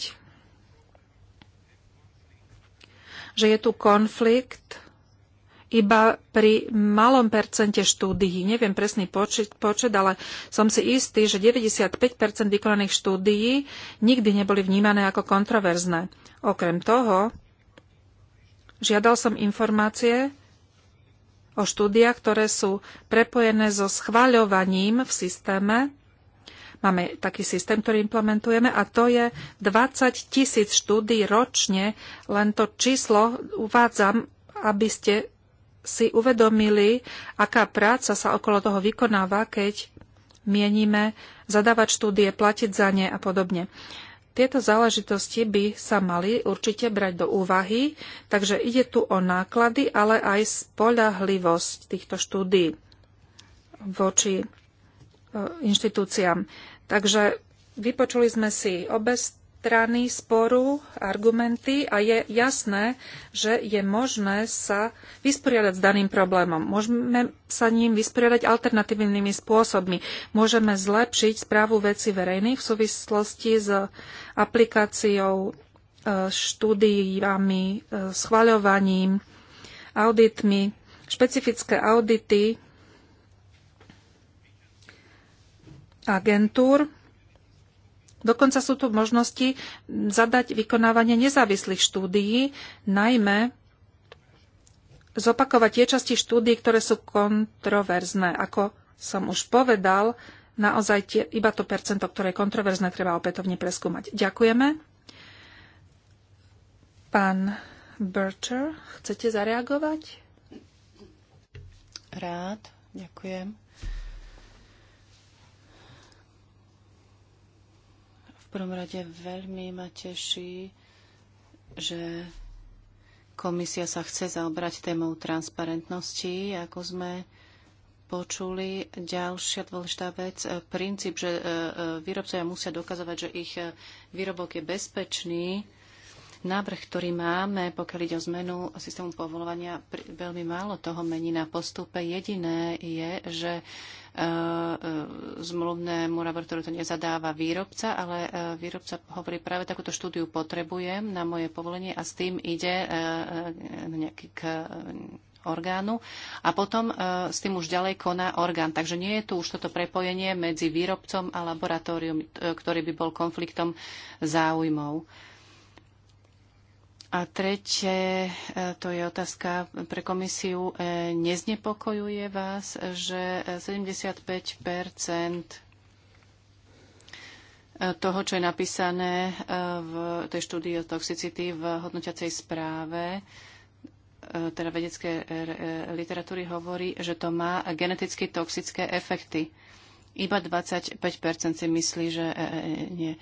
že je tu konflikt iba pri malom percente štúdií. Neviem presný počet, počet, ale som si istý, že 95 vykonaných štúdií nikdy neboli vnímané ako kontroverzné. Okrem toho, žiadal som informácie o štúdiách, ktoré sú prepojené so schváľovaním v systéme Máme taký systém, ktorý implementujeme a to je 20 tisíc štúdí ročne. Len to číslo uvádzam, aby ste si uvedomili, aká práca sa okolo toho vykonáva, keď mienime zadávať štúdie, platiť za ne a podobne. Tieto záležitosti by sa mali určite brať do úvahy, takže ide tu o náklady, ale aj spolahlivosť týchto štúdí voči e, inštitúciám. Takže vypočuli sme si obe strany sporu, argumenty a je jasné, že je možné sa vysporiadať s daným problémom. Môžeme sa ním vysporiadať alternatívnymi spôsobmi. Môžeme zlepšiť správu veci verejných v súvislosti s aplikáciou e, štúdiami, e, schvaľovaním, auditmi. Špecifické audity agentúr. Dokonca sú tu možnosti zadať vykonávanie nezávislých štúdií, najmä zopakovať tie časti štúdií, ktoré sú kontroverzné. Ako som už povedal, naozaj tie, iba to percento, ktoré je kontroverzné, treba opätovne preskúmať. Ďakujeme. Pán Bercher, chcete zareagovať? Rád, ďakujem. prvom rade veľmi ma teší, že komisia sa chce zaobrať témou transparentnosti, ako sme počuli. Ďalšia dôležitá vec, e, princíp, že e, e, výrobcovia musia dokazovať, že ich výrobok je bezpečný, Návrh, ktorý máme, pokiaľ ide o zmenu systému povolovania, veľmi málo toho mení na postupe. Jediné je, že e, e, zmluvnému laboratóriu to nezadáva výrobca, ale e, výrobca hovorí, práve takúto štúdiu potrebujem na moje povolenie a s tým ide nejaký k orgánu a potom e, s tým už ďalej koná orgán. Takže nie je tu už toto prepojenie medzi výrobcom a laboratórium, e, ktorý by bol konfliktom záujmov. A tretie, e, to je otázka pre komisiu. E, neznepokojuje vás, že 75 e, toho, čo je napísané v tej štúdii o toxicity v hodnotiacej správe, teda vedecké literatúry hovorí, že to má geneticky toxické efekty. Iba 25 si myslí, že nie.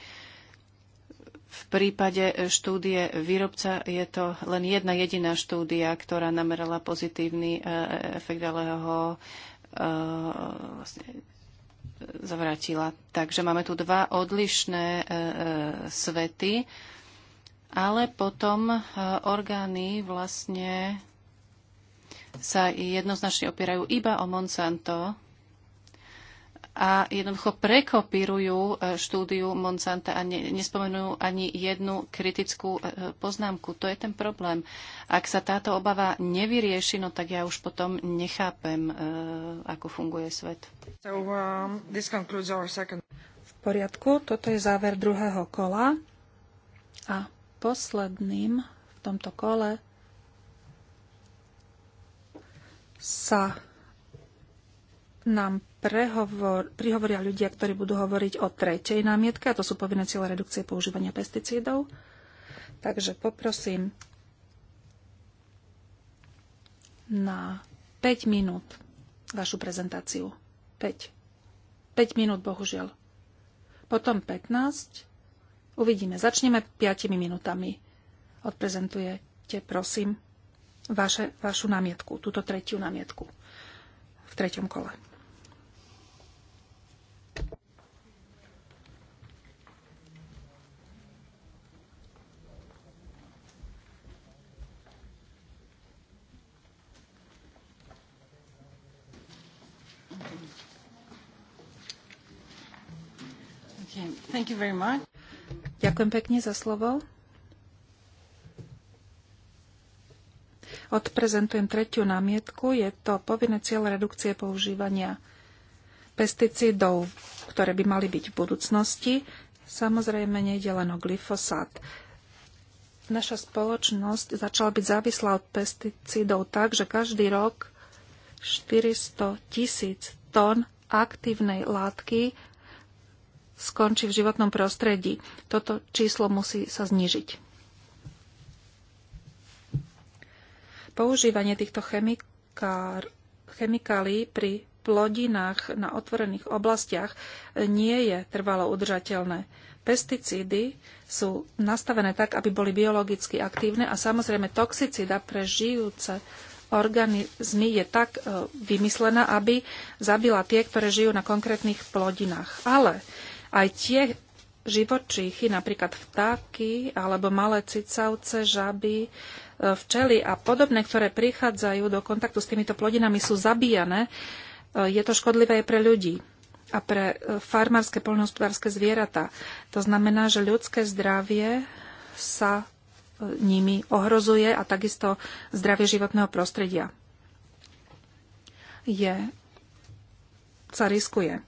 V prípade e, štúdie výrobca je to len jedna jediná štúdia, ktorá namerala pozitívny e, efekt, ale ho e, vlastne zavrátila. Takže máme tu dva odlišné svety, ale potom orgány vlastne sa jednoznačne opierajú iba o Monsanto a jednoducho prekopírujú e, štúdiu Monsanta a ne, nespomenujú ani jednu kritickú e, poznámku. To je ten problém. Ak sa táto obava nevyrieši, no tak ja už potom nechápem, e, ako funguje svet. So, um, this our second... V poriadku, toto je záver druhého kola. A posledným v tomto kole sa nám prehovor, prihovoria ľudia, ktorí budú hovoriť o tretej námietke, a to sú povinné cieľe redukcie používania pesticídov. Takže poprosím na 5 minút vašu prezentáciu. 5. 5 minút, bohužiaľ. Potom 15. Uvidíme. Začneme 5 minútami. Odprezentujete, prosím, vaše, vašu námietku, túto tretiu námietku v treťom kole. Ďakujem pekne za slovo. Odprezentujem tretiu námietku. Je to povinné cieľ redukcie používania pesticídov, ktoré by mali byť v budúcnosti. Samozrejme, nejde len o glyfosát. Naša spoločnosť začala byť závislá od pesticídov tak, že každý rok 400 tisíc tón aktívnej látky skončí v životnom prostredí. Toto číslo musí sa znižiť. Používanie týchto chemikár, chemikálií pri plodinách na otvorených oblastiach nie je trvalo udržateľné. Pesticídy sú nastavené tak, aby boli biologicky aktívne a samozrejme toxicida pre žijúce organizmy je tak e, vymyslená, aby zabila tie, ktoré žijú na konkrétnych plodinách. Ale aj tie živočíchy, napríklad vtáky alebo malé cicavce, žaby, e, včely a podobné, ktoré prichádzajú do kontaktu s týmito plodinami, sú zabíjane. E, je to škodlivé aj pre ľudí a pre e, farmárske poľnohospodárske zvieratá. To znamená, že ľudské zdravie sa nimi ohrozuje a takisto zdravie životného prostredia. Je, sa riskuje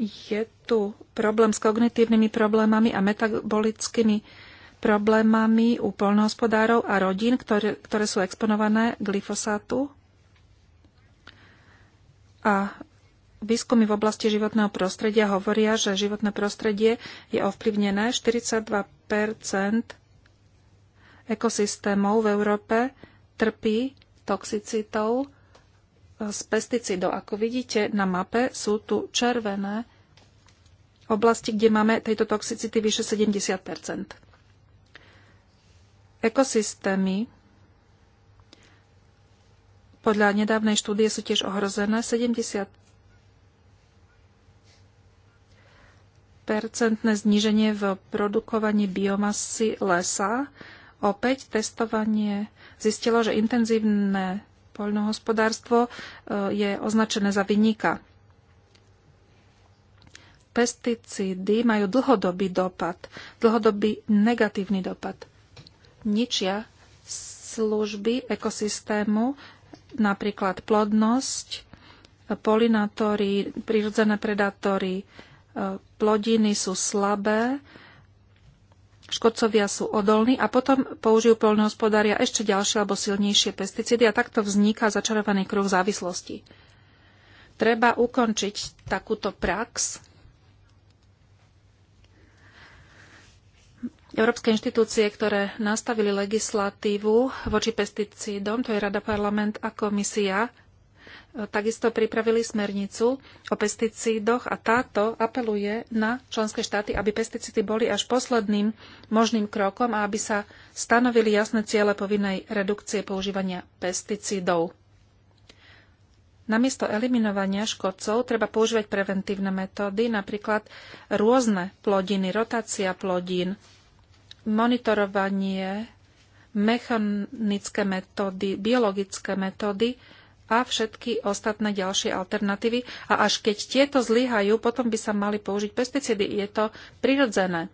je tu problém s kognitívnymi problémami a metabolickými problémami u polnohospodárov a rodín, ktoré, ktoré sú exponované glyfosátu. A výskumy v oblasti životného prostredia hovoria, že životné prostredie je ovplyvnené 42 ekosystémov v Európe trpí toxicitou z pesticidov. Ako vidíte na mape, sú tu červené oblasti, kde máme tejto toxicity vyše 70 Ekosystémy podľa nedávnej štúdie sú tiež ohrozené. 70 percentné zníženie v produkovaní biomasy lesa. Opäť testovanie zistilo, že intenzívne poľnohospodárstvo e, je označené za vynika pesticídy majú dlhodobý dopad, dlhodobý negatívny dopad. Ničia služby ekosystému, napríklad plodnosť, polinátory, prírodzené predátory, e, plodiny sú slabé, škodcovia sú odolní a potom použijú poľnohospodária ešte ďalšie alebo silnejšie pesticídy a takto vzniká začarovaný kruh závislosti. Treba ukončiť takúto prax Európske inštitúcie, ktoré nastavili legislatívu voči pesticídom, to je Rada, Parlament a Komisia, e, takisto pripravili smernicu o pesticídoch a táto apeluje na členské štáty, aby pesticídy boli až posledným možným krokom a aby sa stanovili jasné ciele povinnej redukcie používania pesticídov. Namiesto eliminovania škodcov treba používať preventívne metódy, napríklad rôzne plodiny, rotácia plodín, monitorovanie, mechanické metódy, biologické metódy a všetky ostatné ďalšie alternatívy. A až keď tieto zlyhajú, potom by sa mali použiť pesticídy. Je to prirodzené.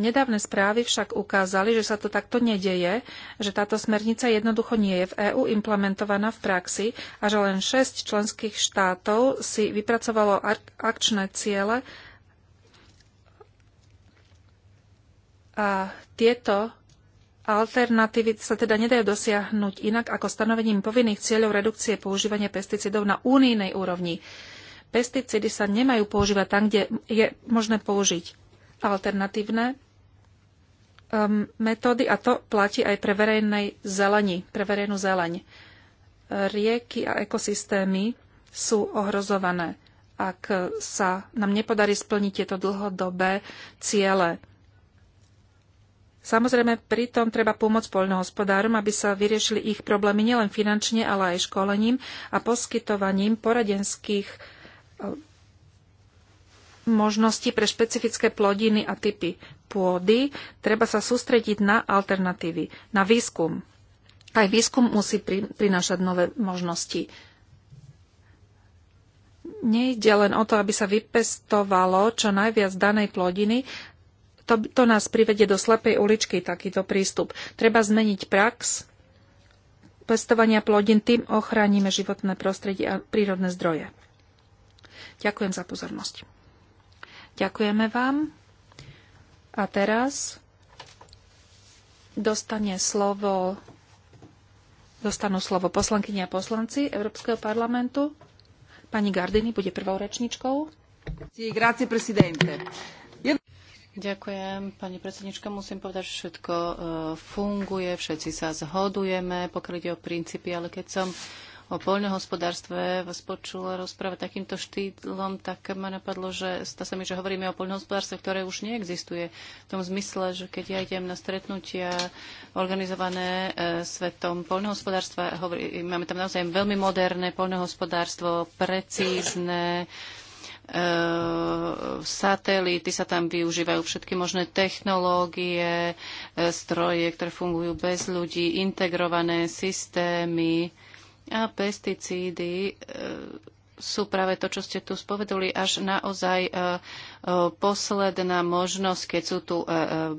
Nedávne správy však ukázali, že sa to takto nedeje, že táto smernica jednoducho nie je v EÚ implementovaná v praxi a že len 6 členských štátov si vypracovalo akčné ciele A tieto alternatívy sa teda nedajú dosiahnuť inak ako stanovením povinných cieľov redukcie používania pesticidov na únijnej úrovni. Pesticídy sa nemajú používať tam, kde je možné použiť alternatívne um, metódy a to platí aj pre verejnej zeleni, pre verejnú zeleň. Rieky a ekosystémy sú ohrozované, ak sa nám nepodarí splniť tieto dlhodobé ciele Samozrejme, pritom treba pomôcť poľnohospodárom, aby sa vyriešili ich problémy nielen finančne, ale aj školením a poskytovaním poradenských e, možností pre špecifické plodiny a typy pôdy. Treba sa sústrediť na alternatívy, na výskum. Aj výskum musí prinášať nové možnosti. Nejde len o to, aby sa vypestovalo čo najviac danej plodiny, to, to nás privedie do slepej uličky, takýto prístup. Treba zmeniť prax pestovania plodín, tým ochránime životné prostredie a prírodné zdroje. Ďakujem za pozornosť. Ďakujeme vám. A teraz dostane slovo, dostanú slovo poslankyni a poslanci Európskeho parlamentu. Pani Gardini bude prvou rečničkou. Grazie, presidente. Ďakujem, pani predsednička. Musím povedať, že všetko e, funguje, všetci sa zhodujeme, pokiaľ ide o princípy, ale keď som o poľnohospodárstve vás počula rozprávať takýmto štýlom, tak ma napadlo, že stá sa mi, že hovoríme o poľnohospodárstve, ktoré už neexistuje. V tom zmysle, že keď ja idem na stretnutia organizované e, svetom poľnohospodárstva, hovorí, máme tam naozaj veľmi moderné poľnohospodárstvo, precízne, e, Ehm, satelity sa tam využívajú všetky možné technológie, e, stroje, ktoré fungujú bez ľudí, integrované systémy a pesticídy e, sú práve to, čo ste tu spovedali, až naozaj e, posledná možnosť, keď sú tu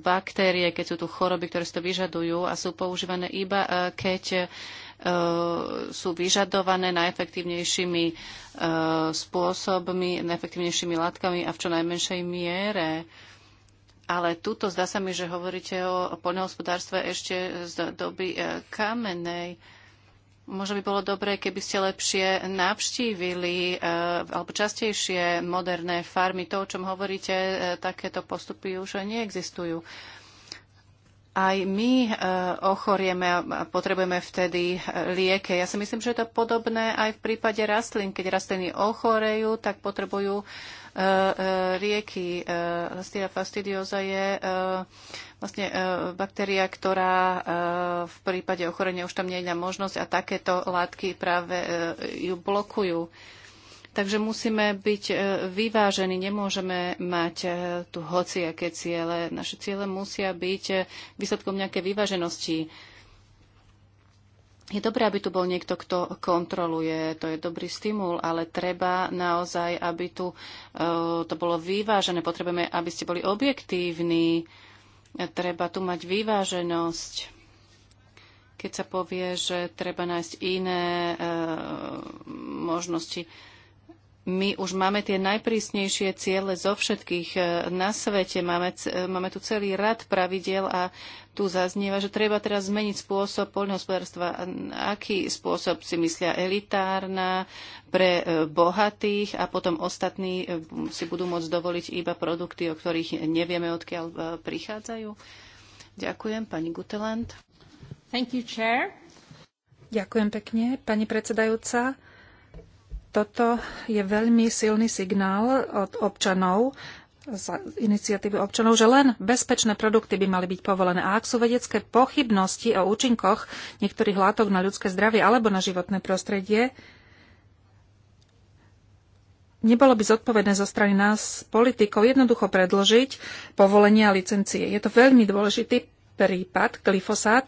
baktérie, keď sú tu choroby, ktoré si to vyžadujú a sú používané iba, keď sú vyžadované najefektívnejšími e, spôsobmi, najefektívnejšími látkami a v čo najmenšej miere. Ale tuto zdá sa mi, že hovoríte o poľnohospodárstve ešte z doby e, kamenej. Možno by bolo dobré, keby ste lepšie navštívili e, alebo častejšie moderné farmy. To, o čom hovoríte, takéto postupy už neexistujú aj my e, ochorieme a potrebujeme vtedy e, lieke. Ja si myslím, že je to podobné aj v prípade rastlín. Keď rastliny ochorejú, tak potrebujú rieky. E, Lastia fastidiosa je vlastne baktéria, ktorá v prípade ochorenia už tam nie je možnosť a takéto látky práve ju blokujú. Takže musíme byť e, vyvážení, nemôžeme mať e, tu hociaké ciele. Naše ciele musia byť e, výsledkom nejakej vyváženosti. Je dobré, aby tu bol niekto, kto kontroluje, to je dobrý stimul, ale treba naozaj, aby tu to bolo vyvážené. Potrebujeme, aby ste boli objektívni, treba tu mať vyváženosť. Keď sa povie, že treba nájsť iné e, možnosti, my už máme tie najprísnejšie ciele zo všetkých e, na svete. Máme, e, máme tu celý rad pravidel a tu zaznieva, že treba teraz zmeniť spôsob poľnohospodárstva. Aký spôsob si myslia elitárna pre e, bohatých a potom ostatní si budú môcť dovoliť iba produkty, o ktorých nevieme, odkiaľ prichádzajú? Ďakujem, pani Guteland. Thank you, chair. Ďakujem pekne, pani predsedajúca. Toto je veľmi silný signál od občanov, z iniciatívy občanov, že len bezpečné produkty by mali byť povolené. A ak sú vedecké pochybnosti o účinkoch niektorých látok na ľudské zdravie alebo na životné prostredie, nebolo by zodpovedné zo strany nás, politikov, jednoducho predložiť povolenie a licencie. Je to veľmi dôležitý prípad, glyfosát,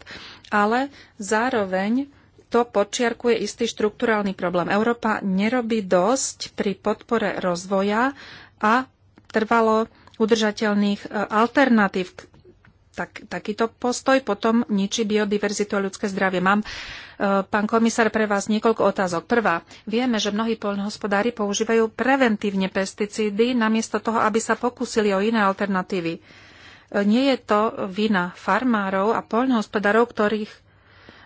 ale zároveň to počiarkuje istý štrukturálny problém. Európa nerobí dosť pri podpore rozvoja a trvalo udržateľných e, alternatív. Tak, takýto postoj potom ničí biodiverzitu a ľudské zdravie. Mám, e, pán komisár, pre vás niekoľko otázok. Prvá, vieme, že mnohí poľnohospodári používajú preventívne pesticídy namiesto toho, aby sa pokúsili o iné alternatívy. E, nie je to vina farmárov a poľnohospodárov, ktorých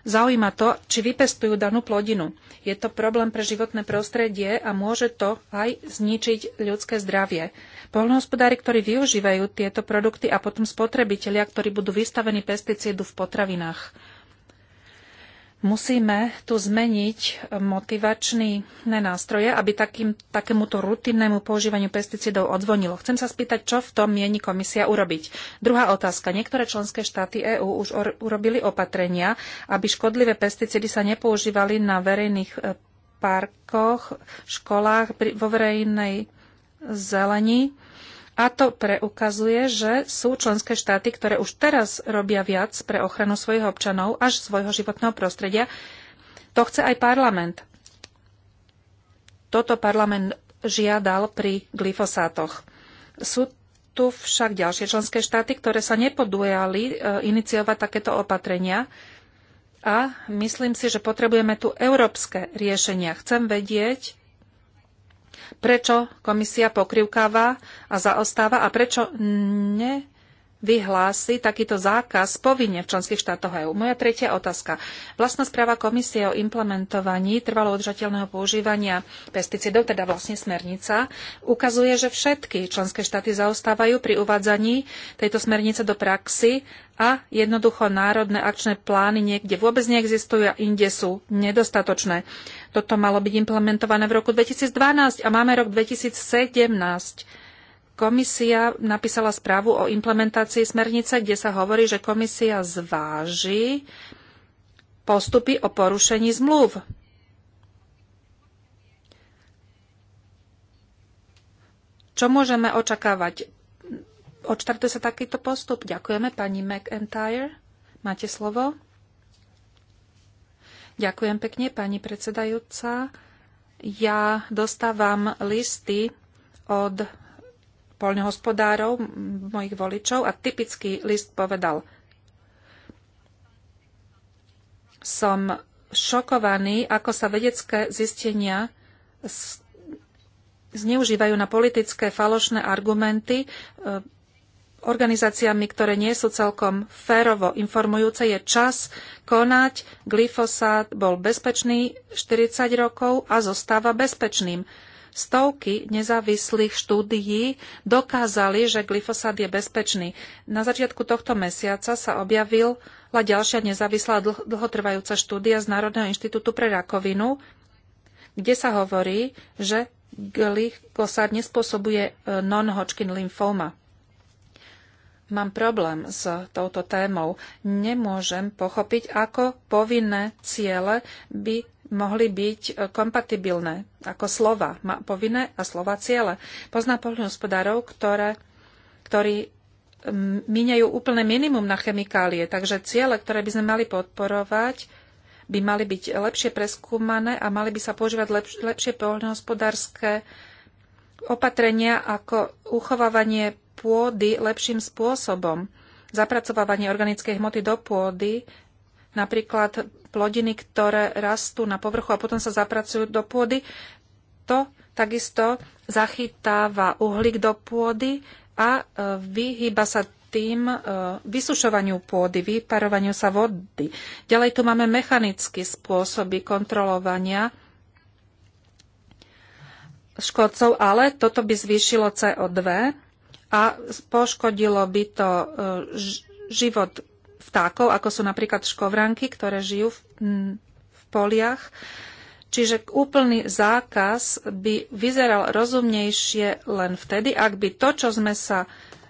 Zaujíma to, či vypestujú danú plodinu. Je to problém pre životné prostredie a môže to aj zničiť ľudské zdravie. Poľnohospodári, ktorí využívajú tieto produkty a potom spotrebitelia, ktorí budú vystavení pesticídu v potravinách. Musíme tu zmeniť motivačné nástroje, aby takým, takémuto rutinnému používaniu pesticídov odzvonilo. Chcem sa spýtať, čo v tom mieni komisia urobiť. Druhá otázka. Niektoré členské štáty EÚ už or- urobili opatrenia, aby škodlivé pesticídy sa nepoužívali na verejných e, parkoch, školách, pri, vo verejnej zelení a to preukazuje, že sú členské štáty, ktoré už teraz robia viac pre ochranu svojich občanov až svojho životného prostredia. To chce aj parlament. Toto parlament žiadal pri glyfosátoch. Sú tu však ďalšie členské štáty, ktoré sa nepodujali e, iniciovať takéto opatrenia. A myslím si, že potrebujeme tu európske riešenia. Chcem vedieť, prečo komisia pokrivkáva a zaostáva a prečo ne vyhlási takýto zákaz povinne v členských štátoch EÚ. Moja tretia otázka. Vlastná správa komisie o implementovaní trvalo udržateľného používania pesticidov, teda vlastne smernica, ukazuje, že všetky členské štáty zaostávajú pri uvádzaní tejto smernice do praxi a jednoducho národné akčné plány niekde vôbec neexistujú a inde sú nedostatočné. Toto malo byť implementované v roku 2012 a máme rok 2017 Komisia napísala správu o implementácii smernice, kde sa hovorí, že komisia zváži postupy o porušení zmluv. Čo môžeme očakávať? Odštartuje sa takýto postup. Ďakujeme pani McIntyre. Máte slovo? Ďakujem pekne, pani predsedajúca. Ja dostávam listy od poľnohospodárov, mojich voličov a typický list povedal Som šokovaný, ako sa vedecké zistenia zneužívajú na politické falošné argumenty e, organizáciami, ktoré nie sú celkom férovo informujúce. Je čas konať. Glyfosát bol bezpečný 40 rokov a zostáva bezpečným. Stovky nezávislých štúdií dokázali, že glyfosát je bezpečný. Na začiatku tohto mesiaca sa objavila ďalšia nezávislá dlhotrvajúca štúdia z Národného inštitútu pre rakovinu, kde sa hovorí, že glyfosát nespôsobuje e, non-Hodgkin lymfóma. Mám problém s touto témou. Nemôžem pochopiť, ako povinné ciele by mohli byť e, kompatibilné ako slova, povinné a slova ciele. Pozná poľnohospodárov, ktoré, ktorí míňajú úplne minimum na chemikálie, takže ciele, ktoré by sme mali podporovať, by mali byť lepšie preskúmané a mali by sa používať lepš- lepšie poľnohospodárske opatrenia ako uchovávanie pôdy lepším spôsobom, zapracovávanie organickej hmoty do pôdy napríklad plodiny, ktoré rastú na povrchu a potom sa zapracujú do pôdy, to takisto zachytáva uhlík do pôdy a e, vyhýba sa tým e, vysušovaniu pôdy, vyparovaniu sa vody. Ďalej tu máme mechanické spôsoby kontrolovania škodcov, ale toto by zvýšilo CO2 a poškodilo by to e, život vtákov, ako sú napríklad škovranky, ktoré žijú v, v poliach. Čiže úplný zákaz by vyzeral rozumnejšie len vtedy, ak by to, čo sme sa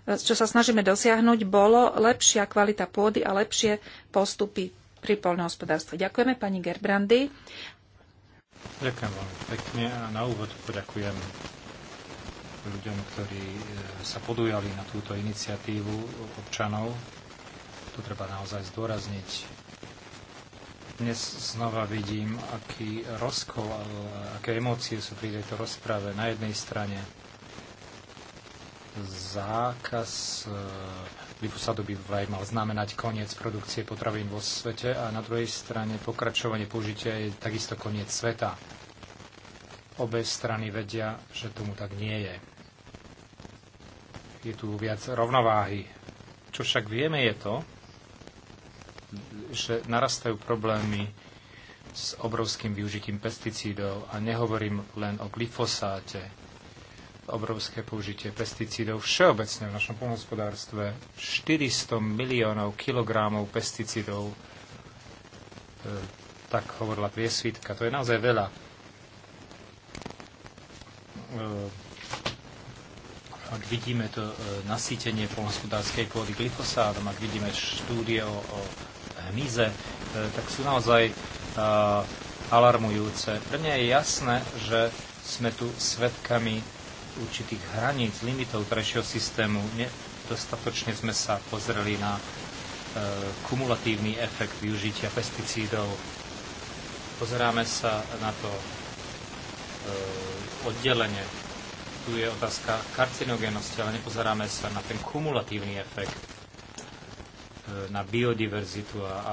čo sa snažíme dosiahnuť, bolo lepšia kvalita pôdy a lepšie postupy pri poľnohospodárstve. Ďakujeme pani Gerbrandy. Ďakujem veľmi pekne a na úvod poďakujem ľuďom, ktorí e, sa podujali na túto iniciatívu občanov to treba naozaj zdôrazniť. Dnes znova vidím, aký rozkol, aké emócie sú pri tejto rozprave. Na jednej strane zákaz eh, glyfosát by vraj mal znamenať koniec produkcie potravín vo svete a na druhej strane pokračovanie použitia je takisto koniec sveta. Obe strany vedia, že tomu tak nie je. Je tu viac rovnováhy. Čo však vieme je to, že narastajú problémy s obrovským využitím pesticídov a nehovorím len o glyfosáte. Obrovské použitie pesticídov všeobecne v našom pomospodárstve. 400 miliónov kilogramov pesticídov e, tak hovorila priesvitka. To je naozaj veľa. E, ak vidíme to e, nasýtenie polnospodárskej pôdy glyfosátom, ak vidíme štúdie o, o hmyze, e, tak sú naozaj e, alarmujúce. Pre mňa je jasné, že sme tu svetkami určitých hraníc, limitov trešieho systému. Dostatočne sme sa pozreli na e, kumulatívny efekt využitia pesticídov. Pozeráme sa na to oddelenie. Tu je otázka karcinogénosti, ale nepozeráme sa na ten kumulatívny efekt E, na biodiverzitu a, a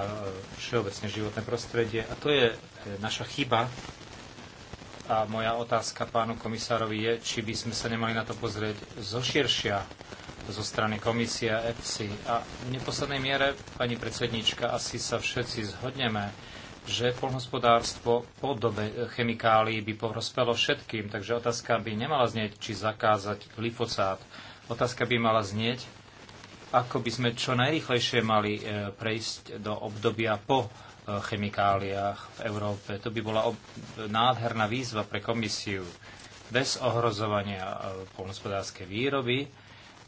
všeobecne životné prostredie. A to je e, naša chyba. A moja otázka pánu komisárovi je, či by sme sa nemali na to pozrieť zo širšia, zo strany komisia EPSI. A v neposlednej miere, pani predsednička, asi sa všetci zhodneme, že polnospodárstvo po dobe chemikálií by prospelo všetkým. Takže otázka by nemala znieť, či zakázať glyfosát. Otázka by mala znieť, ako by sme čo najrychlejšie mali e, prejsť do obdobia po e, chemikáliách v Európe. To by bola nádherná výzva pre komisiu bez ohrozovania e, polnospodárskej výroby,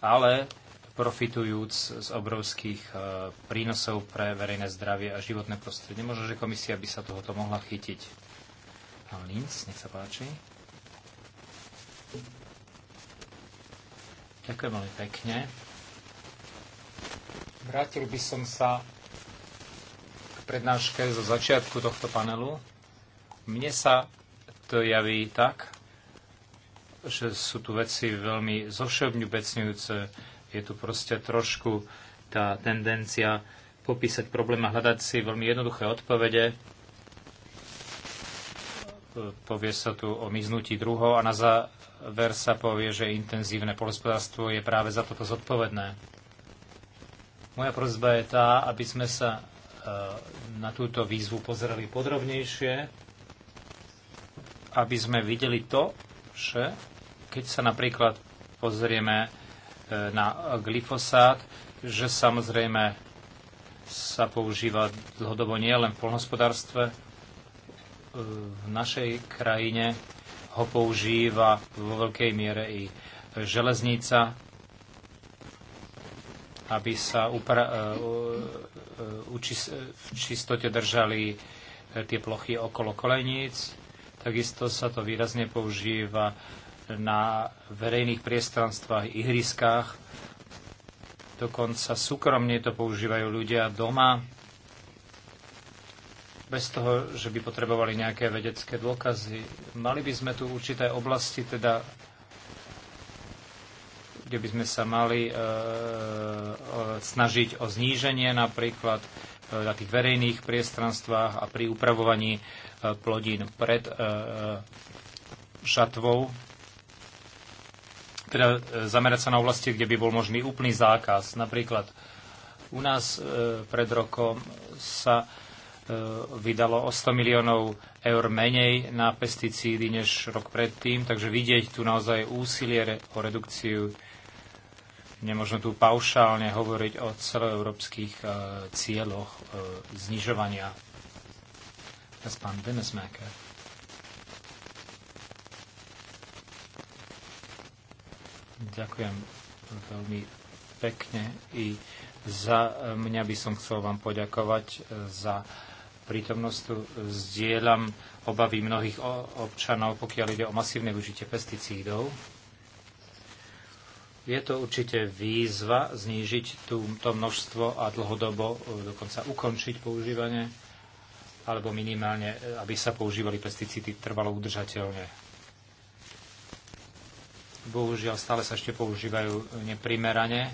ale profitujúc z obrovských prínosov pre verejné zdravie a životné prostredie. Možno, že komisia by sa tohoto mohla chytiť. Pán Linz, nech sa páči. Ďakujem veľmi pekne. Vrátil by som sa k prednáške zo začiatku tohto panelu. Mne sa to javí tak, že sú tu veci veľmi zovšeobňubecňujúce. Je tu proste trošku tá tendencia popísať problém a hľadať si veľmi jednoduché odpovede. Povie sa tu o miznutí druhov a na záver sa povie, že intenzívne polospodárstvo je práve za toto zodpovedné moja prozba je tá, aby sme sa e, na túto výzvu pozerali podrobnejšie, aby sme videli to, že keď sa napríklad pozrieme e, na glyfosát, že samozrejme sa používa dlhodobo nielen v polnospodárstve, e, v našej krajine ho používa vo veľkej miere i železnica, aby sa upra- e, e, v čistote držali e, tie plochy okolo koleníc. Takisto sa to výrazne používa na verejných priestranstvách, ihriskách. Dokonca súkromne to používajú ľudia doma, bez toho, že by potrebovali nejaké vedecké dôkazy. Mali by sme tu určité oblasti, teda kde by sme sa mali e, e snažiť o zníženie napríklad e, na tých verejných priestranstvách a pri upravovaní e, plodín pred šatvou, teda zamerať sa na oblasti, kde by bol možný úplný zákaz. Napríklad u nás pred rokom sa vydalo o 100 miliónov eur menej na pesticídy než rok predtým, takže vidieť tu naozaj úsilie o redukciu Nemôžno tu paušálne hovoriť o celoeurópskych e, cieľoch e, znižovania. Teraz pán Demesmaker. Ďakujem veľmi pekne i za e, mňa by som chcel vám poďakovať za prítomnosť tu. Zdieľam obavy mnohých občanov, pokiaľ ide o masívne využitie pesticídov je to určite výzva znížiť tú, to množstvo a dlhodobo e, dokonca ukončiť používanie, alebo minimálne, e, aby sa používali pesticídy trvalo udržateľne. Bohužiaľ, stále sa ešte používajú neprimerane.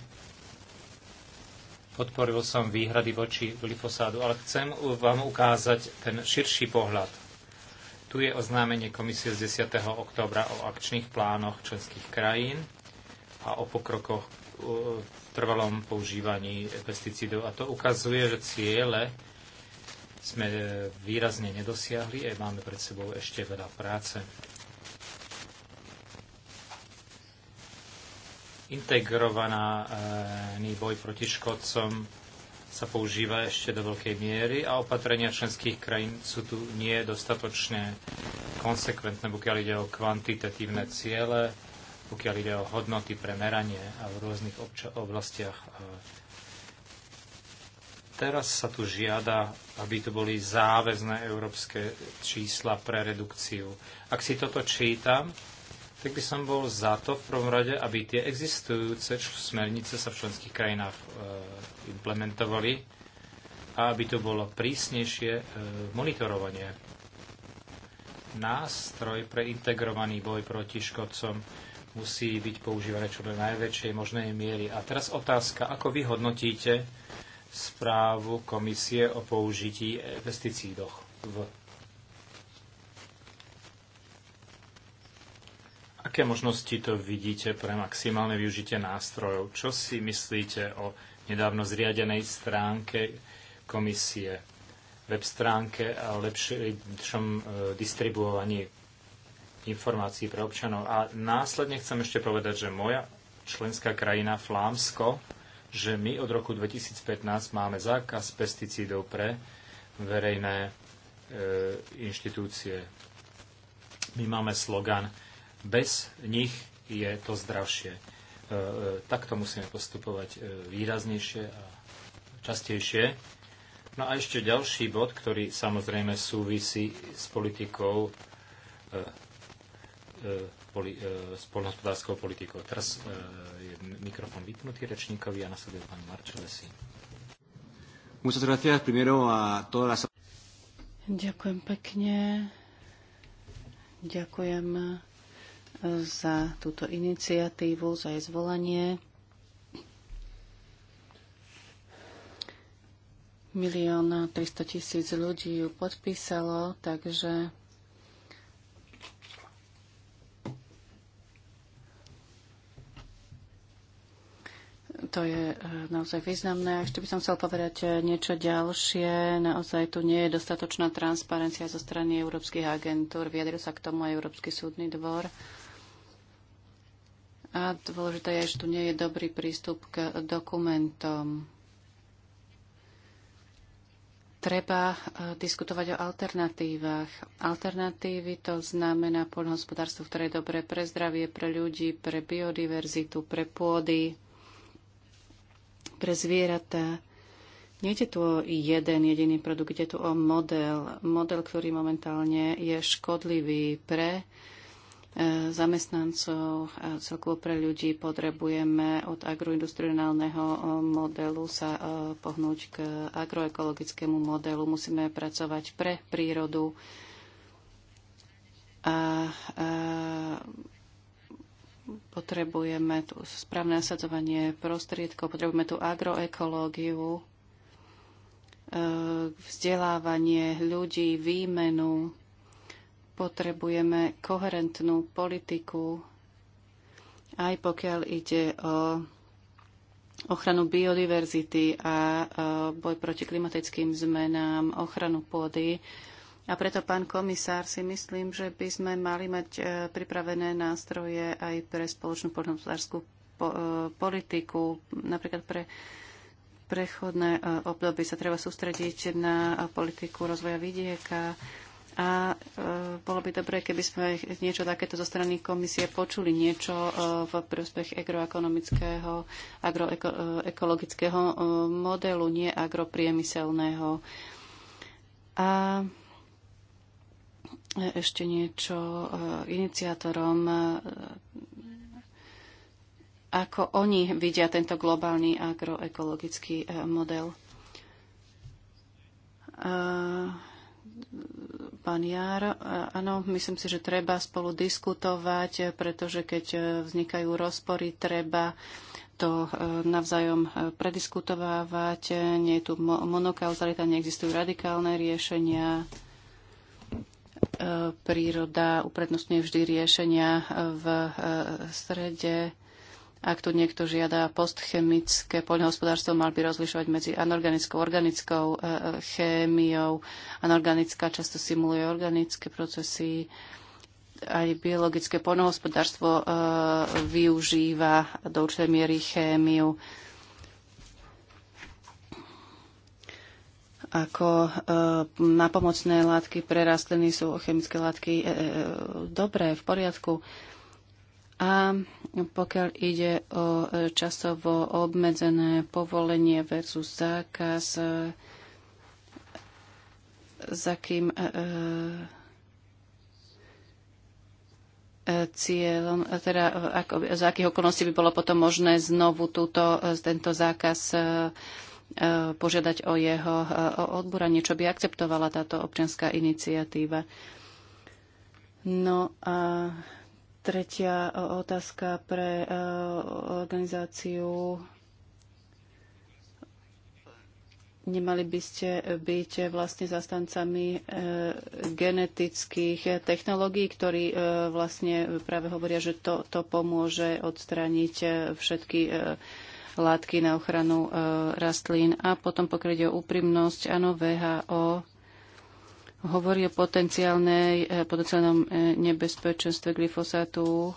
Podporil som výhrady voči glyfosádu, ale chcem vám ukázať ten širší pohľad. Tu je oznámenie komisie z 10. oktobra o akčných plánoch členských krajín a o pokrokoch v trvalom používaní pesticídov. A to ukazuje, že ciele sme e, výrazne nedosiahli a máme pred sebou ešte veľa práce. Integrovaný e, boj proti škodcom sa používa ešte do veľkej miery a opatrenia členských krajín sú tu nie dostatočne konsekventné, pokiaľ ide o kvantitatívne ciele, pokiaľ ide o hodnoty pre meranie a v rôznych oblastiach. E, teraz sa tu žiada, aby tu boli záväzné európske čísla pre redukciu. Ak si toto čítam, tak by som bol za to v prvom rade, aby tie existujúce smernice sa v členských krajinách e, implementovali a aby to bolo prísnejšie e, monitorovanie nástroj pre integrovaný boj proti škodcom musí byť používané čo do najväčšej možnej miery. A teraz otázka, ako vy hodnotíte správu komisie o použití pesticídoch v Aké možnosti to vidíte pre maximálne využitie nástrojov? Čo si myslíte o nedávno zriadenej stránke komisie, web stránke a lepšom eh, distribuovaní informácií pre občanov. A následne chcem ešte povedať, že moja členská krajina Flámsko, že my od roku 2015 máme zákaz pesticídov pre verejné e, inštitúcie. My máme slogan bez nich je to zdravšie. E, e, takto musíme postupovať e, výraznejšie a častejšie. No a ešte ďalší bod, ktorý samozrejme súvisí s politikou e, E, poli, e, spolnohospodárskou politikou. Teraz e, je mikrofón vypnutý rečníkovi a nasleduje pán Marčelesi. Ďakujem pekne. Ďakujem e, za túto iniciatívu, za jej zvolanie. Milión 300 tisíc ľudí ju podpísalo, takže to je e, naozaj významné. A ešte by som chcel povedať e, niečo ďalšie. Naozaj tu nie je dostatočná transparencia zo strany európskych agentúr. Vyjadril sa k tomu aj Európsky súdny dvor. A dôležité je, že tu nie je dobrý prístup k dokumentom. Treba e, diskutovať o alternatívach. Alternatívy to znamená poľnohospodárstvo, ktoré je dobré pre zdravie, pre ľudí, pre biodiverzitu, pre pôdy pre zvieratá. Nejde tu o jeden jediný produkt, ide tu o model. Model, ktorý momentálne je škodlivý pre e, zamestnancov a celkovo pre ľudí potrebujeme od agroindustriálneho e, modelu sa e, pohnúť k agroekologickému modelu. Musíme pracovať pre prírodu a, a potrebujeme tu správne nasadzovanie prostriedkov, potrebujeme tu agroekológiu, e, vzdelávanie ľudí, výmenu, potrebujeme koherentnú politiku, aj pokiaľ ide o ochranu biodiverzity a e, boj proti klimatickým zmenám, ochranu pôdy. A preto, pán komisár, si myslím, že by sme mali mať e, pripravené nástroje aj pre spoločnú poľnohospodárskú e, politiku, napríklad pre prechodné e, obdobie sa treba sústrediť na politiku rozvoja vidieka a bolo by dobré, keby sme niečo takéto zo strany komisie počuli, niečo v prospech agroekonomického, agroekologického modelu, nie agropriemyselného. A ešte niečo e, iniciátorom, e, ako oni vidia tento globálny agroekologický e, model. Pán Jar, áno, myslím si, že treba spolu diskutovať, pretože keď vznikajú rozpory, treba to navzájom prediskutovávať. Nie je tu monokauzalita, neexistujú radikálne riešenia príroda uprednostňuje vždy riešenia v e, strede. Ak tu niekto žiada postchemické poľnohospodárstvo, mal by rozlišovať medzi anorganickou, organickou e, chémiou. Anorganická často simuluje organické procesy. Aj biologické poľnohospodárstvo e, využíva do určitej miery chémiu. ako e, napomocné látky pre rastliny sú chemické látky e, e, e, dobré, v poriadku. A pokiaľ ide o časovo obmedzené povolenie versus zákaz, e, za kým e, cieľom, teda ako, za akých okolností by bolo potom možné znovu túto, tento zákaz E, požiadať o jeho e, odboranie, čo by akceptovala táto občianská iniciatíva. No a tretia otázka pre e, organizáciu Nemali by ste byť vlastne zastancami genetických technológií, ktorí vlastne práve hovoria, že to, to pomôže odstrániť všetky látky na ochranu e, rastlín. A potom pokryť o úprimnosť, áno, VHO hovorí o potenciálnej, e, potenciálnom e, nebezpečenstve glyfosátu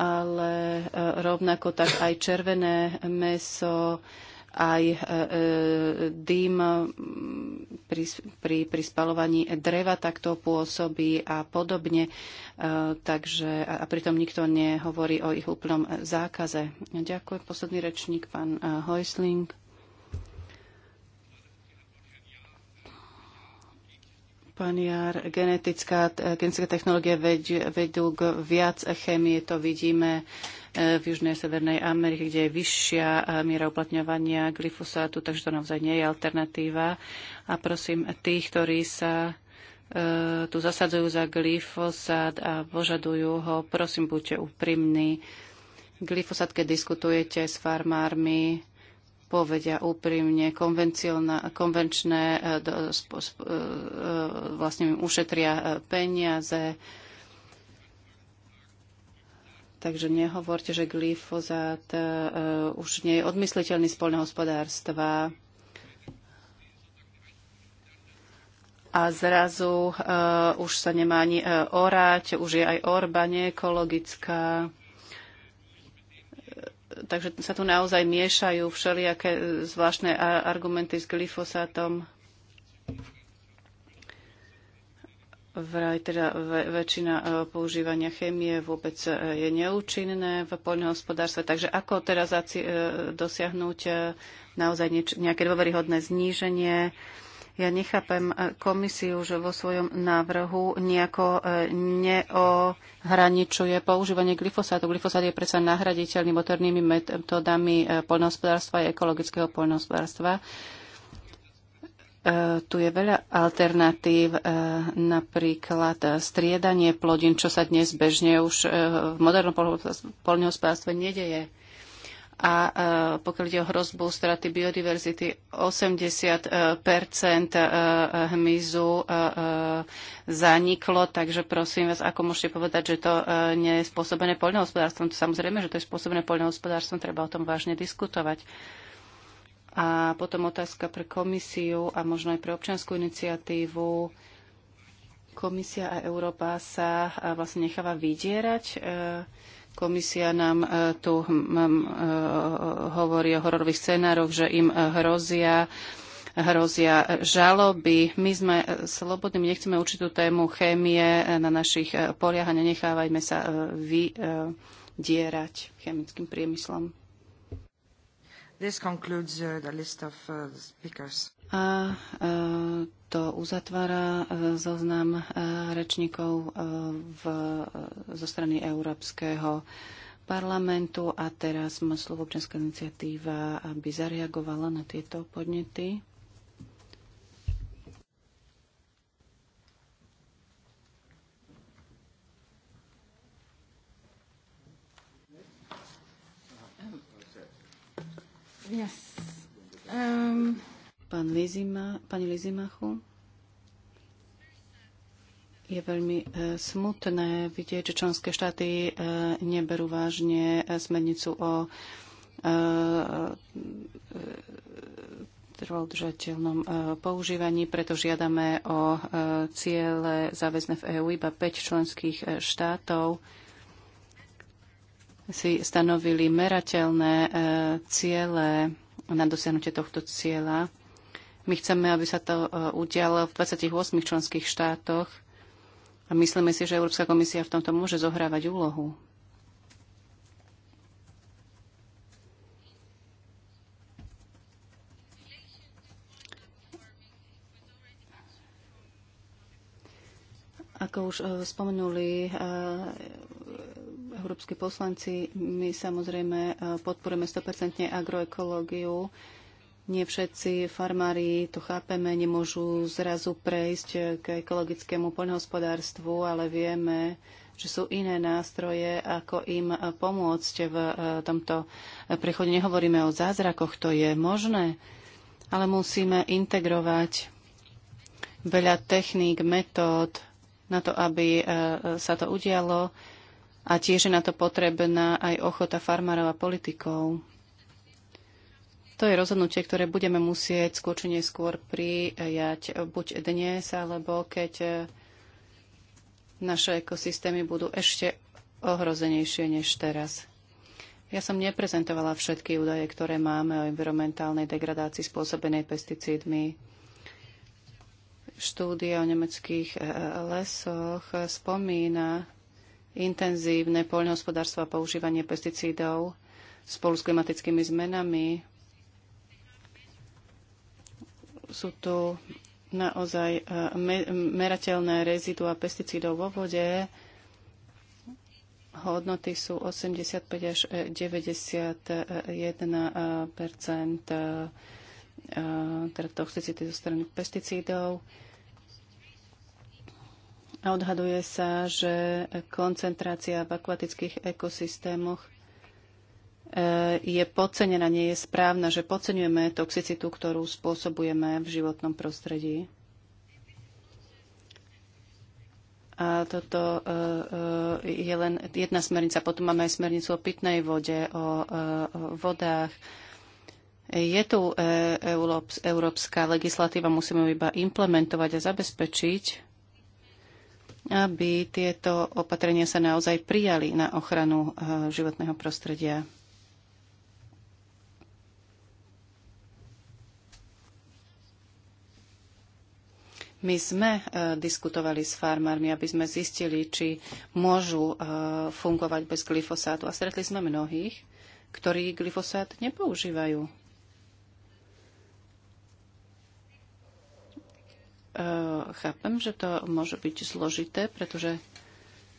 ale e, rovnako tak aj červené meso, aj e, e, dym pri, pri, pri spalovaní dreva takto pôsobí a podobne. E, takže, a pritom nikto nehovorí o ich úplnom zákaze. Ďakujem. Posledný rečník, pán Hojsling. Pán Jar, genetická, genetická technológie vedú k viac chemie, to vidíme E, v Južnej a Severnej Amerike, kde je vyššia e, miera uplatňovania glyfosátu, takže to naozaj nie je alternatíva. A prosím tých, ktorí sa e, tu zasadzujú za glyfosát a požadujú ho, prosím, buďte úprimní. Glyfosát, keď diskutujete s farmármi, povedia úprimne, konvenčné, do, sp, sp, vlastne im ušetria peniaze, Takže nehovorte, že glyfozát e, už nie je odmysliteľný z poľnohospodárstva. A zrazu e, už sa nemá ani e, orať, už je aj orba neekologická. Takže sa tu naozaj miešajú všelijaké zvláštne argumenty s glyfosátom. vraj teda väčšina e, používania chémie vôbec e, je neúčinné v poľnohospodárstve. Takže ako teraz e, dosiahnuť naozaj nejaké dôveryhodné zníženie? Ja nechápem komisiu, že vo svojom návrhu nejako neohraničuje používanie glyfosátu. Glyfosát je predsa nahraditeľný motornými metodami poľnohospodárstva a ekologického poľnohospodárstva. E, tu je veľa alternatív, e, napríklad striedanie plodín, čo sa dnes bežne už e, v modernom poľnohospodárstve nedeje. A pokiaľ ide o hrozbu straty biodiverzity, 80 hmyzu zaniklo, takže prosím vás, ako môžete povedať, že to nie je spôsobené poľnohospodárstvom? Samozrejme, že to je spôsobené poľnohospodárstvom, treba o tom vážne diskutovať. A potom otázka pre komisiu a možno aj pre občianskú iniciatívu. Komisia a Európa sa vlastne necháva vydierať. E, komisia nám e, tu e, hovorí o hororových scenároch, že im hrozia hrozia žaloby. My sme slobodní, my nechceme určitú tému chémie na našich poliach a nenechávajme sa vydierať chemickým priemyslom. This concludes uh, the list of uh, speakers. A uh, to uzatvára uh, zoznam uh, rečníkov uh, v, uh, zo strany Európskeho parlamentu a teraz má slovo občianská iniciatíva, aby zareagovala na tieto podnety. Yes. Um... Pán Lizima, pani Lizimachu. Je veľmi eh, smutné vidieť, že členské štáty eh, neberú vážne eh, smernicu o trvodržateľnom používaní, preto žiadame o ciele záväzne v EÚ iba 5 členských štátov si stanovili merateľné e, ciele na dosiahnutie tohto cieľa. My chceme, aby sa to e, udialo v 28 členských štátoch a myslíme si, že Európska komisia v tomto môže zohrávať úlohu. Ako už e, spomenuli, e, európsky poslanci, my samozrejme e, podporujeme 100% agroekológiu. Nie všetci farmári, to chápeme, nemôžu zrazu prejsť k ekologickému poľnohospodárstvu, ale vieme, že sú iné nástroje, ako im pomôcť v e, tomto prechode. Nehovoríme o zázrakoch, to je možné, ale musíme integrovať veľa techník, metód na to, aby e, sa to udialo. A tiež je na to potrebná aj ochota farmárov a politikov. To je rozhodnutie, ktoré budeme musieť skôr či neskôr prijať buď dnes, alebo keď eh, naše ekosystémy budú ešte ohrozenejšie než teraz. Ja som neprezentovala všetky údaje, ktoré máme o environmentálnej degradácii spôsobenej pesticídmi. Štúdia o nemeckých eh, lesoch spomína intenzívne poľnohospodárstvo a používanie pesticídov spolu s klimatickými zmenami. Sú tu naozaj e, merateľné rezidua pesticídov vo vode. Hodnoty sú 85 až 91 e, e, teda toxicity zo strany pesticídov. A Odhaduje sa, že koncentrácia v akvatických ekosystémoch e, je podcenená, nie je správna, že podceňujeme toxicitu, ktorú spôsobujeme v životnom prostredí. A toto e, e, je len jedna smernica. Potom máme aj smernicu o pitnej vode, o vodách. Je tu európska legislatíva, musíme ju iba implementovať a zabezpečiť, aby tieto opatrenia sa naozaj prijali na ochranu eh, životného prostredia. My sme eh, diskutovali s farmármi, aby sme zistili, či môžu eh, fungovať bez glyfosátu. A stretli sme mnohých, ktorí glyfosát nepoužívajú. Eh, chápem, že to môže byť zložité, pretože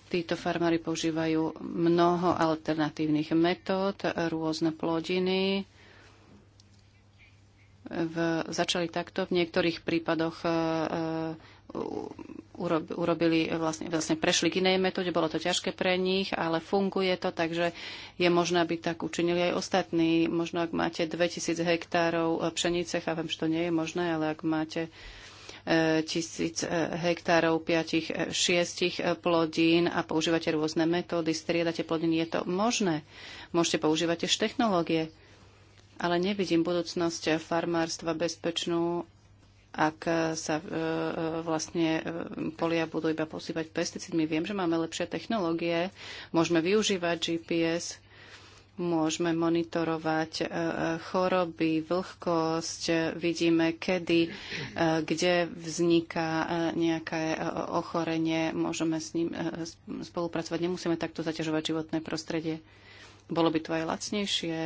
títo farmári používajú mnoho alternatívnych metód, rôzne plodiny. V, začali takto, v niektorých prípadoch eh, eh, urobili, vlastne, vlastne prešli k inej metóde, bolo to ťažké pre nich, ale funguje to, takže je možné, aby tak učinili aj ostatní. Možno ak máte 2000 hektárov pšenice, chápem, že to nie je možné, ale ak máte tisíc e, hektárov, 5-6 e, e, plodín a používate rôzne metódy, striedate plodiny, je to možné. Môžete používať tiež technológie. Ale nevidím budúcnosť farmárstva bezpečnú, ak sa e, vlastne polia budú iba posývať pesticidmi. Viem, že máme lepšie technológie, môžeme využívať GPS, môžeme monitorovať e, e, choroby, vlhkosť, e, vidíme, kedy, kde vzniká nejaké ochorenie, môžeme s ním spolupracovať, nemusíme takto zaťažovať životné prostredie. Bolo by to aj lacnejšie.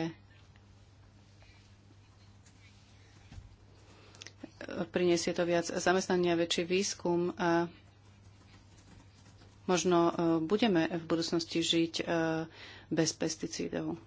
Prinesie to viac zamestnania, väčší výskum a možno budeme v budúcnosti žiť bez pesticídov.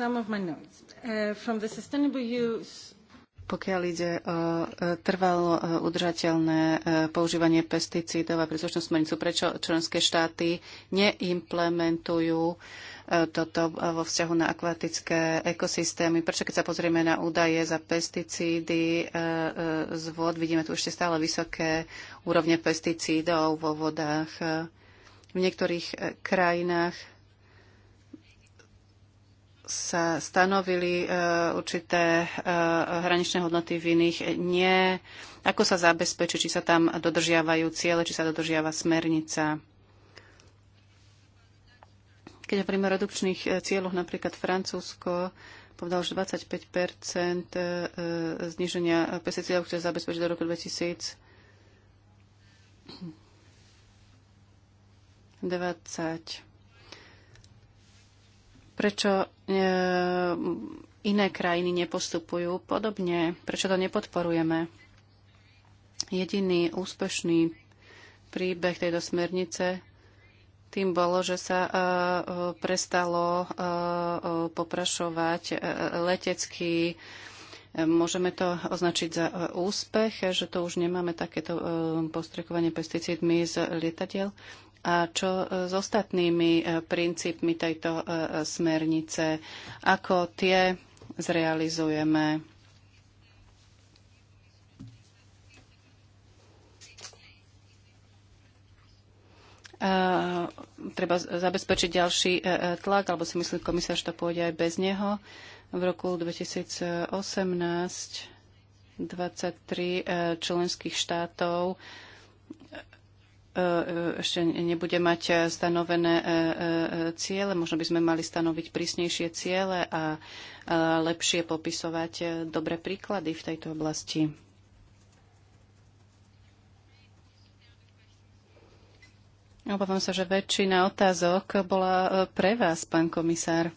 some of my notes. Uh, from the sustainable use pokiaľ ide o uh, uh, trvalo uh, udržateľné používanie pesticídov a príslušnú smernicu, prečo členské štáty neimplementujú toto vo vzťahu na akvatické ekosystémy. Prečo keď sa pozrieme na údaje za pesticídy z vod, vidíme tu ešte stále vysoké úrovne pesticídov vo vodách. V niektorých krajinách sa stanovili e, určité e, hraničné hodnoty v iných e, nie. Ako sa zabezpečí, či sa tam dodržiavajú ciele, či sa dodržiava smernica? Keď hovoríme o redukčných cieľoch, napríklad Francúzsko povedal, že 25 zniženia pesticídov chce zabezpečiť do roku 2000. 20. Prečo e, iné krajiny nepostupujú podobne? Prečo to nepodporujeme? Jediný úspešný príbeh tejto smernice tým bolo, že sa e, e, prestalo poprašovať letecký Môžeme to označiť za úspech, že to už nemáme takéto postrekovanie pesticídmi z lietadiel. A čo e, s ostatnými e, princípmi tejto e, smernice? Ako tie zrealizujeme? treba zabezpečiť ďalší tlak, alebo si myslí komisár, že to pôjde aj bez neho. V roku 2018 23 členských štátov E, e, ešte nebude mať e, stanovené ciele. Možno by sme mali stanoviť prísnejšie ciele a lepšie popisovať dobré príklady v tejto oblasti. Obávam sa, že väčšina otázok bola pre vás, pán komisár.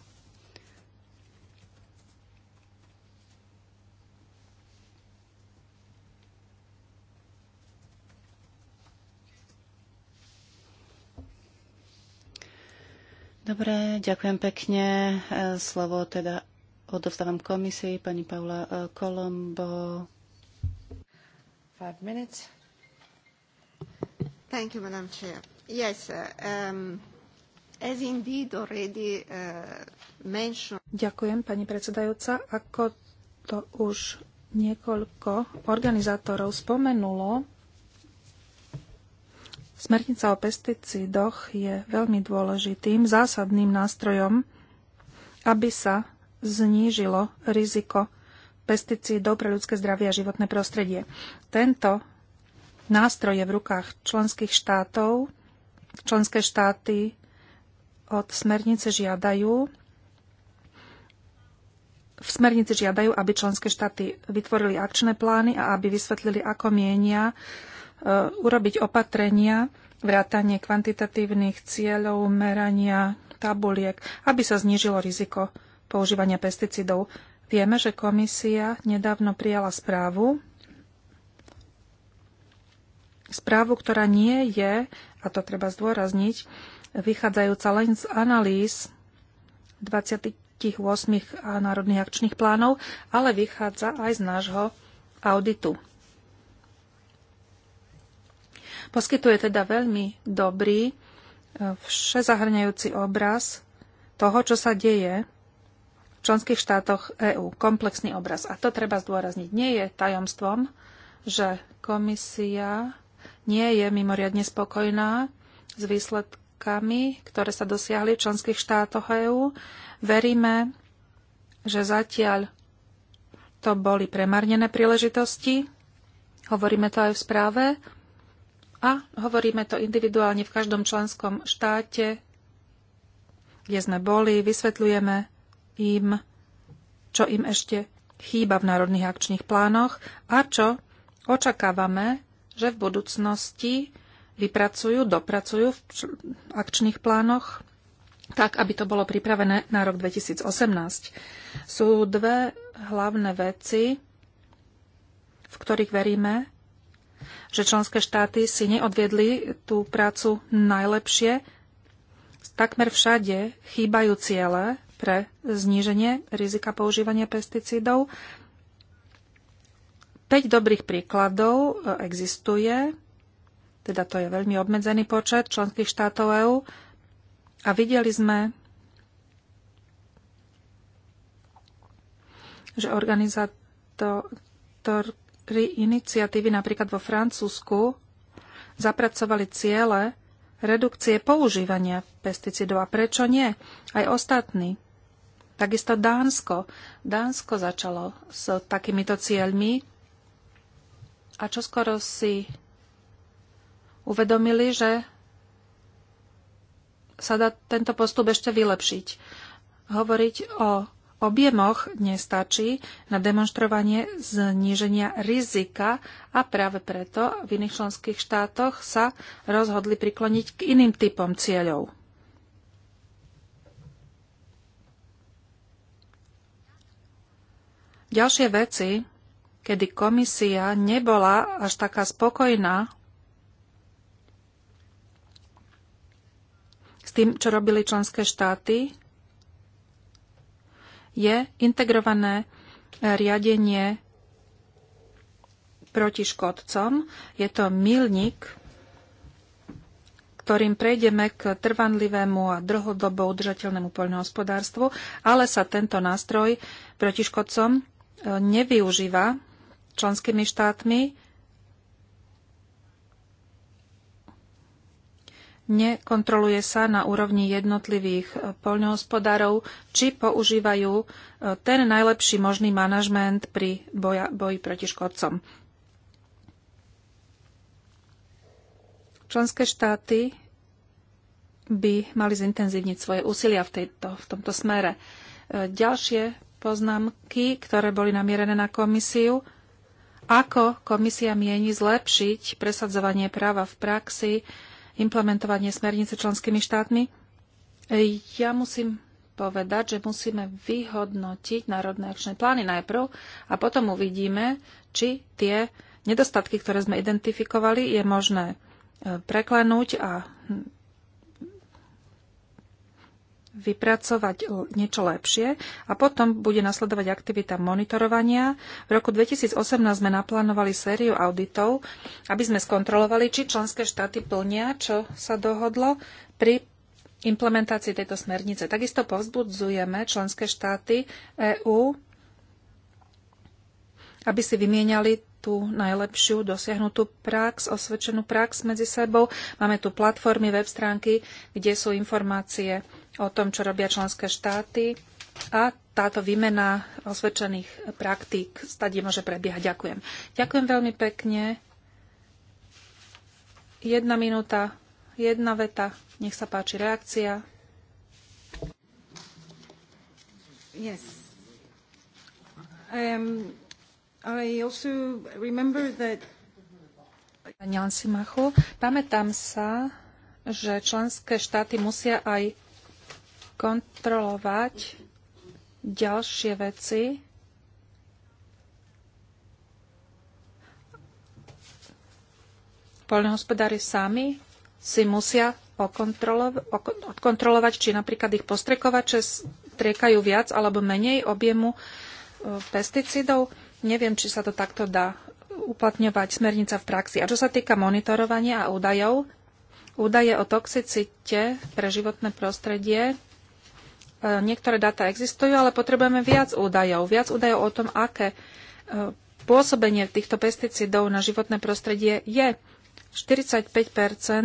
Dobre, ďakujem pekne. E, slovo teda odovzdávam komisii pani Paula e, Kolombo. Five minutes. Thank you, Madam Chair. Yes, uh, um, as indeed already uh, mentioned... Ďakujem, pani predsedajúca. Ako to už niekoľko organizátorov spomenulo, Smernica o pesticídoch je veľmi dôležitým zásadným nástrojom, aby sa znížilo riziko pesticídov pre ľudské zdravie a životné prostredie. Tento nástroj je v rukách členských štátov. Členské štáty od smernice žiadajú, v smernici žiadajú, aby členské štáty vytvorili akčné plány a aby vysvetlili, ako mienia E, urobiť opatrenia, vrátanie kvantitatívnych cieľov, merania tabuliek, aby sa znížilo riziko používania pesticidov. Vieme, že komisia nedávno prijala správu, správu, ktorá nie je, a to treba zdôrazniť, vychádzajúca len z analýz 28 národných akčných plánov, ale vychádza aj z nášho auditu. Poskytuje teda veľmi dobrý, e, všezahrňajúci obraz toho, čo sa deje v členských štátoch EÚ. Komplexný obraz. A to treba zdôrazniť. Nie je tajomstvom, že komisia nie je mimoriadne spokojná s výsledkami, ktoré sa dosiahli v členských štátoch EÚ. Veríme, že zatiaľ to boli premarnené príležitosti. Hovoríme to aj v správe. A hovoríme to individuálne v každom členskom štáte, kde sme boli, vysvetľujeme im, čo im ešte chýba v národných akčných plánoch a čo očakávame, že v budúcnosti vypracujú, dopracujú v akčných plánoch, tak aby to bolo pripravené na rok 2018. Sú dve hlavné veci, v ktorých veríme, že členské štáty si neodviedli tú prácu najlepšie. Takmer všade chýbajú ciele pre zníženie rizika používania pesticídov. 5 dobrých príkladov e, existuje, teda to je veľmi obmedzený počet členských štátov EÚ a videli sme, že organizátor iniciatívy napríklad vo Francúzsku zapracovali ciele redukcie používania pesticidov. A prečo nie? Aj ostatní. Takisto Dánsko. Dánsko začalo s takýmito cieľmi a čoskoro si uvedomili, že sa dá tento postup ešte vylepšiť. Hovoriť o objemoch nestačí na demonstrovanie zníženia rizika a práve preto v iných členských štátoch sa rozhodli prikloniť k iným typom cieľov. Ďalšie veci, kedy komisia nebola až taká spokojná s tým, čo robili členské štáty, je integrované e, riadenie proti škodcom. Je to milník, ktorým prejdeme k trvanlivému a dlhodobo udržateľnému poľnohospodárstvu, ale sa tento nástroj proti škodcom e, nevyužíva členskými štátmi nekontroluje sa na úrovni jednotlivých eh, poľnohospodárov, či používajú eh, ten najlepší možný manažment pri boja, boji proti škodcom. Členské štáty by mali zintenzívniť svoje úsilia v, tejto, v tomto smere. Eh, ďalšie poznámky, ktoré boli namierené na komisiu, ako komisia mieni zlepšiť presadzovanie práva v praxi, implementovanie smernice členskými štátmi. Ja musím povedať, že musíme vyhodnotiť národné akčné plány najprv a potom uvidíme, či tie nedostatky, ktoré sme identifikovali, je možné e, preklenúť a hm, vypracovať niečo lepšie a potom bude nasledovať aktivita monitorovania. V roku 2018 sme naplánovali sériu auditov, aby sme skontrolovali, či členské štáty plnia, čo sa dohodlo pri implementácii tejto smernice. Takisto povzbudzujeme členské štáty EÚ, aby si vymieniali tú najlepšiu dosiahnutú prax, osvedčenú prax medzi sebou. Máme tu platformy, web stránky, kde sú informácie o tom, čo robia členské štáty a táto výmena osvedčených praktík stade môže prebiehať. Ďakujem. Ďakujem veľmi pekne. Jedna minúta, jedna veta. Nech sa páči reakcia. Yes. Um, I also remember that Pamätám sa, že členské štáty musia aj kontrolovať ďalšie veci. Poľnohospodári sami si musia odkontrolovať, či napríklad ich postrekovače striekajú viac alebo menej objemu e, pesticidov. Neviem, či sa to takto dá uplatňovať smernica v praxi. A čo sa týka monitorovania a údajov, údaje o toxicite pre životné prostredie E, niektoré dáta existujú, ale potrebujeme viac údajov. Viac údajov o tom, aké e, pôsobenie týchto pesticídov na životné prostredie je. 45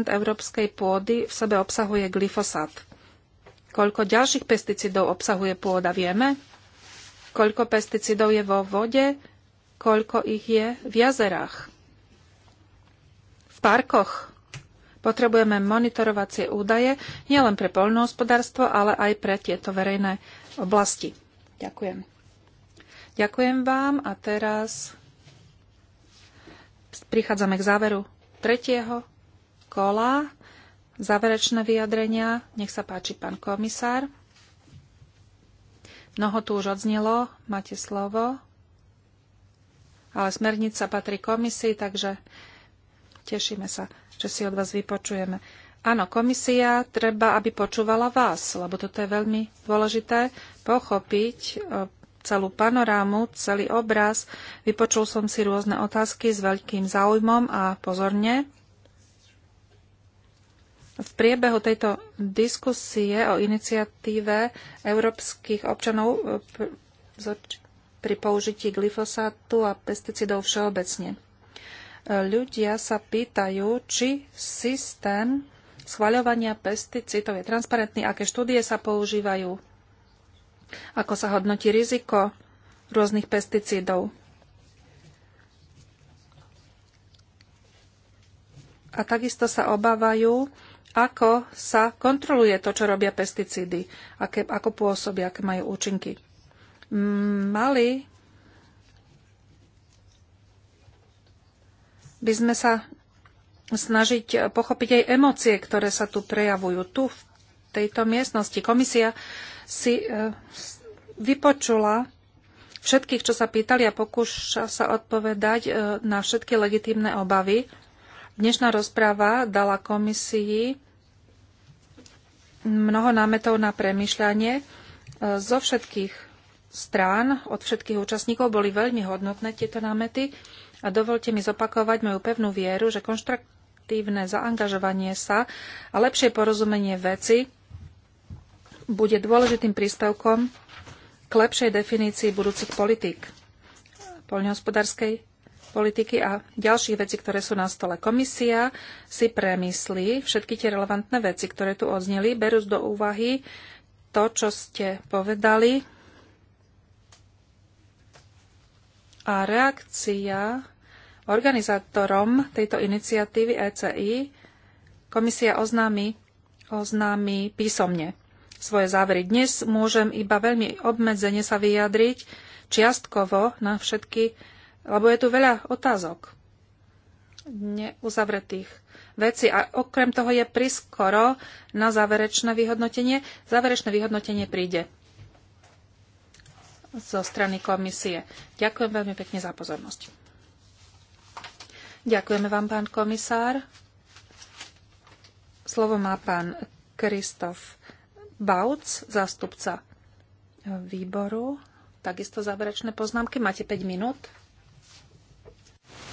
európskej pôdy v sebe obsahuje glyfosát. Koľko ďalších pesticídov obsahuje pôda, vieme? Koľko pesticídov je vo vode? Koľko ich je v jazerách? V parkoch? Potrebujeme monitorovacie údaje nielen pre poľnohospodárstvo, ale aj pre tieto verejné oblasti. Ďakujem. Ďakujem vám a teraz prichádzame k záveru tretieho kola. Záverečné vyjadrenia. Nech sa páči, pán komisár. Mnoho tu už odznelo. Máte slovo ale smernica patrí komisii, takže Tešíme sa, že si od vás vypočujeme. Áno, komisia treba, aby počúvala vás, lebo toto je veľmi dôležité pochopiť e, celú panorámu, celý obraz. Vypočul som si rôzne otázky s veľkým záujmom a pozorne. V priebehu tejto diskusie o iniciatíve európskych občanov e, pri použití glyfosátu a pesticidov všeobecne ľudia sa pýtajú, či systém schvaľovania pesticídov je transparentný, aké štúdie sa používajú, ako sa hodnotí riziko rôznych pesticídov. A takisto sa obávajú, ako sa kontroluje to, čo robia pesticídy, aké, ako pôsobia, aké majú účinky. Mali by sme sa snažiť pochopiť aj emócie, ktoré sa tu prejavujú. Tu v tejto miestnosti komisia si e, vypočula všetkých, čo sa pýtali a pokúša sa odpovedať e, na všetky legitímne obavy. Dnešná rozpráva dala komisii mnoho námetov na premyšľanie e, zo všetkých strán, od všetkých účastníkov boli veľmi hodnotné tieto námety. A dovolte mi zopakovať moju pevnú vieru, že konštruktívne zaangažovanie sa a lepšie porozumenie veci bude dôležitým prístavkom k lepšej definícii budúcich politík, poľnohospodárskej politiky a ďalších vecí, ktoré sú na stole. Komisia si premyslí všetky tie relevantné veci, ktoré tu odzneli, berú do úvahy to, čo ste povedali, A reakcia organizátorom tejto iniciatívy ECI komisia oznámi, oznámi písomne svoje závery. Dnes môžem iba veľmi obmedzene sa vyjadriť čiastkovo na všetky, lebo je tu veľa otázok neuzavretých vecí. A okrem toho je priskoro na záverečné vyhodnotenie. Záverečné vyhodnotenie príde zo strany komisie. Ďakujem veľmi pekne za pozornosť. Ďakujeme vám, pán komisár. Slovo má pán Kristof Bauc, zástupca výboru. Takisto záverečné poznámky. Máte 5 minút.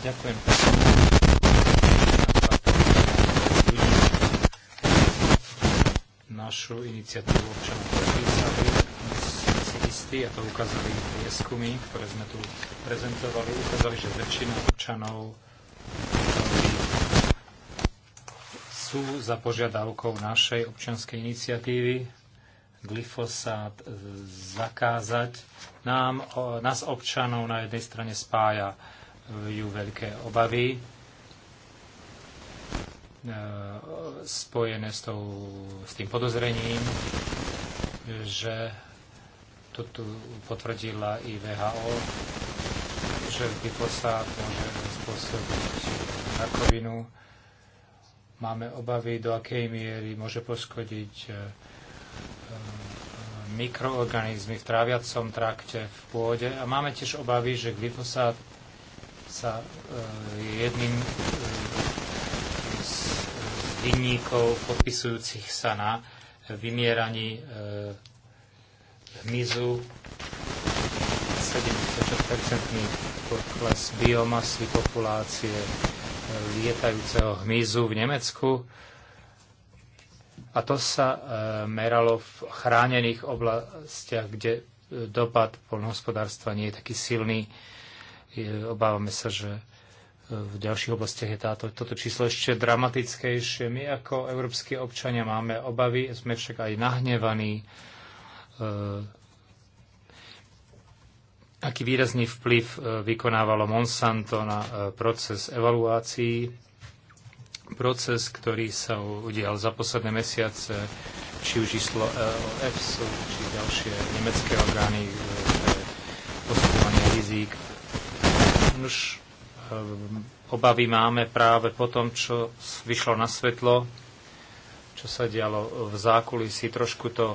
Ďakujem. Našu iniciatívu občanov cesty a to ukázali prieskumy, ktoré sme tu prezentovali. Ukázali, že väčšina občanov, sú za požiadavkou našej občianskej iniciatívy glyfosát e, zakázať, nám, nás občanov na jednej strane spája e, ju veľké obavy, e, spojené s, tou, s tým podozrením, že tu potvrdila i VHO, že glyfosát môže spôsobiť rakovinu. Máme obavy, do akej miery môže poškodiť e, e, mikroorganizmy v tráviacom trakte, v pôde. A máme tiež obavy, že glyfosát sa je jedným e, z vinníkov podpisujúcich sa na vymieraní hmyzu, 76-percentný pokles biomasy populácie eh, lietajúceho hmyzu v Nemecku. A to sa eh, meralo v chránených oblastiach, kde eh, dopad poľnohospodárstva nie je taký silný. Obávame sa, že v ďalších oblastiach je táto, toto číslo ešte dramatickejšie. My ako európsky občania máme obavy, sme však aj nahnevaní E, aký výrazný vplyv e, vykonávalo Monsanto na e, proces evaluácií. Proces, ktorý sa udial za posledné mesiace, či už išlo o EFSU, či ďalšie nemecké orgány pre posudzovanie rizík. Už obavy máme práve po tom, čo vyšlo na svetlo, čo sa dialo v zákulisí. Trošku to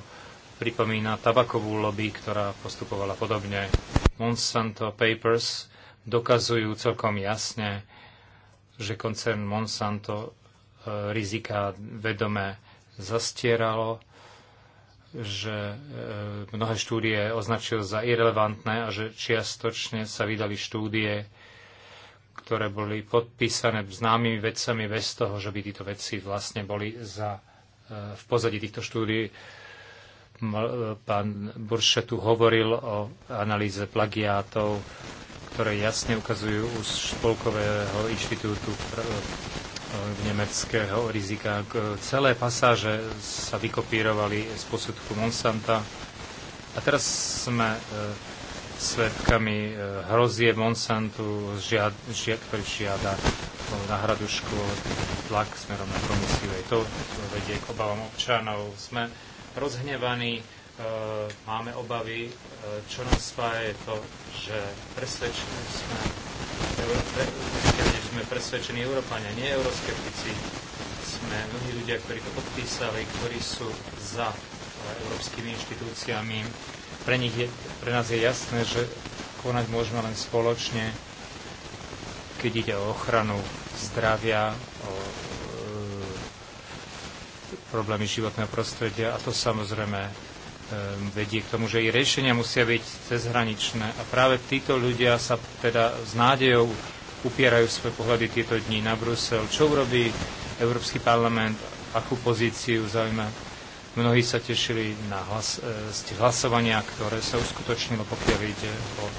pripomína tabakovú lobby, ktorá postupovala podobne. Monsanto Papers dokazujú celkom jasne, že koncern Monsanto e, rizika vedome zastieralo, že e, mnohé štúdie označil za irrelevantné a že čiastočne sa vydali štúdie, ktoré boli podpísané známymi vedcami bez toho, že by títo vedci vlastne boli za, e, v pozadí týchto štúdií Pán Burše tu hovoril o analýze plagiátov, ktoré jasne ukazujú u Spolkového inštitútu e, e, nemeckého rizika. Celé pasáže sa vykopírovali z posudku Monsanta. A teraz sme e, svetkami hrozie Monsantu, žiad, žiad, ktorý žiada o náhradu škôd, tlak smerom na komisiu. Aj to vedie k obavám občanov. Sme rozhnevaní, e, máme obavy, e, čo nás spája je to, že presvedčení sme, že sme presvedčení Európania, nie euroskeptici, sme mnohí ľudia, ktorí to podpísali, ktorí sú za e, európskymi inštitúciami. Pre, nich je, pre nás je jasné, že konať môžeme len spoločne, keď ide o ochranu zdravia, problémy životného prostredia a to samozrejme ehm, vedie k tomu, že i riešenia musia byť cezhraničné. A práve títo ľudia sa teda s nádejou upierajú svoje pohľady tieto dní na Brusel. Čo urobí Európsky parlament, akú pozíciu zaujíma. Mnohí sa tešili na hlas, e, z hlasovania, ktoré sa uskutočnilo, pokiaľ ide o e,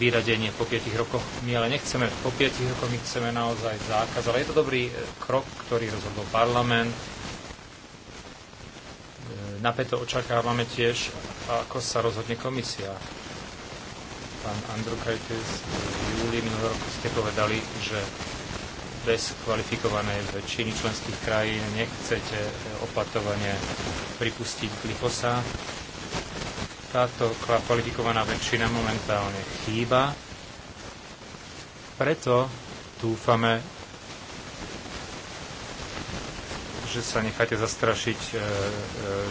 vyradenie po 5 rokoch. My ale nechceme po 5 rokoch, my chceme naozaj zákaz, ale je to dobrý e, krok, ktorý rozhodol parlament napäto očakávame tiež, ako sa rozhodne komisia. Pán Andrukaitis, v júli minulého roku ste povedali, že bez kvalifikovanej väčšiny členských krajín nechcete opatovane pripustiť glyfosát. Táto kvalifikovaná väčšina momentálne chýba. Preto dúfame, že sa necháte zastrašiť e, e,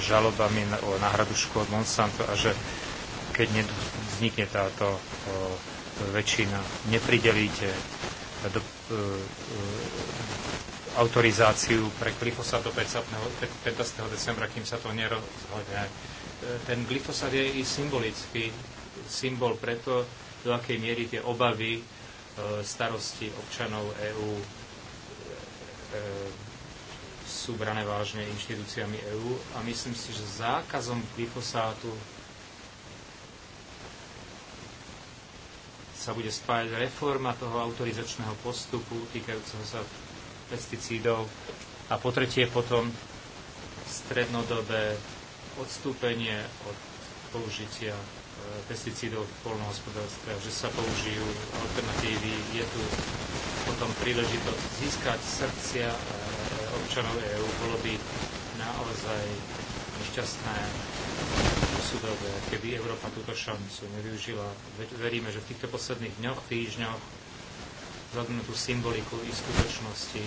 žalobami o náhradu škôd Monsanto a že keď vznikne táto väčšina, nepridelíte do, e, autorizáciu pre glyfosát do 15. decembra, kým sa to nerozhodne. Ten glyfosát je i symbolický symbol preto, do akej miery tie obavy starosti občanov EÚ sú brané vážne inštitúciami EÚ a myslím si, že zákazom glyfosátu sa bude spájať reforma toho autorizačného postupu týkajúceho sa pesticídov a po tretie potom strednodobé odstúpenie od použitia e, pesticídov v polnohospodárstve, že sa použijú alternatívy. Je tu potom príležitosť získať srdcia a občanov EÚ, bolo by naozaj nešťastné úsudové, keby Európa túto šancu nevyužila. Veríme, že v týchto posledných dňoch, týždňoch, vzhľadom tú symboliku i skutočnosti,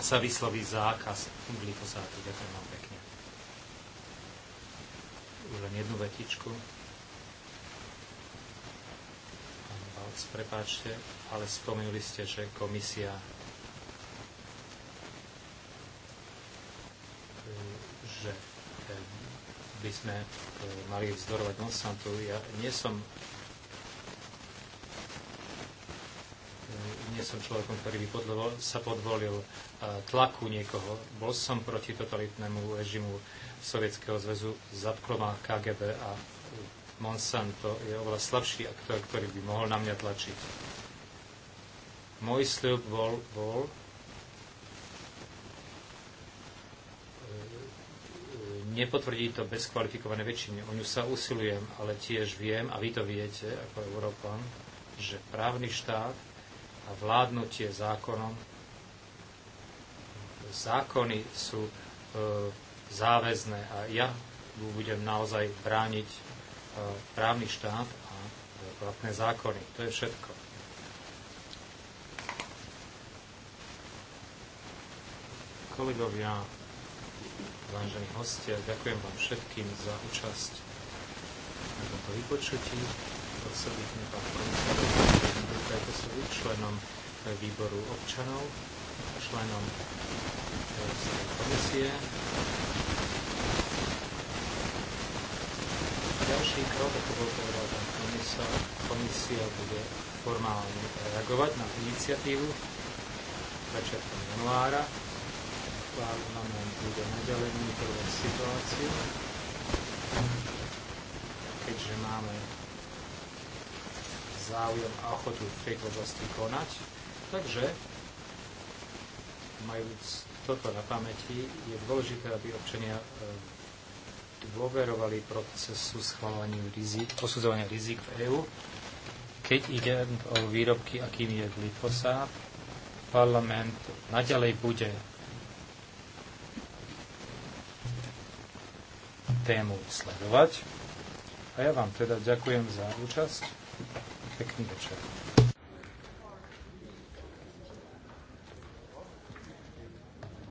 sa vysloví zákaz glyfosátu. Ďakujem vám pekne. Už len jednu vetičku. Pán Balc, prepáčte, ale spomenuli ste, že komisia by sme e, mali vzdorovať Monsantu. Ja nie som e, nie som človekom, ktorý by podlovol, sa podvolil e, tlaku niekoho. Bol som proti totalitnému režimu Sovietskeho zväzu, zatklo ma KGB a Monsanto je oveľa slabší aktor, ktorý by mohol na mňa tlačiť. Môj sľub bol, bol, nepotvrdí to bez kvalifikované väčšiny. O ňu sa usilujem, ale tiež viem, a vy to viete ako Európan, že právny štát a vládnutie zákonom, zákony sú e, záväzné a ja budem naozaj brániť e, právny štát a vládne zákony. To je všetko. Kolegovia, vážení hostia, ďakujem vám všetkým za účasť na tomto vypočutí. Osobitne pán komisár, Dúkajte sa vy členom výboru občanov, členom Európskej eh, komisie. Ďalší krok, ako bol povedal pán komisár, komisia bude formálne reagovať na iniciatívu začiatkom januára Parlament bude naďalej monitorovať situáciu, keďže máme záujem a ochotu v tej oblasti konať. Takže, majúc toto na pamäti, je dôležité, aby občania e, dôverovali procesu schvalovania rizik, posudzovania rizik v EÚ. Keď ide o výrobky, akým je glyfosát, parlament naďalej bude tému sledovať. A ja vám teda ďakujem za účasť. Pekný večer.